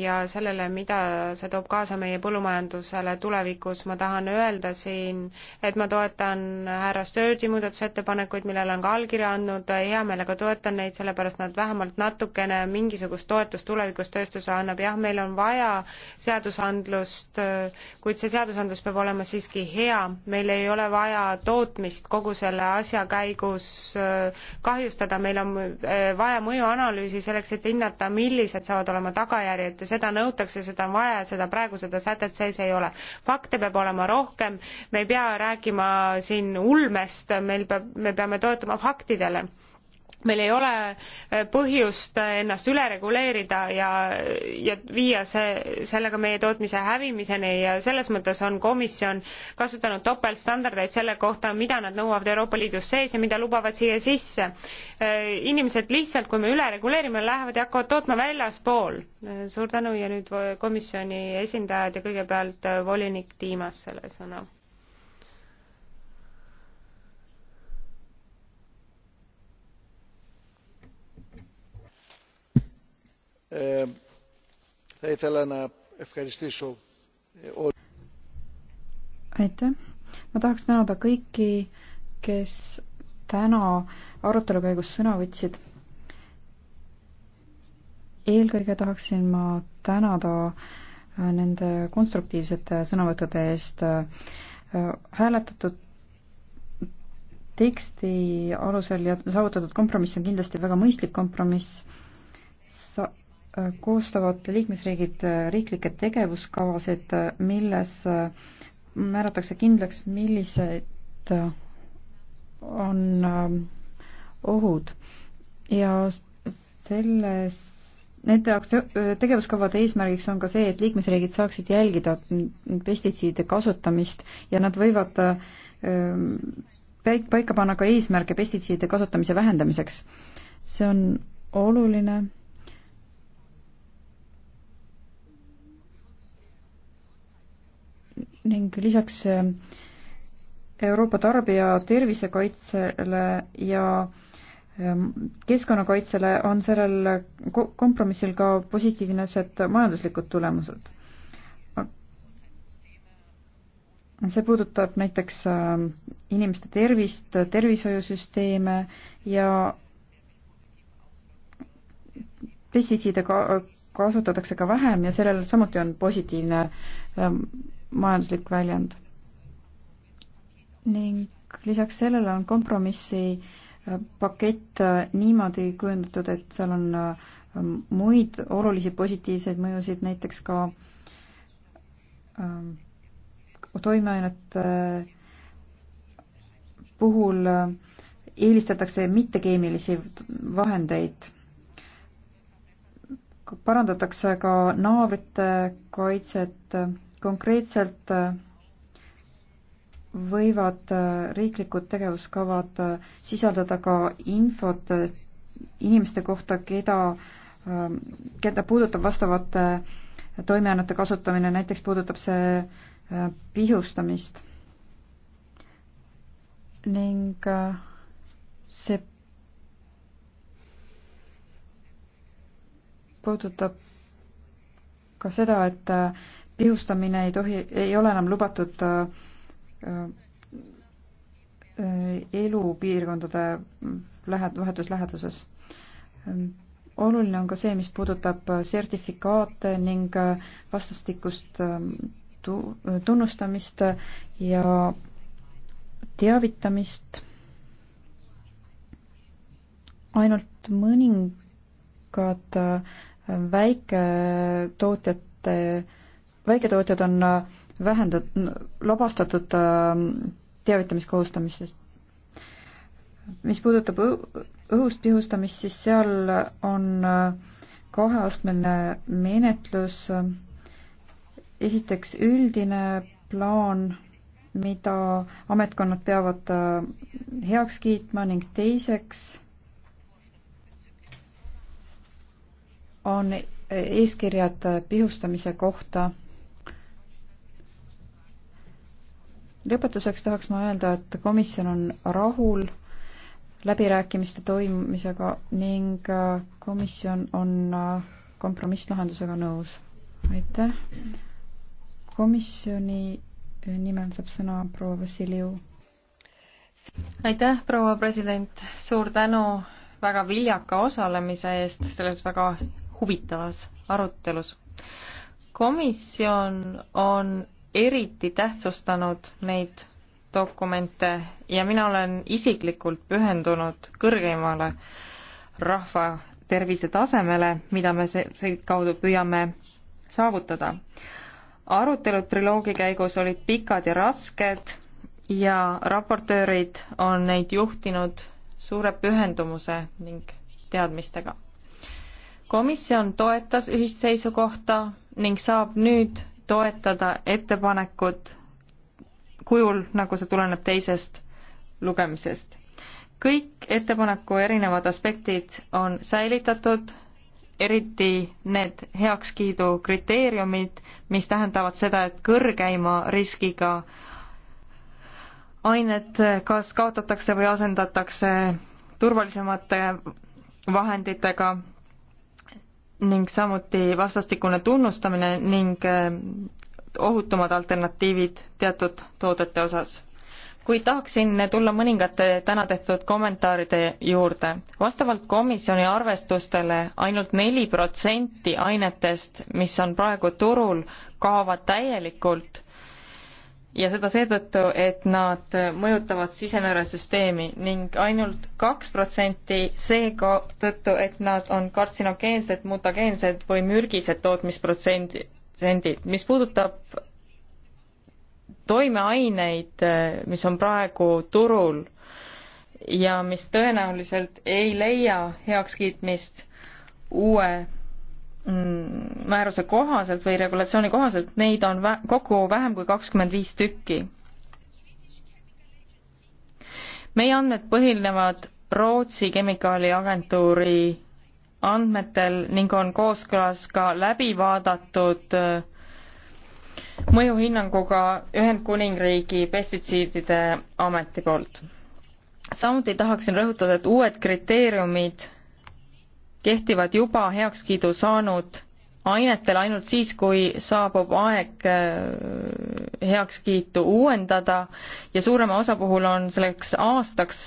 ja sellele, mida see toob kaasa meie põllumajandusele tulevikus. ma tahan öelda siin, et ma toetan härra Sturgi muudatusettepanekuid, millele on ka allkirja andnud, hea meelega toetan neid, sellepärast nad vähemalt natukene mingisugust toetust tulevikus tööstuse annab. jah, meil on vaja seadusandlust, kuid see seadusandlus peab olema siiski hea. meil ei ole vaja tootmist kogu selle asja käigus kahju kahjustada, meil on äh, vaja mõjuanalüüsi selleks, et hinnata, millised saavad olema tagajärjed ja seda nõutakse, seda on vaja ja seda praegu seda sätet sees ei ole. fakte peab olema rohkem, me ei pea rääkima siin ulmest, meil peab, me peame toetuma faktidele meil ei ole äh, põhjust ennast üle reguleerida ja, ja viia see, sellega meie tootmise hävimiseni ja selles mõttes on komisjon kasutanud topeltstandardeid selle kohta, mida nad nõuavad Euroopa Liidus sees ja mida lubavad siia sisse. Äh, inimesed lihtsalt, kui me üle reguleerime, lähevad ja hakkavad tootma väljaspool. Äh, suur tänu ja nüüd komisjoni esindajad ja kõigepealt volinik Tiimas selle sõna θα ήθελα να ευχαριστήσω aitäh, ma tahaks tänada kõiki, kes täna arutelu käigus sõna võtsid. eelkõige tahaksin ma tänada äh, nende konstruktiivsete sõnavõttude eest äh, hääletatud teksti alusel ja saavutatud kompromiss on kindlasti väga mõistlik kompromiss koostavad liikmesriigid riiklikke tegevuskavasid, milles määratakse kindlaks, millised on ohud ja selles Nende tegevuskavade eesmärgiks on ka see, et liikmesriigid saaksid jälgida pestitsiidide kasutamist ja nad võivad ähm, paika panna ka eesmärke pestitsiidide kasutamise vähendamiseks. see on oluline ning lisaks äh, Euroopa tarbija tervisekaitsele ja ähm, keskkonnakaitsele on sellel kompromissil ka positiivsed majanduslikud tulemused. see puudutab näiteks äh, inimeste tervist, tervishoiusüsteeme ja pestitsiide ka kasutatakse ka vähem ja sellel samuti on positiivne ähm, majanduslik väljend. ning lisaks sellele on kompromissi äh, pakett äh, niimoodi kujundatud, et seal on äh, muid olulisi positiivseid mõjusid, näiteks ka ähm, toimeainete puhul eelistatakse mittekeemilisi vahendeid parandatakse ka naabrite kaitset, konkreetselt äh, võivad äh, riiklikud tegevuskavad äh, sisaldada ka infot inimeste kohta, keda, ähm, keda puudutab vastavate toimeainete kasutamine, näiteks puudutab see pihustamist. ning see puudutab ka seda, et äh, pihustamine ei tohi, ei ole enam lubatud äh, äh, elupiirkondade lähed-, vahetus läheduses. oluline on ka see, mis puudutab sertifikaate ning vastastikust ähm, tu-, tunnustamist ja teavitamist. ainult mõningad äh, väiketootjate, väiketootjad on äh, vähendatud, vabastatud äh, teavitamiskohustamisest. mis puudutab õhust pihustamist, siis seal on äh, kaheastmeline menetlus, esiteks üldine plaan, mida ametkonnad peavad heaks kiitma ning teiseks on eeskirjad pihustamise kohta. lõpetuseks tahaks ma öelda, et komisjon on rahul läbirääkimiste toimumisega ning komisjon on kompromisslahendusega nõus. aitäh. komisjoni nimel saab sõna proua Vassiljev. aitäh, proua president, suur tänu väga viljaka osalemise eest selles väga huvitavas arutelus. komisjon on eriti tähtsustanud neid dokumente ja mina olen isiklikult pühendunud kõrgeimale rahva tervise tasemele, mida me sealtkaudu püüame saavutada. arutelud triloogi käigus olid pikad ja rasked ja raportöörid on neid juhtinud suure pühendumuse ning teadmistega komisjon toetas ühist seisukohta ning saab nüüd toetada ettepanekut kujul, nagu see tuleneb teisest lugemisest. kõik ettepaneku erinevad aspektid on säilitatud, eriti need heakskiidu kriteeriumid, mis tähendavad seda, et kõrgeima riskiga ained kas kaotatakse või asendatakse turvalisemate vahenditega ning samuti vastastikune tunnustamine ning äh, ohutumad alternatiivid teatud toodete osas. kuid tahaksin tulla mõningate täna tehtud kommentaaride juurde. vastavalt komisjoni arvestustele ainult neli protsenti ainetest, mis on praegu turul, kaovad täielikult ja seda seetõttu, et nad mõjutavad sisenõrasüsteemi ning ainult kaks protsenti seega tõttu, et nad on kartsinogeensed, mutageensed või mürgised tootmisprotsendid. mis puudutab toimeaineid, mis on praegu turul ja mis tõenäoliselt ei leia heakskiitmist uue Mm, määruse kohaselt või regulatsiooni kohaselt, neid on vä kokku vähem kui kakskümmend viis tükki. meie andmed põhinevad Rootsi kemikaaliagentuuri andmetel ning on kooskõlas ka läbi vaadatud äh, mõjuhinnanguga Ühendkuningriigi pestitsiidide ameti poolt. samuti tahaksin rõhutada, et uued kriteeriumid kehtivad juba heakskiidu saanud ainetele ainult siis, kui saabub aeg äh, heakskiitu uuendada ja suurema osa puhul on selleks aastaks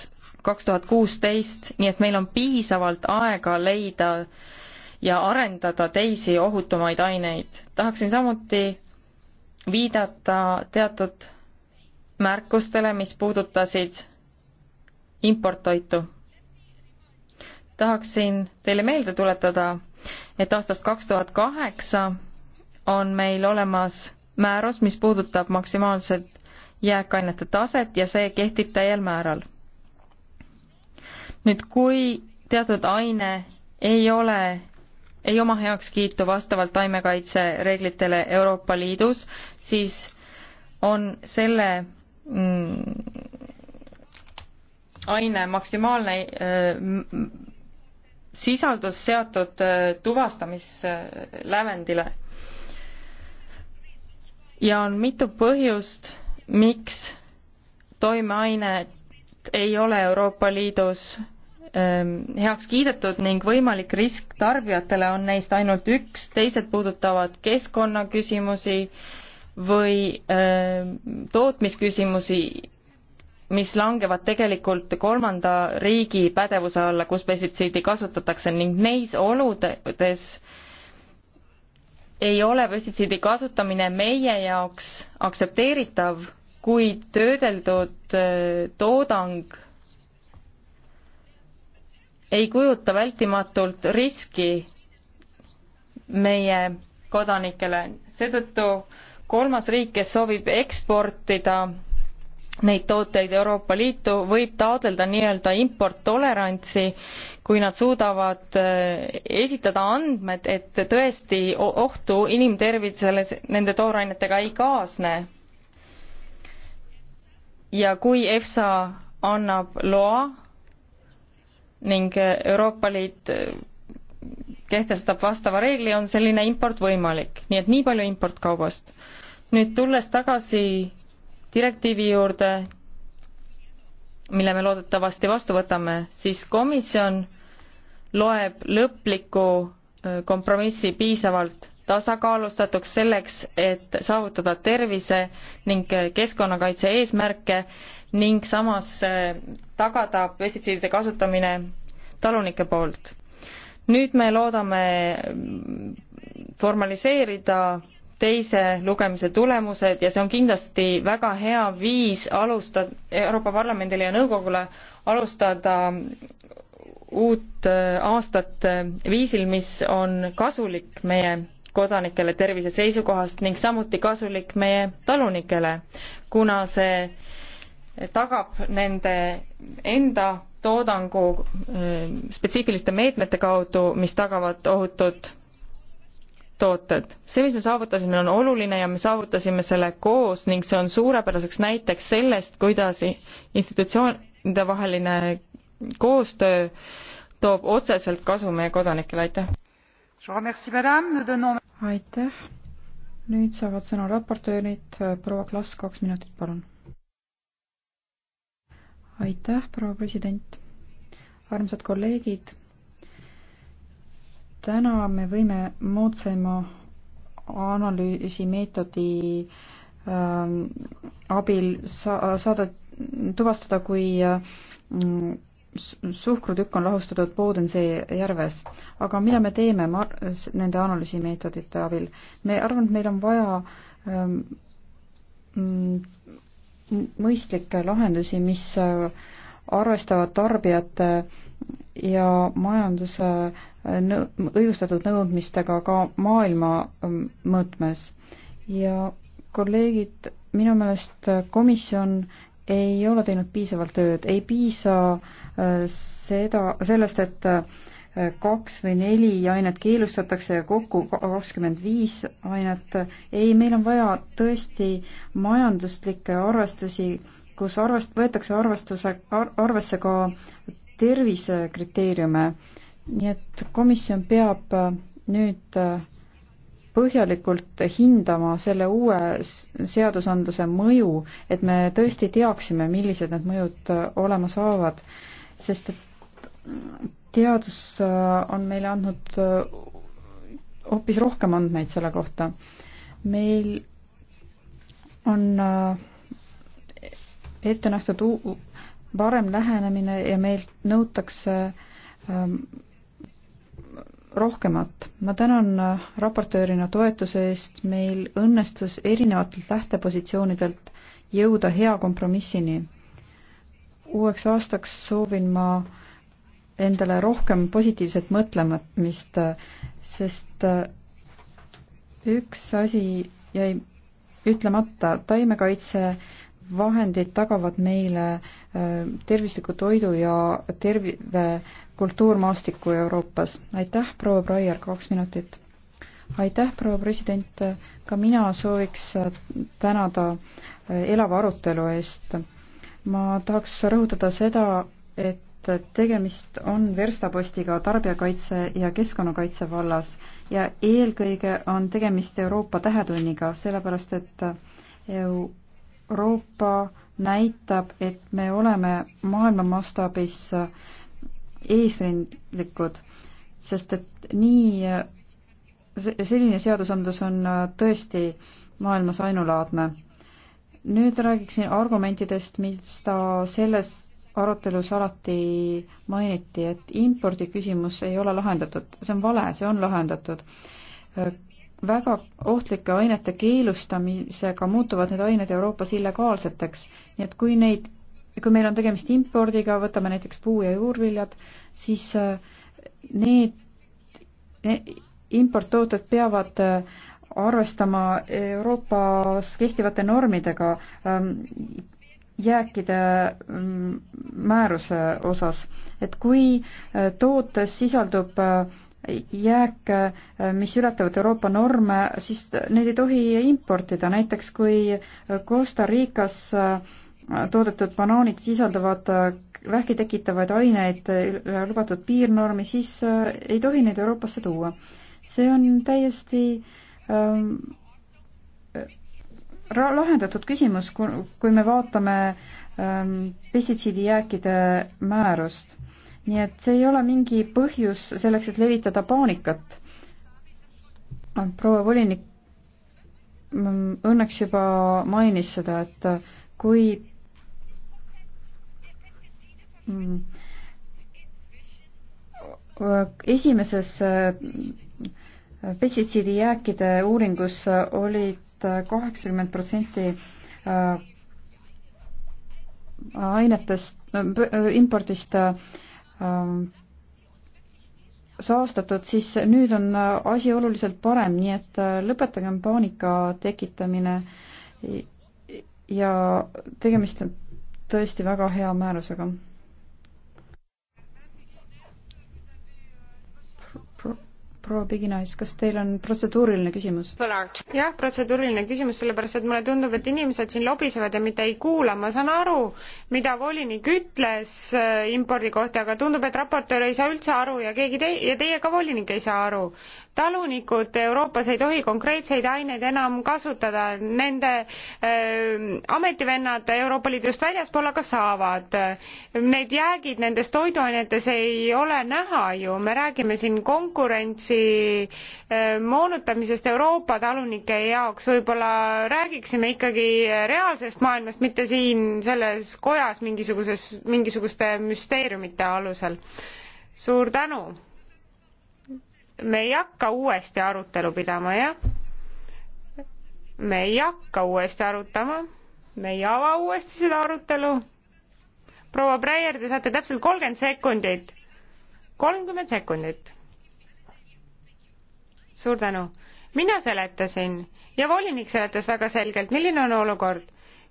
kaks tuhat kuusteist, nii et meil on piisavalt aega leida ja arendada teisi ohutumaid aineid. tahaksin samuti viidata teatud märkustele, mis puudutasid importtoitu tahaksin teile meelde tuletada, et aastast kaks tuhat kaheksa on meil olemas määrus, mis puudutab maksimaalset jääkainete taset ja see kehtib täiel määral. nüüd, kui teatud aine ei ole, ei oma heakskiitu vastavalt taimekaitsereeglitele Euroopa Liidus, siis on selle mm, aine maksimaalne öö, äh, sisaldus seatud äh, tuvastamislävendile. ja on mitu põhjust, miks toimeainet ei ole Euroopa Liidus ähm, heaks kiidetud ning võimalik risk tarbijatele on neist ainult üks, teised puudutavad keskkonnaküsimusi või ähm, tootmisküsimusi mis langevad tegelikult kolmanda riigi pädevuse alla, kus pestitsiidi kasutatakse ning neis oludes ei ole pestitsiidi kasutamine meie jaoks aktsepteeritav, kui töödeldud äh, toodang ei kujuta vältimatult riski meie kodanikele. seetõttu kolmas riik, kes soovib eksportida neid tooteid Euroopa Liitu, võib taotleda nii-öelda importtolerantsi, kui nad suudavad eh, esitada andmed, et tõesti ohtu inimtervisele nende toorainetega ei kaasne. ja kui EFSA annab loa ning Euroopa Liit eh, kehtestab vastava reegli, on selline import võimalik, nii et nii palju importkaubast. nüüd tulles tagasi direktiivi juurde, mille me loodetavasti vastu võtame, siis komisjon loeb lõpliku kompromissi piisavalt tasakaalustatuks selleks, et saavutada tervise ning keskkonnakaitse eesmärke ning samas tagada pestitsiidide kasutamine talunike poolt. nüüd me loodame mm, formaliseerida teise lugemise tulemused ja see on kindlasti väga hea viis alusta-, Euroopa Parlamendile ja Nõukogule alustada uut äh, aastat äh, viisil, mis on kasulik meie kodanikele tervise seisukohast ning samuti kasulik meie talunikele, kuna see tagab nende enda toodangu äh, spetsiifiliste meetmete kaudu, mis tagavad ohutud tooted. see, mis me saavutasime, on oluline ja me saavutasime selle koos ning see on suurepäraseks näiteks sellest, kuidas institutsioonide vaheline koostöö toob otseselt kasu meie kodanikele, aitäh! aitäh! nüüd saavad sõna raportöörid, proua Klas, kaks minutit, palun. aitäh, proua president! armsad kolleegid täna me võime moodsaima analüüsimeetodi äh, abil sa-, saada, tuvastada, kui äh, suhkrutükk on lahustatud Bodensee järves. aga mida me teeme ma-, nende analüüsimeetodite abil? me arvan, et meil on vaja ähm, mõistlikke lahendusi, mis äh, arvestavad tarbijate ja majanduse äh, õigustatud nõudmistega ka maailma mm, mõõtmes. ja kolleegid, minu meelest komisjon ei ole teinud piisavalt tööd, ei piisa äh, seda, sellest, et äh, kaks või neli ainet keelustatakse ja kokku kakskümmend viis ainet. ei, meil on vaja tõesti majanduslikke arvestusi, kus arvest-, võetakse arvestuse ar,, arvesse ka tervisekriteeriume äh, nii et komisjon peab äh, nüüd äh, põhjalikult hindama selle uue seadusandluse mõju, et me tõesti teaksime, millised need mõjud äh, olema saavad, sest et mm, teadus on meile andnud hoopis rohkem andmeid selle kohta. meil on ette nähtud varem lähenemine ja meilt nõutakse ähm, rohkemat. ma tänan äh, raportöörina toetuse eest, meil õnnestus erinevatelt lähtepositsioonidelt jõuda hea kompromissini. uueks aastaks soovin ma endale rohkem positiivset mõtlemist, äh, sest äh, üks asi jäi ütlemata, taimekaitse vahendid tagavad meile äh, tervisliku toidu ja terve kultuurmaastiku Euroopas. aitäh, proua Breyer, kaks minutit. aitäh, proua president, ka mina sooviks äh, tänada äh, elava arutelu eest. ma tahaks rõhutada seda, et tegemist on verstapostiga tarbijakaitse ja keskkonnakaitse vallas ja eelkõige on tegemist Euroopa tähetunniga, sellepärast et EU Euroopa näitab, et me oleme maailma mastaabis eesrindlikud, sest et nii, selline seadusandlus on tõesti maailmas ainulaadne. nüüd räägiksin argumentidest, mis ta selles arutelus alati mainiti, et impordi küsimus ei ole lahendatud. see on vale, see on lahendatud väga ohtlike ainete keelustamisega muutuvad need ained Euroopas illegaalseteks, nii et kui neid, kui meil on tegemist impordiga, võtame näiteks puu- ja juurviljad, siis äh, need, need importtooted peavad äh, arvestama Euroopas kehtivate normidega ähm, jääkide mm, määruse osas, et kui äh, tootes sisaldub jääke, mis ületavad Euroopa norme, siis neid ei tohi importida, näiteks kui Costa Ricas toodetud banaanid sisaldavad vähki tekitavaid aineid üle lubatud piirnormi, siis ei tohi neid Euroopasse tuua. see on täiesti ähm, lahendatud küsimus, kui me vaatame ähm, pestitsiidijääkide määrust nii et see ei ole mingi põhjus selleks, et levitada paanikat. proua volinik õnneks juba mainis seda, et kui esimeses pestitsiidijääkide uuringus olid kaheksakümmend protsenti ainetest, impordist Ähm, saastatud, siis nüüd on äh, asi oluliselt parem, nii et äh, lõpetagem paanika tekitamine ja tegemist on tõesti väga hea määrusega proua Piginais, kas teil on protseduuriline küsimus? jah, protseduuriline küsimus, sellepärast et mulle tundub, et inimesed siin lobisevad ja mitte ei kuula, ma saan aru, mida volinik ütles äh, impordi kohta, aga tundub, et raportöör ei saa üldse aru ja keegi tei-, ja teie ka, volinik, ei saa aru talunikud Euroopas ei tohi konkreetseid aineid enam kasutada, nende äh, ametivennad Euroopa Liidust väljaspool aga saavad. Need jäägid nendes toiduainetes ei ole näha ju, me räägime siin konkurentsi äh, moonutamisest Euroopa talunike jaoks, võib-olla räägiksime ikkagi reaalsest maailmast, mitte siin selles kojas mingisuguses, mingisuguste müsteeriumite alusel. suur tänu! me ei hakka uuesti arutelu pidama, jah. me ei hakka uuesti arutama, me ei ava uuesti seda arutelu. proua Breyer, te saate täpselt kolmkümmend sekundit, kolmkümmend sekundit. suur tänu. mina seletasin ja volinik seletas väga selgelt, milline on olukord.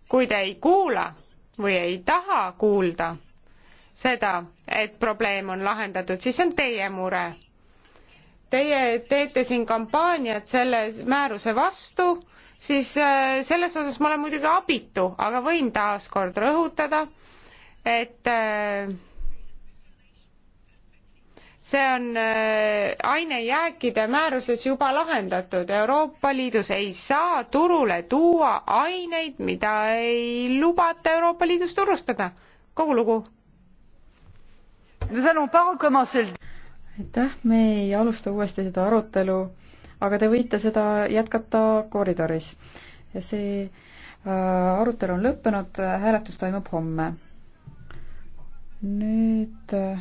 kui te ei kuula või ei taha kuulda seda, et probleem on lahendatud, siis on teie mure teie teete siin kampaaniat selle määruse vastu, siis äh, selles osas ma olen muidugi abitu, aga võin taaskord rõhutada, et äh, see on äh, ainejääkide määruses juba lahendatud. Euroopa Liidus ei saa turule tuua aineid, mida ei lubata Euroopa Liidus turustada. kogu lugu. Nous allons pas recommencer le aitäh, me ei alusta uuesti seda arutelu, aga te võite seda jätkata koridoris. ja see äh, arutelu on lõppenud, hääletus toimub homme. nüüd äh,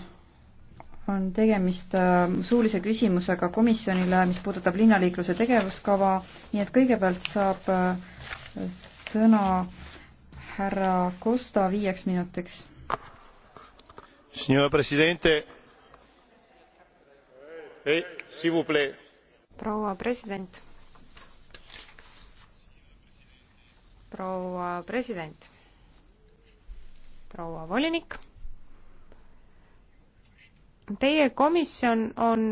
on tegemist äh, suulise küsimusega komisjonile, mis puudutab linnaliikluse tegevuskava, nii et kõigepealt saab äh, sõna härra Costa viieks minutiks. Signora Presidente proua president proua president proua volinik teie komisjon on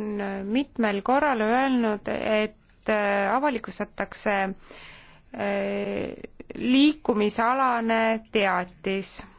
mitmel korral öelnud et äh, avalikustatakse äh, liikumisalane teatis